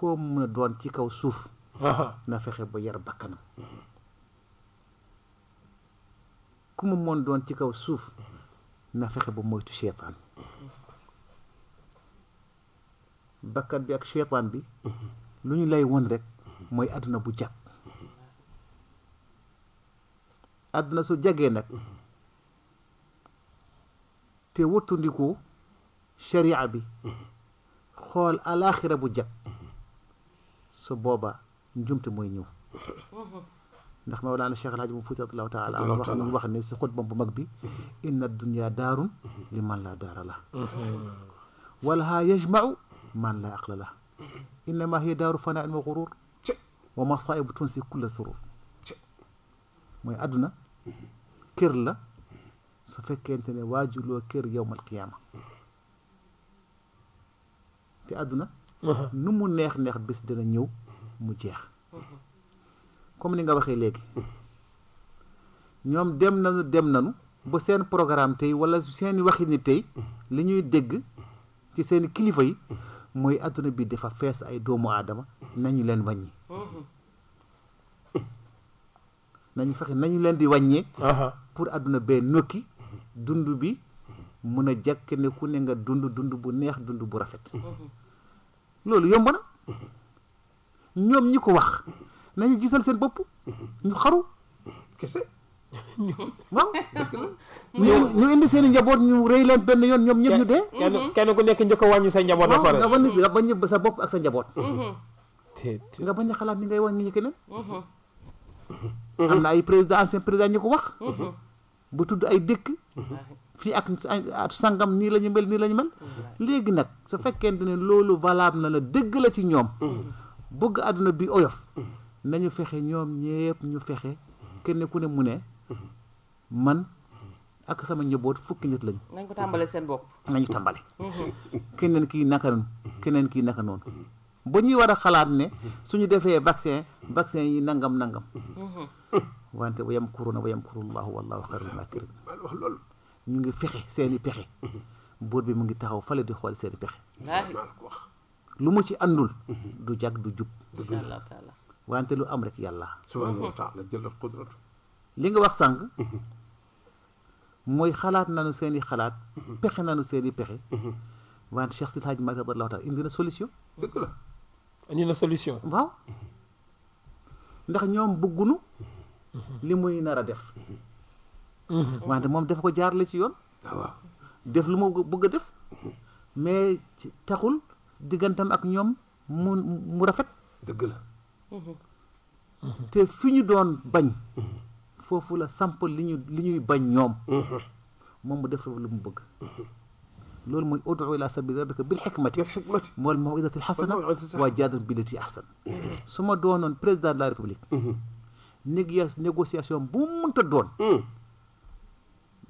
koo mën a doon ci kaw suuf na fexe ba yar bakkanam ku mu mën doon ci kaw suuf na fexe ba moytu cheytaan bakkan bi ak cheytaan bi lu ñu lay won rek mooy àdduna bu jag àdduna su jagee nag te wattandiku sharia bi xool alaxira bu jag su boobaa njumte mooy ñëw ndax mawlaana cheikh alhaji mu fuuti radiallahu taala an wax mu wax ne si xutbam bu mag bi inna dunya daarun li man laa daara la wala haa yajmau man laa aqla la innama hiya daaru fanaain wa xurur wa masaibu tunsi kulla surur mooy àdduna kër la su fekkente ne waajuloo kër yowmal qiyaama te àdduna nu mu neex neex bés dina ñëw mu jeex comme ni nga waxee léegi ñoom dem na dem nañu ba seen programme tey wala seen waxi ni tey li ñuy dégg ci seen kilifa yi mooy àdduna bi dafa fees ay doomu aadama nañu leen wàññi nañu fexe nañu leen di wàññee pour àdduna bee nokki dund bi mën a jekk ne ku ne nga dund dund bu neex dund bu rafet loolu yomb na ñoom ñi ko wax nañu gisal seen bopp ñu xaru kese waaw ñu indi seen i njaboot ñu rëy leen benn yoon ñoom ñëpp ñu dee kenn ku nekk njëkk a wàññi sa njaboot ba pare nga wàññi nga bañ sa bopp ak sa njaboot mm-hmm. nga ba a xalaat ni ngay wàññi ñi keneen mm-hmm. am na ay président ancien président ñu ko wax mm-hmm. bu tudd ay dëkk fii ak ak sangam nii la ñu mel ni la ñu mel léegi nag su fekkente ne loolu valable na la dëgg la ci ñoom bëgg àdduna bi oyof nañu fexe ñoom ñépp ñu fexe kenn ku ne mu ne man ak sama njaboot fukki nit lañu. nañ ko tàmbale seen bopp. nañu tàmbale. Mhm. keneen kii naka noonu mhm. keneen kii naka noonu ba ñuy war a xalaat ne mhm. suñu defee vaccin vaccin yi nangam nangam. wante wa yamkuruuna wa yamkurullahu wallahu xayrul maakirin. ñu ngi fexe seeni pexe boot bi mu ngi taxaw fale di xool seeni pexe lu mu ci àndul mhm. du jag du jub wante lu am rek yàlla subhaanahu wa taala jël qudrat li nga wax sànq mhm. mooy xalaat nanu seeni xalaat mhm. pexe nanu seeni pexe wante Cheikh Sidi Hadj Malick radiyallaahu taala indi na solution dëgg la indi na solution waaw ndax ñoom bëggunu li muy nar a def Mm-hmm. wante moom def ko jaarale ci yoon. Ah, waaw def lu ma bëgg a def. Mm-hmm. mais taxul diggantam ak ñoom mu mu rafet. dëgg la. Mm-hmm. te fi ñu doon bañ. foofu la samp li ñu li ñuy bañ ñoom. moom mu def lu mu bëgg. loolu mooy udu ila sabili rabbika bil xikmati wal mawidati l xasana wa jaadil billati ahsan su ma doonoon président de la république. négociation bu mu mënta doon. Mm.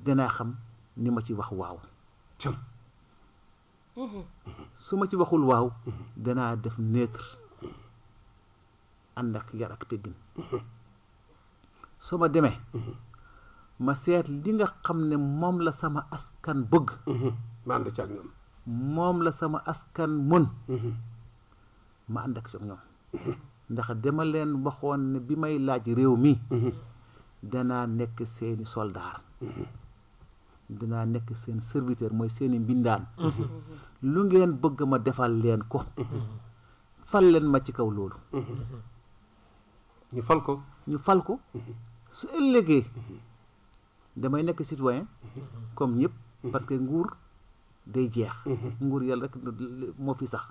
dinaa xam ni ma ci wax waaw mm-hmm. su ma ci waxul waaw mm-hmm. danaa def neutre mm-hmm. ànd ak yar ak tëggin su ma demee ma seet li nga xam ne moom la sama askan bëgg moom la sama askan mën ma ànd ak ak ñoom ndax dama leen waxoon ne bi may laaj réew mi danaa nekk seeni soldaar dinaa nekk seen serviteur mooy seeni mbindaan mhm. Mhm. lu ngeen bëgg ma defal leen ko mhm. fal leen ma ci kaw loolu ñu fal ko ñu fal ko su ëllëgee damay nekk citoyen comme ñëpp parce que nguur day jeex nguur yàlla rek moo fi sax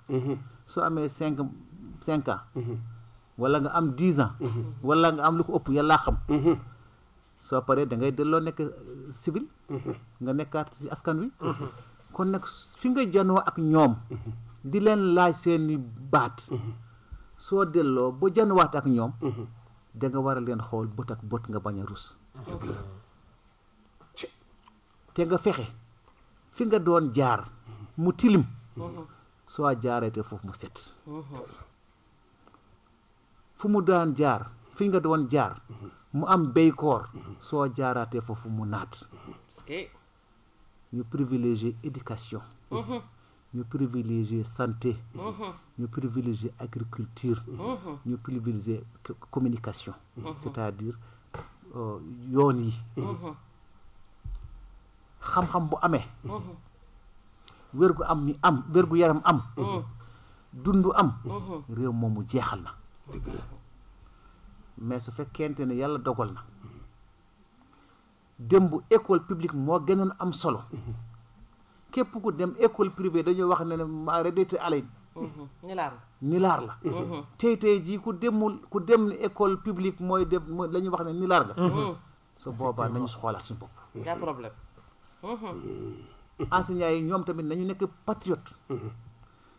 soo amee cinq cinq ans wala nga am dix ans wala nga am lu ko ëpp yàllaa xam soo paree da ngay delloo nekk euh, civil. Mhm. nga nekkaat ci askan wi. Mhm. kon nag fi nga janoo ak ñoom. Mhm. di leen laaj seeni baat. delloo ba januwaat ak ñoom. da war a leen xool bët ak bët nga bañ a rus. te nga fexe fi nga doon jaar mu tilim. soo jaaree te foofu mu set. fu mu daan jaar fi nga doon jaar. mu am béykoor soo jaaraatee foofu mu naat ñu privilégier éducation mhm. ñu privilégier santé mhm. ñu privilégier agriculture mhm. ñu privilégier communication c'est-à-dire euh, yoon yi xam-xam bu amee wér gu am ni am wér gu yaram am dund am réew moomu jeexal na mais su fekkente ne yàlla dogal na dem bu école publique moo gënoon am solo képp ku dem école privée dañuy wax ne ma redete alay mhm. nilaar la nilaar mhm. tey tey jii ku demul ku dem école publique mooy dem la ñuy wax ne nilaar la mhm. su boobaa nañu xoolaat suñu bopp yaa yi ñoom tamit nañu nekk patriote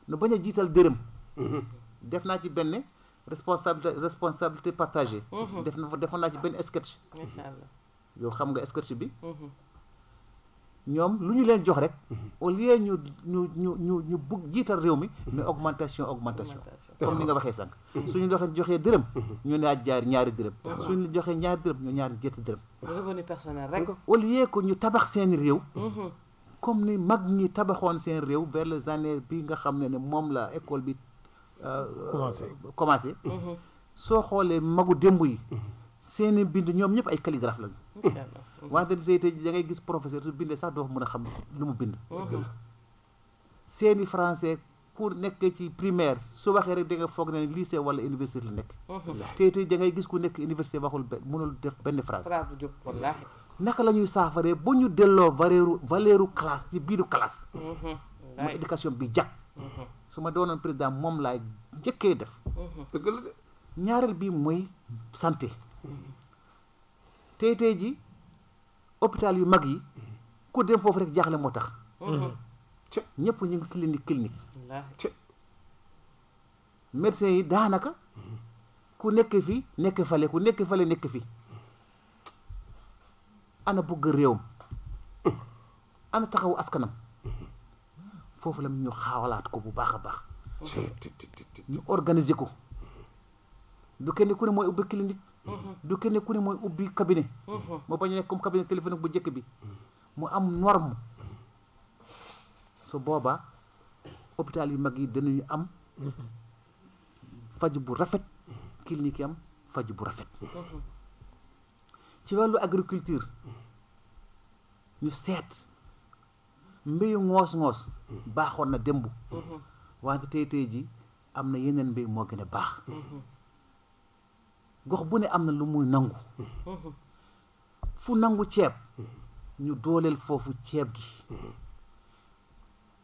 nu bañ a jiital dërëm def naa ci benn responsable responsabilité partagée. Mhm. def na ci sketch. xam nga sketch bi. Mhm. Mhm. mais augmentation augmentation. comme ni nga sank suñu la Nous dërëm. ñu jaar ñaari dërëm. suñu ñaari ñaari comme ni mag ñi seen vers les années bi nga la école bi. commencé euh, commencé. Mm-hmm. soo xoolee magu démb yi. Mm-hmm. seeni bind ñoom ñëpp ay calligraphe lañu. incha allah mm-hmm. wante tey tey da ngay gis professeur su bindee sax doo mën a xam lu mu bind. seeni français ku nekk ci primaire su waxee rek da nga foog ne lycée wala université la nekk. tey tey da ngay gis ku nekk université waxul mënul def benn phrase. naka la ñuy saafaree ba ñu delloo valeeru valeeru classe ci biiru classe. mooy éducation bi jàkk. su ma doonoon président moom laay njëkkee def. Mhm. dëgg la de ñaareel bi mooy santé. tey tey ji hôpital yu mag yi ku dem foofu rek jaaxle moo tax. Mhm. ñëpp ñu ngi clinique clinique. médecin yi daanaka ku nekk fi nekk fale ku nekk fale nekk fi ana bëgg réewam na taxawu askanam. foofu la ñu xaawalaat ko bu baax a baax. ñu organisé ko du kenn ku ne mooy ubbi clinique. Mm-hmm. du kenn ku ne mooy ubbi cabinet. Mm-hmm. moo bañ a comme cabinet téléphonique bu njëkk bi mu am norme su boobaa hôpital yu mag yi danañu am mm-hmm. faj bu rafet clinique yi faj bu rafet. ci wàllu agriculture ñu seet. mbayu ngoos-ngoos mm-hmm. baaxoon na démb mm-hmm. wante tey tey ji am na yeneen mbay moo gën a baax mm-hmm. gox bu ne am na lu muy nangu fu nangu ceeb ñu dooleel foofu ceeb gi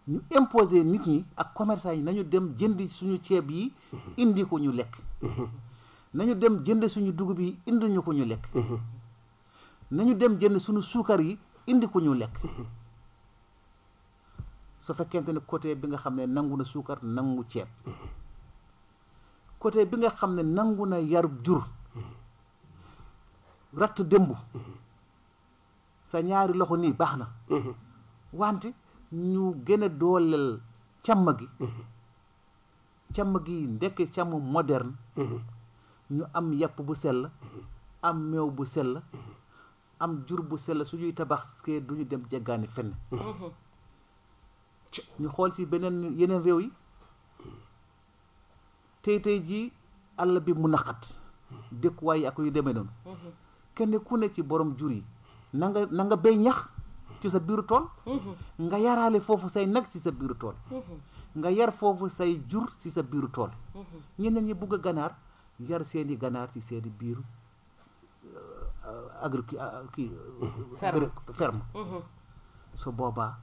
ñu imposer nit ñi ak commerçant yi nañu dem jëndi suñu ceeb yi indi ko ñu lekk nañu dem jënd suñu dugub yi indi ñu ko ñu lekk nañu dem jënd suñu suukar yi indi ko ñu lekk su fekkente ne côté bi nga xam ne nangu na suukar nangu ceeb côté bi nga xam ne nangu na yarub jur ratt dëmb sa ñaari loxo nii baax na wante ñu gën a dooleel càmm gi càmm gi ndekk càmm moderne ñu am yàpp bu sell am meew bu sell am jur bu sell suñuy tabax kee duñu dem jéggaani fenn ñu xool ci beneen yeneen réew yi tey tey jii àll bi mu naqat dëkkuwaay yi ak yu deme noonu mhm. kenn ku ne ci borom jur yi na nga bay ñax ci sa biiru tool mhm. nga yaraale foofu say nag ci sa biiru tool mhm. nga yar foofu say jur ci sa biiru tool ñeneen ñi bugg a ganaar yar seeni ganaar ci seeni biiru euh, agri kii su boobaa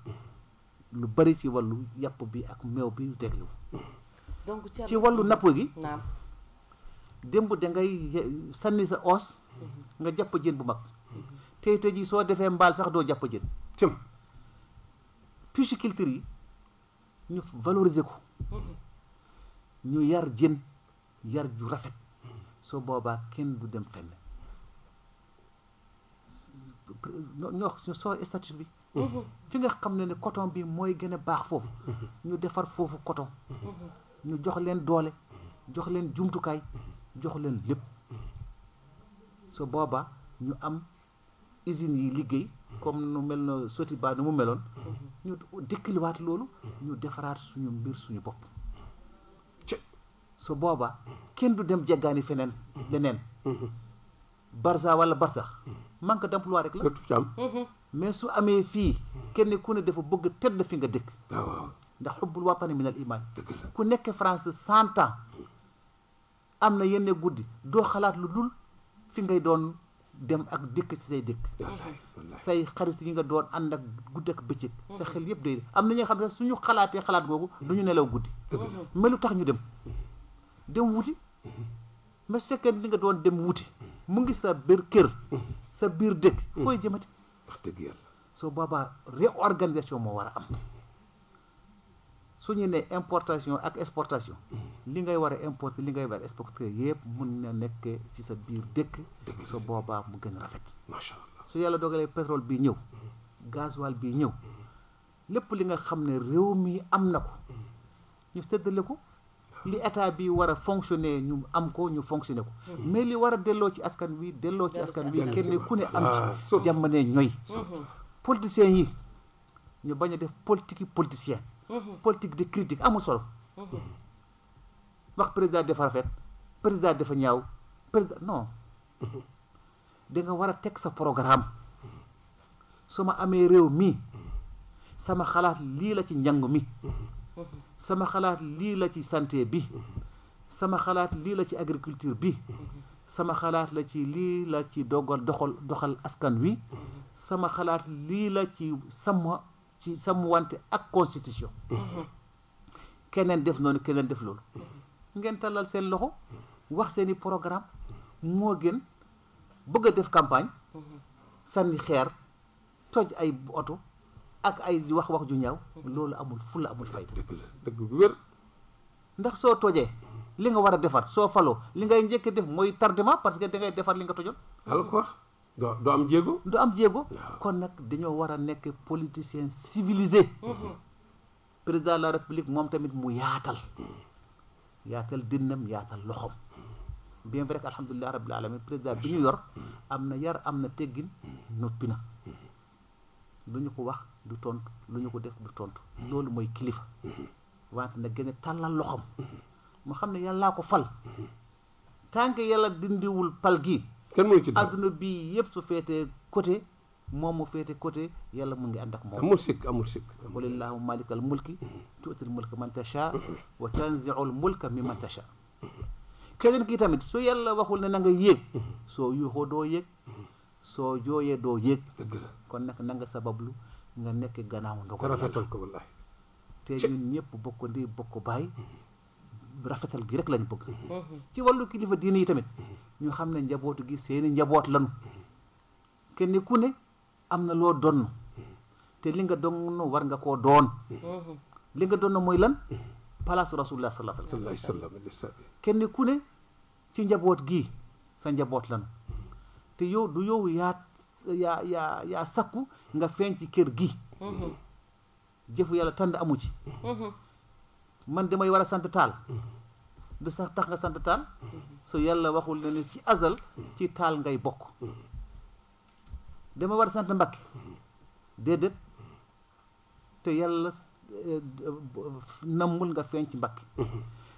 lu bari ci wàllu yàpp bi ak meew bi déglu donc ci wallu napp gi démb da ngay sànni sa os mhm. nga jàpp jën bu mag tey tey ji soo defee mbaal sax doo jàpp jën cëm pisciculture yi ñu valoriser ko mhm. ñu yar jën yar ju rafet soo boobaa kenn du dem fenn ñoo soo statut bi fi nga xam ne ne coton bi mooy gën a baax foofu ñu defar foofu coton ñu jox leen doole jox leen jumtukaay jox leen lépp su boobaa ñu am usines yi liggéey comme nu mel na Sotiba nu mu meloon ñu dëkkaliwaat loolu ñu defaraat suñu mbir suñu bopp su booba kenn du dem jéggaani feneen leneen barça wala barsax manque d'emploi rek la mais su amee fii kenn ku ne dafa bëgg tedd fi nga dëkk ndax waa watani min al iman ku nekk France cent ans am na yenn guddi doo xalaat lu lul fi ngay doon dem ak dëkk ci say dëkk say xarit yi nga doon ànd ak gudd ak bëccëg sa xel yëpp day am na ñi xam ne suñu xalaatee xalaat googu du ñu nelaw guddi mais lu tax ñu dem dem wuti mais su fekkee ni nga doon dem wuti mu ngi sa bër kër sa biir dëkk mm-hmm. fooy jëmati wax dëgg yàlla soo boobaa réorganisation moo war am suñu importation ak exportation li ngay war a importer li ngay war a exporter yëpp mun na nekk ci sa biir dëkk soo boobaa mu gën rafet macha allah su yàlla dogalee pétrole bi ñëw gasoil bi ñëw lépp li nga xam ne réew ko ñu séddale ko li état bii war a fonctionner ñu am ko ñu fonctionner ko mhm. mais li war a delloo ci askan wi delloo ci askan wi kenn ku ne am ci ah, jàmm ne ñooy mhm. politiciens yi ñu bañ a def politique politicien mhm. politique de critique amul solo wax président dafa rafet président dafa ñaaw président non da nga war a teg sa programme su ma amee réew mi sama xalaat lii la ci njàng mi sama xalaat lii la ci santé bi sama xalaat lii la ci agriculture bi sama xalaat la ci lii la ci dogal doxal doxal askan wi sama xalaat lii la ci sama ci sama wante ak constitution keneen def noonu keneen def loolu ngeen talal seen loxo wax seeni programme moo gën bëgg a def campagne sànni xeer toj ay oto ak ay wax wax ju ñaaw loolu amul fu la amul fay dëgg ndax soo tojee li nga war a defar soo faloo li ngay njëkk def mooy tardement parce que da defar li nga tojoon alors ko am jéego doo am jéego kon nag dañoo war a nekk politicien civilisé mhm. président de la république moom tamit mu yaatal yaatal dënnam yaatal loxom bien vrai que alhamdulilah rabbil alamin président bi ñu yor mhm. am na yar am na teggin noppi na lu ñu ko wax du tontu lu ñu ko def du tontu loolu mooy kilifa wante na gën a tàllal loxoom mu xam ne yàllaa ko fal tànk yàlla dindiwul pal gi kan mooy ci adduna bi yëpp su feetee côté moom mu feete côté yàlla mu ngi ànd ak moom amul sikk amul sikk qul illahuma malikal mulki tuutil mulka man tacha wa tanziul mulka mi man tacha keneen kii tamit su yàlla waxul ne na nga yéeg soo yuuxoo doo yéeg soo jooyee doo yéeg. dëgg kon nag na nga sabablu nga nekk gannaaw ko rafetal ko wallaahi. te ñun ñëpp bokk ndi bokk baay. Mhm. rafetal gi rek lañ bëgg. Mhm. ci wàllu kilifa diine yi tamit. ñu xam ne njabootu gi seeni njaboot lañu. Mhm. kenn ku ne am na loo donn te li nga donn war nga koo doon. li nga doon mooy lan palaasu rasulullah sallallahu alayhi wa sallam kenn ku ne ci njaboot gi sa njaboot lan te yow du yow yaa yaa yaa sakku nga feeñ ci kër gi mm-hmm. jëfu yàlla tànd amu ci mm-hmm. man damay war a sant taal mm-hmm. du sax tax nga sant taal so yàlla waxul ne ni ci azal ci taal ngay bokk dama war a sant mbakke déedéet te yàlla eh, nammul nga feeñ ci mbakke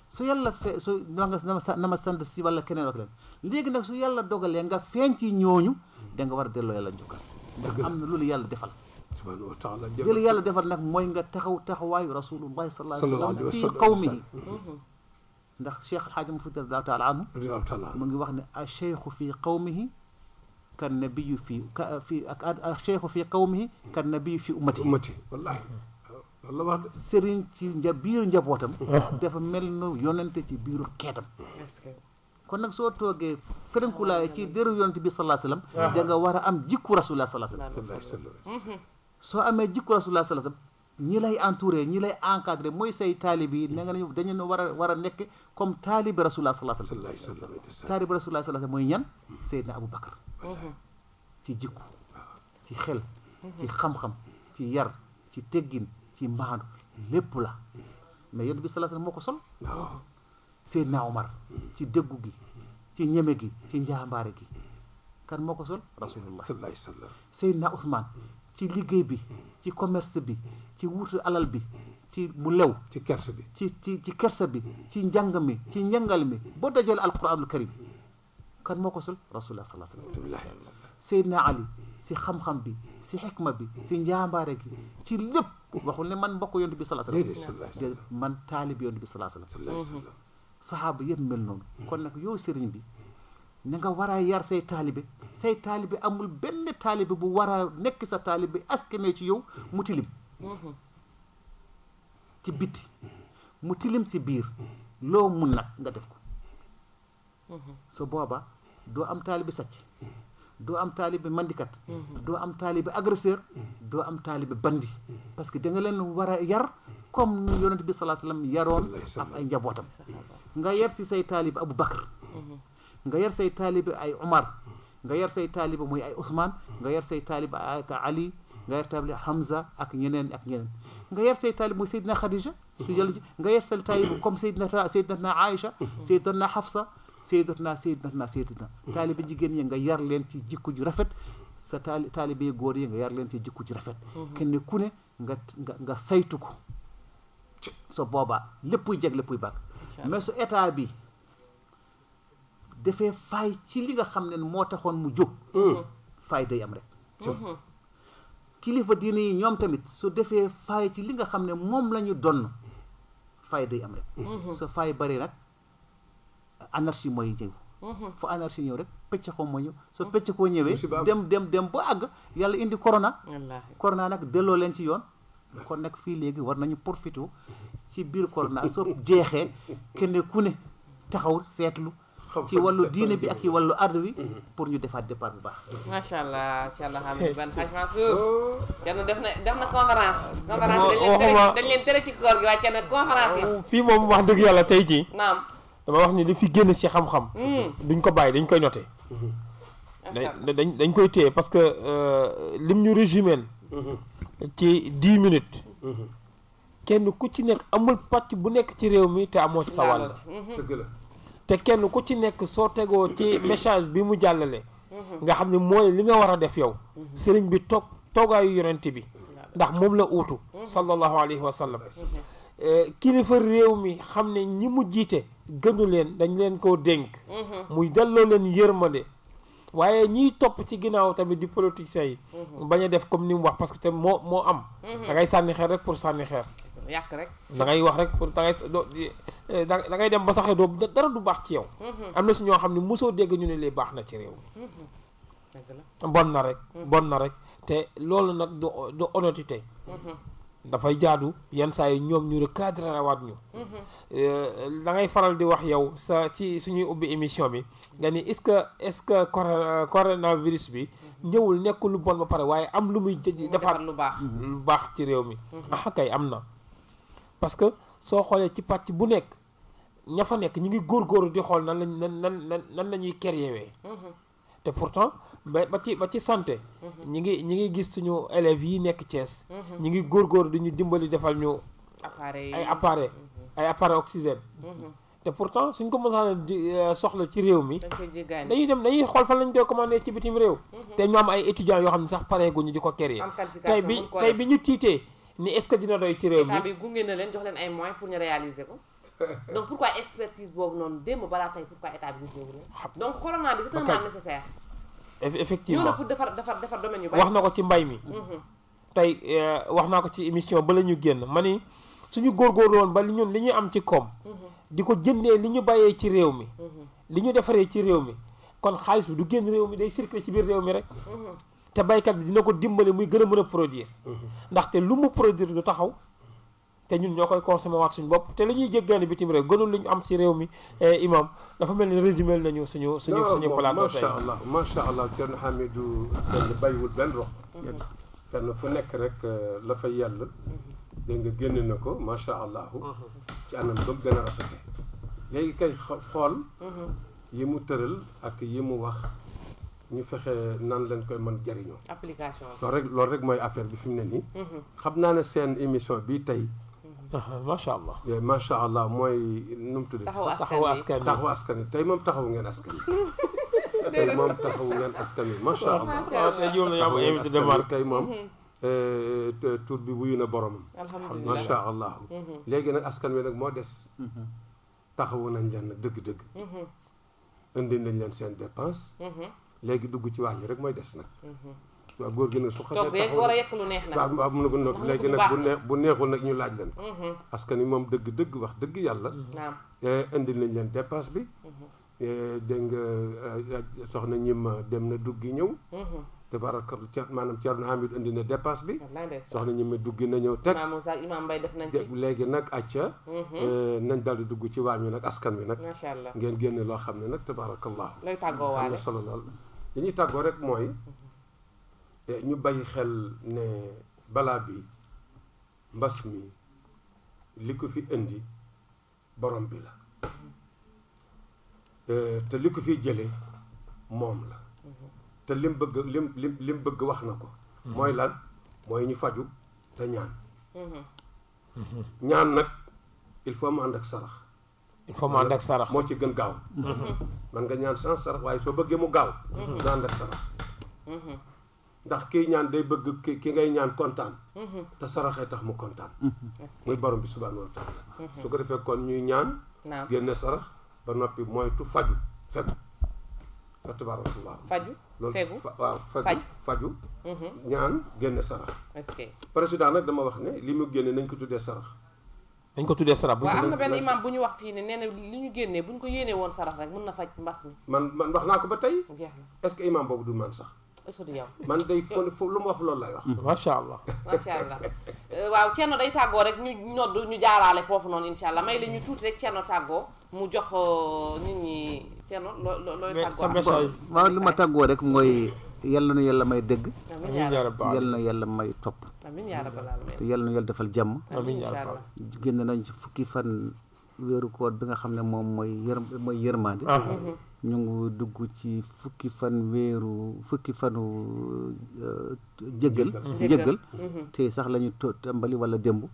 su yalla fe su nga nama nama sant si walla keneen ak leen léegi nag su yàlla dogalee nga feeñ ci ñooñu da nga war a delloo yàlla njukkal ndax am na loolu yàlla defal subhaanahu wa taala yàlla defal nag mooy nga taxaw taxawaayu rasulullahi sallallahu alayhi wa sallam fii qawmihi mhm. ndax cheikh alxaaja mu futi radiallahu taala anhu mu ngi wax ne a cheikhu fii qawmihi kan nabiyu fii ka fii ak a cheikhu fii qawmihi kan nabiyu fi ummati ummati wallaahi loolu la wax de sëriñ ci nja biiru njabootam dafa mel nu yonente ci biiru xeetam kon nag soo toogee ferenkulaay ci déru yonente bi salaa sallam da nga war a am jikku rasulullah salaa sallam mhm. soo amee jikku rasulullah salaa sallam ñi lay entouré ñi lay encadré mooy say taalib yi na nga ne dañu ne war a war a nekk comme taalibi rasulullah salaa sallam taalibi rasulullah salaa sallam mooy ñan Seydina Abou Bakar mhm. ci jikku ah. ci xel mhm. ci xam-xam ci yar ci teggin ci mbaadu lépp la mais yonent bi sallallahu alayhi moo ko sol Seydina Omar ci déggu gi ci ñeme gi ci njàmbaare gi kan moo ko sol rasulullah sallallahu alayhi wasallam Seydina Ousmane ci liggéey bi ci commerce bi ci wutu alal bi ci mu lew ci kerse bi ci ci ci kerse bi ci njàng mi ci njàngal mi boo dajale alquranul karim kan ko sol rasulullah sallallahu alayhi wasallam Seydina Ali si xam-xam bi si xikma bi si njàmbaare gi ci lépp waxul ne man mbokk yontu bi salaa salaam man taalib yontu bi salaa salaam saxaaba yëpp mel noonu kon nag yow sëriñ bi na nga war yar say taalibe say taalibe amul benn taalibe bu war a nekk sa taalibe askene ci yow mu tilim mhm. ci biti mu tilim si biir loo mun nag nga def ko mhm. su booba doo am taalibe sàcc do am talib mandikat do am talib agresseur do am talib bandi parce que da nga leen war yar comme nu yonent bi salaa sallam yaroon ak ay njabotam nga yar si say talib abou Bakr nga yar say talib ay omar nga yar say talib moy ay ousman nga yar say talib ak Ali nga yar talib Hamza ak ñeneen ak ñeneen nga yar say talib moy sayyidna Khadija su jël nga yar say talib comme sayyidna sayyidna aisha sayyidna Hafsa sayyidatna sayyidatna sayyidatna taalibe jigéen yi nga yar leen ci jikko ju rafet sa taali taalibe góor yi nga yar leen ci jikko ju rafet mhm. ku ne nga nga nga saytu ko so boobaa léppuy jeg léppuy baax mais su état bi dafee faay ci li nga xam ne moo taxoon mu jóg mhm. faay day am rek mhm. kilifa diine ñoom tamit su defee faay ci li nga xam ne moom la ñu donn faay day am rek su faay bari nag anarchie mooy ñëw mhm. fa anarchie ñëw rek pëcc ko moo ñëw soo mhm. pëcc koo ñëwee dem dem dem ba àgg yàlla indi corona corona nag delloo leen ci yoon kon nag fii léegi war nañu profité ci biir corona soo jeexee kenn ku ne taxaw seetlu ci wàllu diine bi ak ci wàllu bi pour ñu defaat départ bu baax macha allah ci allah xam [LAUGHS] ban haj Mansour kenn oh. def na def na conférence ah, conférence dañ leen tere ci koor waaye kenn conférence fii moom wax dëgg yàlla tey jii dama wax ni li fi génn ci xam-xam. Hmm. duñ ko bàyyi dañ koy noté. Hmm. dañ dañ koy téye parce que euh, lim ñu résumé hmm. ci dix minute kenn ku ci nekk amul pacc bu nekk ci réew mi te amoo ci sa wàll. la te kenn ku ci nekk soo tegoo ci message bi mu jàllale. nga xam ne mooy li nga war a def yow. sëriñ bi toog toogaayu yonent bi. ndax moom la uutu. sallallahu alayhi wa Eh, kilifa réew mi xam ne ñi mu jiite gënu leen dañ leen ko dénk mhm. muy delloo leen yërmande waaye ñiy topp ci ginnaaw tamit di politiciens yi mhm. bañ a def comme ni mu wax parce que te moo moo am mhm. da ngay sànni xeer rek pour sànni xeer yàq rek da wax rek pour da ngay eh, da ngay dem ba sax doo dara du baax ci yow am na si ñoo xam ne mosoo dégg ñu ne lee baax na ci réew mi bon na rek bon na rek te loolu nag du du dafay jaadu yenn saa yi ñoom ñu recadré waat ñu. Euh, da ngay faral di wax yow sa ci suñuy ubbi émission bi nga ni est-ce que est-ce que corona coronavirus bi. ñëwul nekk lu bon ba pare waaye am lu muy. jëj defaat lu baax lu baax ci réew mi. Mm-hmm. ah kay am na. parce que soo xoolee ci pàcc bu nekk ña fa nekk ñu ngi góor di xool nan lañ nan nan nan la ñuy te pourtant ba ba ci ba ci santé mhm. ñi ngi ñi ngi gis suñu élèves yi nekk Thiès. Mhm. ñi ngi góor di ñu dimbali defal ñu ay appareil mhm. ay appareil oxygène te pourtant suñ ko mësaan euh, soxla ci réew mi dañuy dem dañuy xool fan lañ koy commandé ci bitim réew te ñu am ay étudiants yoo xam ne sax ñu di ko créer tey bi tey bi ñu tiitee ni est-ce que dina ci réew mi gunge na leen jox leen ay moyens pour ñu réaliser ko [LAUGHS] donc pourquoi expertise boobu noonu démb balaa tey pourquoi état bi gisee wu ne. bi c'est na defar defar defar domaine yu wax na ko ci mbay mi. Mhm. tey euh, wax naa ko ci émission ba la ñu génn ma ni suñu góorgóorlu woon ba li ñun li ñu am ci koom. Mhm. di ko jëndee li ñu bàyyee ci réew mi. Mhm. li ñu defaree ci réew mi kon xaalis bi du génn réew mi day circuler ci biir réew mi rek. te baykat bi dina ko dimbali muy gën a mën a produire. ndaxte lu mu produire du taxaw. te ñun ñoo koy consommé waat suñu bopp te li ñuy jéggaani bitim réew gënul li ñu am ci réew mi imam dafa mel ni résumé nañu suñu suñu suñu plateau tey macha allah macha allah Thierno Hamidou Sène bàyyiwul benn rox fenn fu nekk rek la fa yàlla dégg nga génn na ko macha allah ci anam ba gën a rafete léegi kay xool yi mu tëral ak yi mu wax ñu fexe nan leen koy mën jëriñoo application loolu rek loolu rek mooy affaire bi fi mu ne nii xam naa ne seen émission bii tey macha allah. macha allah mooy nu mu tudd. taxawu askan wi askan wi tey moom taxawu ngeen askan wi. [LAUGHS] tey moom taxawu askan wi macha allah. Ah, tey yow na yow tey moom. Mm-hmm. Eh, eh, tur bi wuyu na boromam. alhamdulilah macha allah. Mm-hmm. léegi nag askan wi nag moo des. Mm-hmm. taxawu nañ leen nag dëgg-dëgg. indi nañ leen seen dépense. léegi dugg ci wax yi rek mooy des nag. waaw góor gi nag su xasee taxaw wala mun nag léegi nag bu neex bu neexul nag ñu laaj leen ko mm-hmm. parce que ni moom dëgg dëgg wax dëgg yàlla eh, indi nañ leen dépense bi mm-hmm. eh, dégg nga eh, soxna ñim dem na duggi ñëw mm-hmm. tabaaraka maanaam Thierno Hamidou indi na dépense bi soxna ñim duggi na ñëw teg Imam Mbaye def nañ ci léegi nag acca nañ daal di dugg ci waañ wi nag askan wi nag macha ngeen génn loo xam ne nag tabaarakallahu looy solo lool li ñuy tàggoo rek mooy ñu bàyyi xel ne balaa bi mbas mi li ko fi indi borom bi la euh, te li ko fi jële moom la te lim bëgg lim lim bëgg wax na ko mooy lan mooy ñu faju te ñaan ñaan nag il faut mu ànd ak sarax il faut mu ànd ak sarax moo ci gën gaaw mhm. man nga ñaan sans sarax waaye soo bëggee mu gaaw nga ànd ak sarax ndax kiy ñaan day bëgg ki ngay ñaan kontaan mhm. te saraxee tax mu kontaan mhm. muy borom bi subhanahu wa taala mhm. su ko defee kon ñuy ñaan génne sarax ba noppi moytu faju fegu fa tabarakallah faju fegu waaw faju faju ñaan génne sarax président nag dama wax ne li mu génne nañ ko tuddee sarax dañ ko tuddee sarax waaw am na benn imam bu ñu wax fii ne nee na li ñu génnee bu ko yéenee woon sarax rek mun na faj mbas mi man man wax naa ko ba tey est ce que imam boobu du man sax sudu yow man day fo lu mu wax loolu lay wax macha allah macha allah euh, waaw Thierno day tàggoo rek ñu nodd ñu jaaraale foofu noonu insha allah may la mu jox euh, nit ñi Thierno loo looy tàggoo ma tàggoo rek mooy yàlla na yàlla may dégg yàlla na yàlla may topp te yàlla na yàlla defal jàmm génn nañ ci fukki fan wéeru koor bi nga xam ne moom mooy yër mooy yërmaande ah. mhm. ñu ngi dugg ci fukki fan weeru fukki fanu euh, jëggal jëggal mm-hmm. te sax la ñu tàmbali wala démb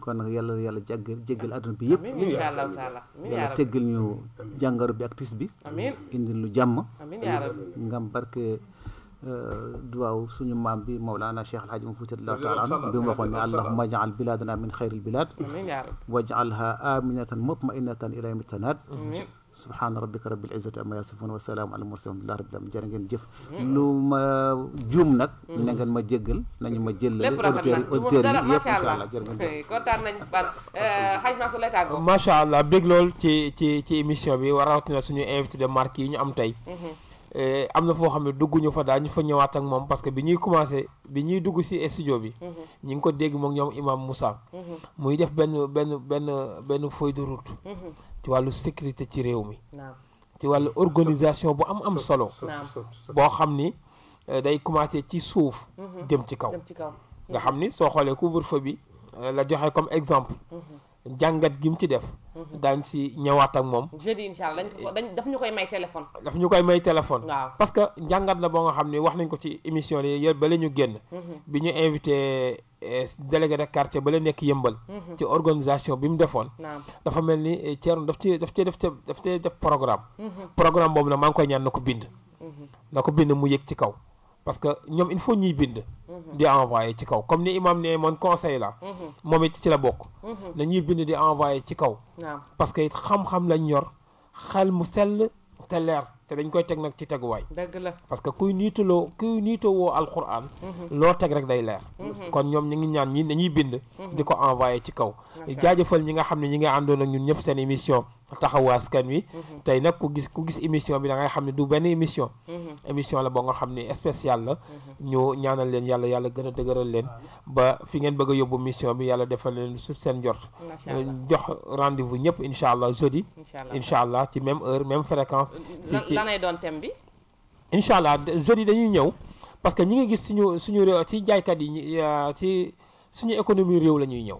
kon nag yàlla yàlla jàggal jëggal adduna bi yëpp incha allahu teggal ñu jàngoro bi ak bi indi lu jàmm ngam barke euh, duwaaw suñu maam bi Mawlana Cheikh Alhaji Mame Fouti Allahu taala an bi mu waxoon ne allahuma jaal biladana min xayri albilad wajaalha aminatan mutmainatan ila yawmi tanaad subhaana rabbika rabbil izzati amma yasifun wa salaamu ala mursalin alhamdulillahi rabbil ngeen jëf mm. lu ma juum nag mm. na ngeen ma jéggal nañu ma jëllale auditeurs yi auditeurs yi yëpp incha [LAUGHS] allah [LAUGHS] eh, jërë macha allah bég ci ci ci émission bi war rawatina suñu invité de marque yi ñu am tey mm-hmm. eh, am na foo xam ne dugguñu fa daal ñu fa ñëwaat ak moom parce que bi ñuy commencé bi ñuy dugg si studio bi mm-hmm. ñu ngi ko dégg moom ñoom imam musa mm-hmm. muy def benn benn benn benn feuille de route ci wàllu sécurité ci réew mi ci wàllu organisation bu am am solo boo xam ni euh, day commencé ci suuf mhm. jëm ci kaw nga xam ni soo xoolee couvre-feu bi euh, la joxe comme exemple mhm. jàngat gi mu ci def. Mhm. daañ si ñëwaat ak moom. jeudi incha allah dañ daf ñu koy may téléphone. daf ñu koy may téléphone. waaw parce que njàngat la boo nga xam ne wax nañ ko ci émission yi yër ba la ñu génn. Mhm. bi ñu invité eh, délégué de quartier ba la nekk yëmbal. Mhm. ci organisation bi mu defoon. dafa mel ni eh, Thierno daf ci daf ci def daf ci def programme. programme boobu nag maa ngi koy ñaan na ko bind. na ko bind mu yëg ci kaw. parce que ñom il faut ñi bind. Mhm. di envoyer ci kaw comme ni imam ne man conseil la. Mhm. moom ci la bok mhm. na ñi bind di envoyer ci kaw. parce que xam-xam la ñor xel mu sell te leer te dañ koy tek nak ci teguwaay. dëgg la parce que kuy nitulo kuy niitoo woo alquran. loo teg rek day leer. kon ñom ñi ngi ñaan ñi dañuy bind. diko envoyer ci kaw. jaajëfal ñi nga xamni ñi nga àndoon ak ñun ñep sen émission. taxawu askan wi. tey nag ku gis ku gis émission bi da ngay xam ne du benn émission. Mhm. émission la boo nga xam ne spécial la. Mhm. ñu ñaanal leen yàlla yàlla gën a dëgëral leen. ba fi ngeen bëgg a yóbbu mission bi yàlla defal leen su seen njort. jox rendez vous ñëpp incha allah jeudi. incha allah ci même heure même fréquence. fii ci lanay bi. incha allah jeudi dañuy ñëw parce que ñi ngi gis suñu suñu réew ci jaaykat yi ci suñu économie réew la ñuy ñëw.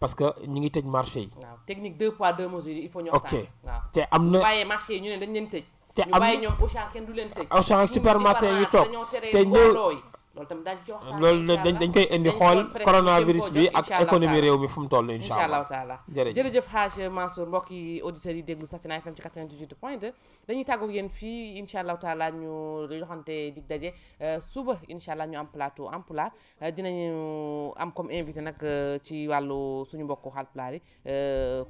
parce que ñu ngi tëj marché yi. waaw technique deux poids deux mesures il faut ñu waxtaan. waaw te am na bàyyee marché yi ñu ne dañ leen tëj. te am ñu bàyyi ñoom Auchan kenn du leen tëj. supermarché yi toog te ñoo loolu tam daañu ci waxtaan loolu dañ koy indi xool coronavirus bi ak économie réew mi fu mu toll incha allah taala jërëjëf Haj Mansour mbokk yi auditeurs yi déglu Safina FM ci 98 point 2 dañuy tàggu yéen fii incha allah taala ñu joxante dig daje euh, suba incha allah ñu am plateau am plat euh, dinañu am comme invité nag euh, ci wàllu suñu mbokku Haalpulaar yi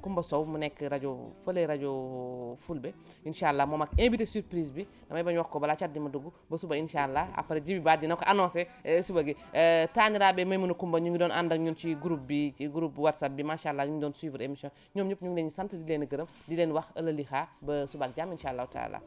Kumba Sow mu nekk rajo fële rajo Fulbe incha allah moom ak invité surprise bi damay bañ wax ko balaa cat di ma dugg ba suba incha foofee eh, suba gi eh, taaniraaɓe Maymuna Kumba ñu ngi doon ànd ak ñun ci groupe bi ci groupe whatsapp bi macha allah ñu ngi doon suivre émission ñoom ñëpp ñu ngi leen sant di leen gërëm di leen wax ëllëg li xaar ba suba ak jàmm incha allahu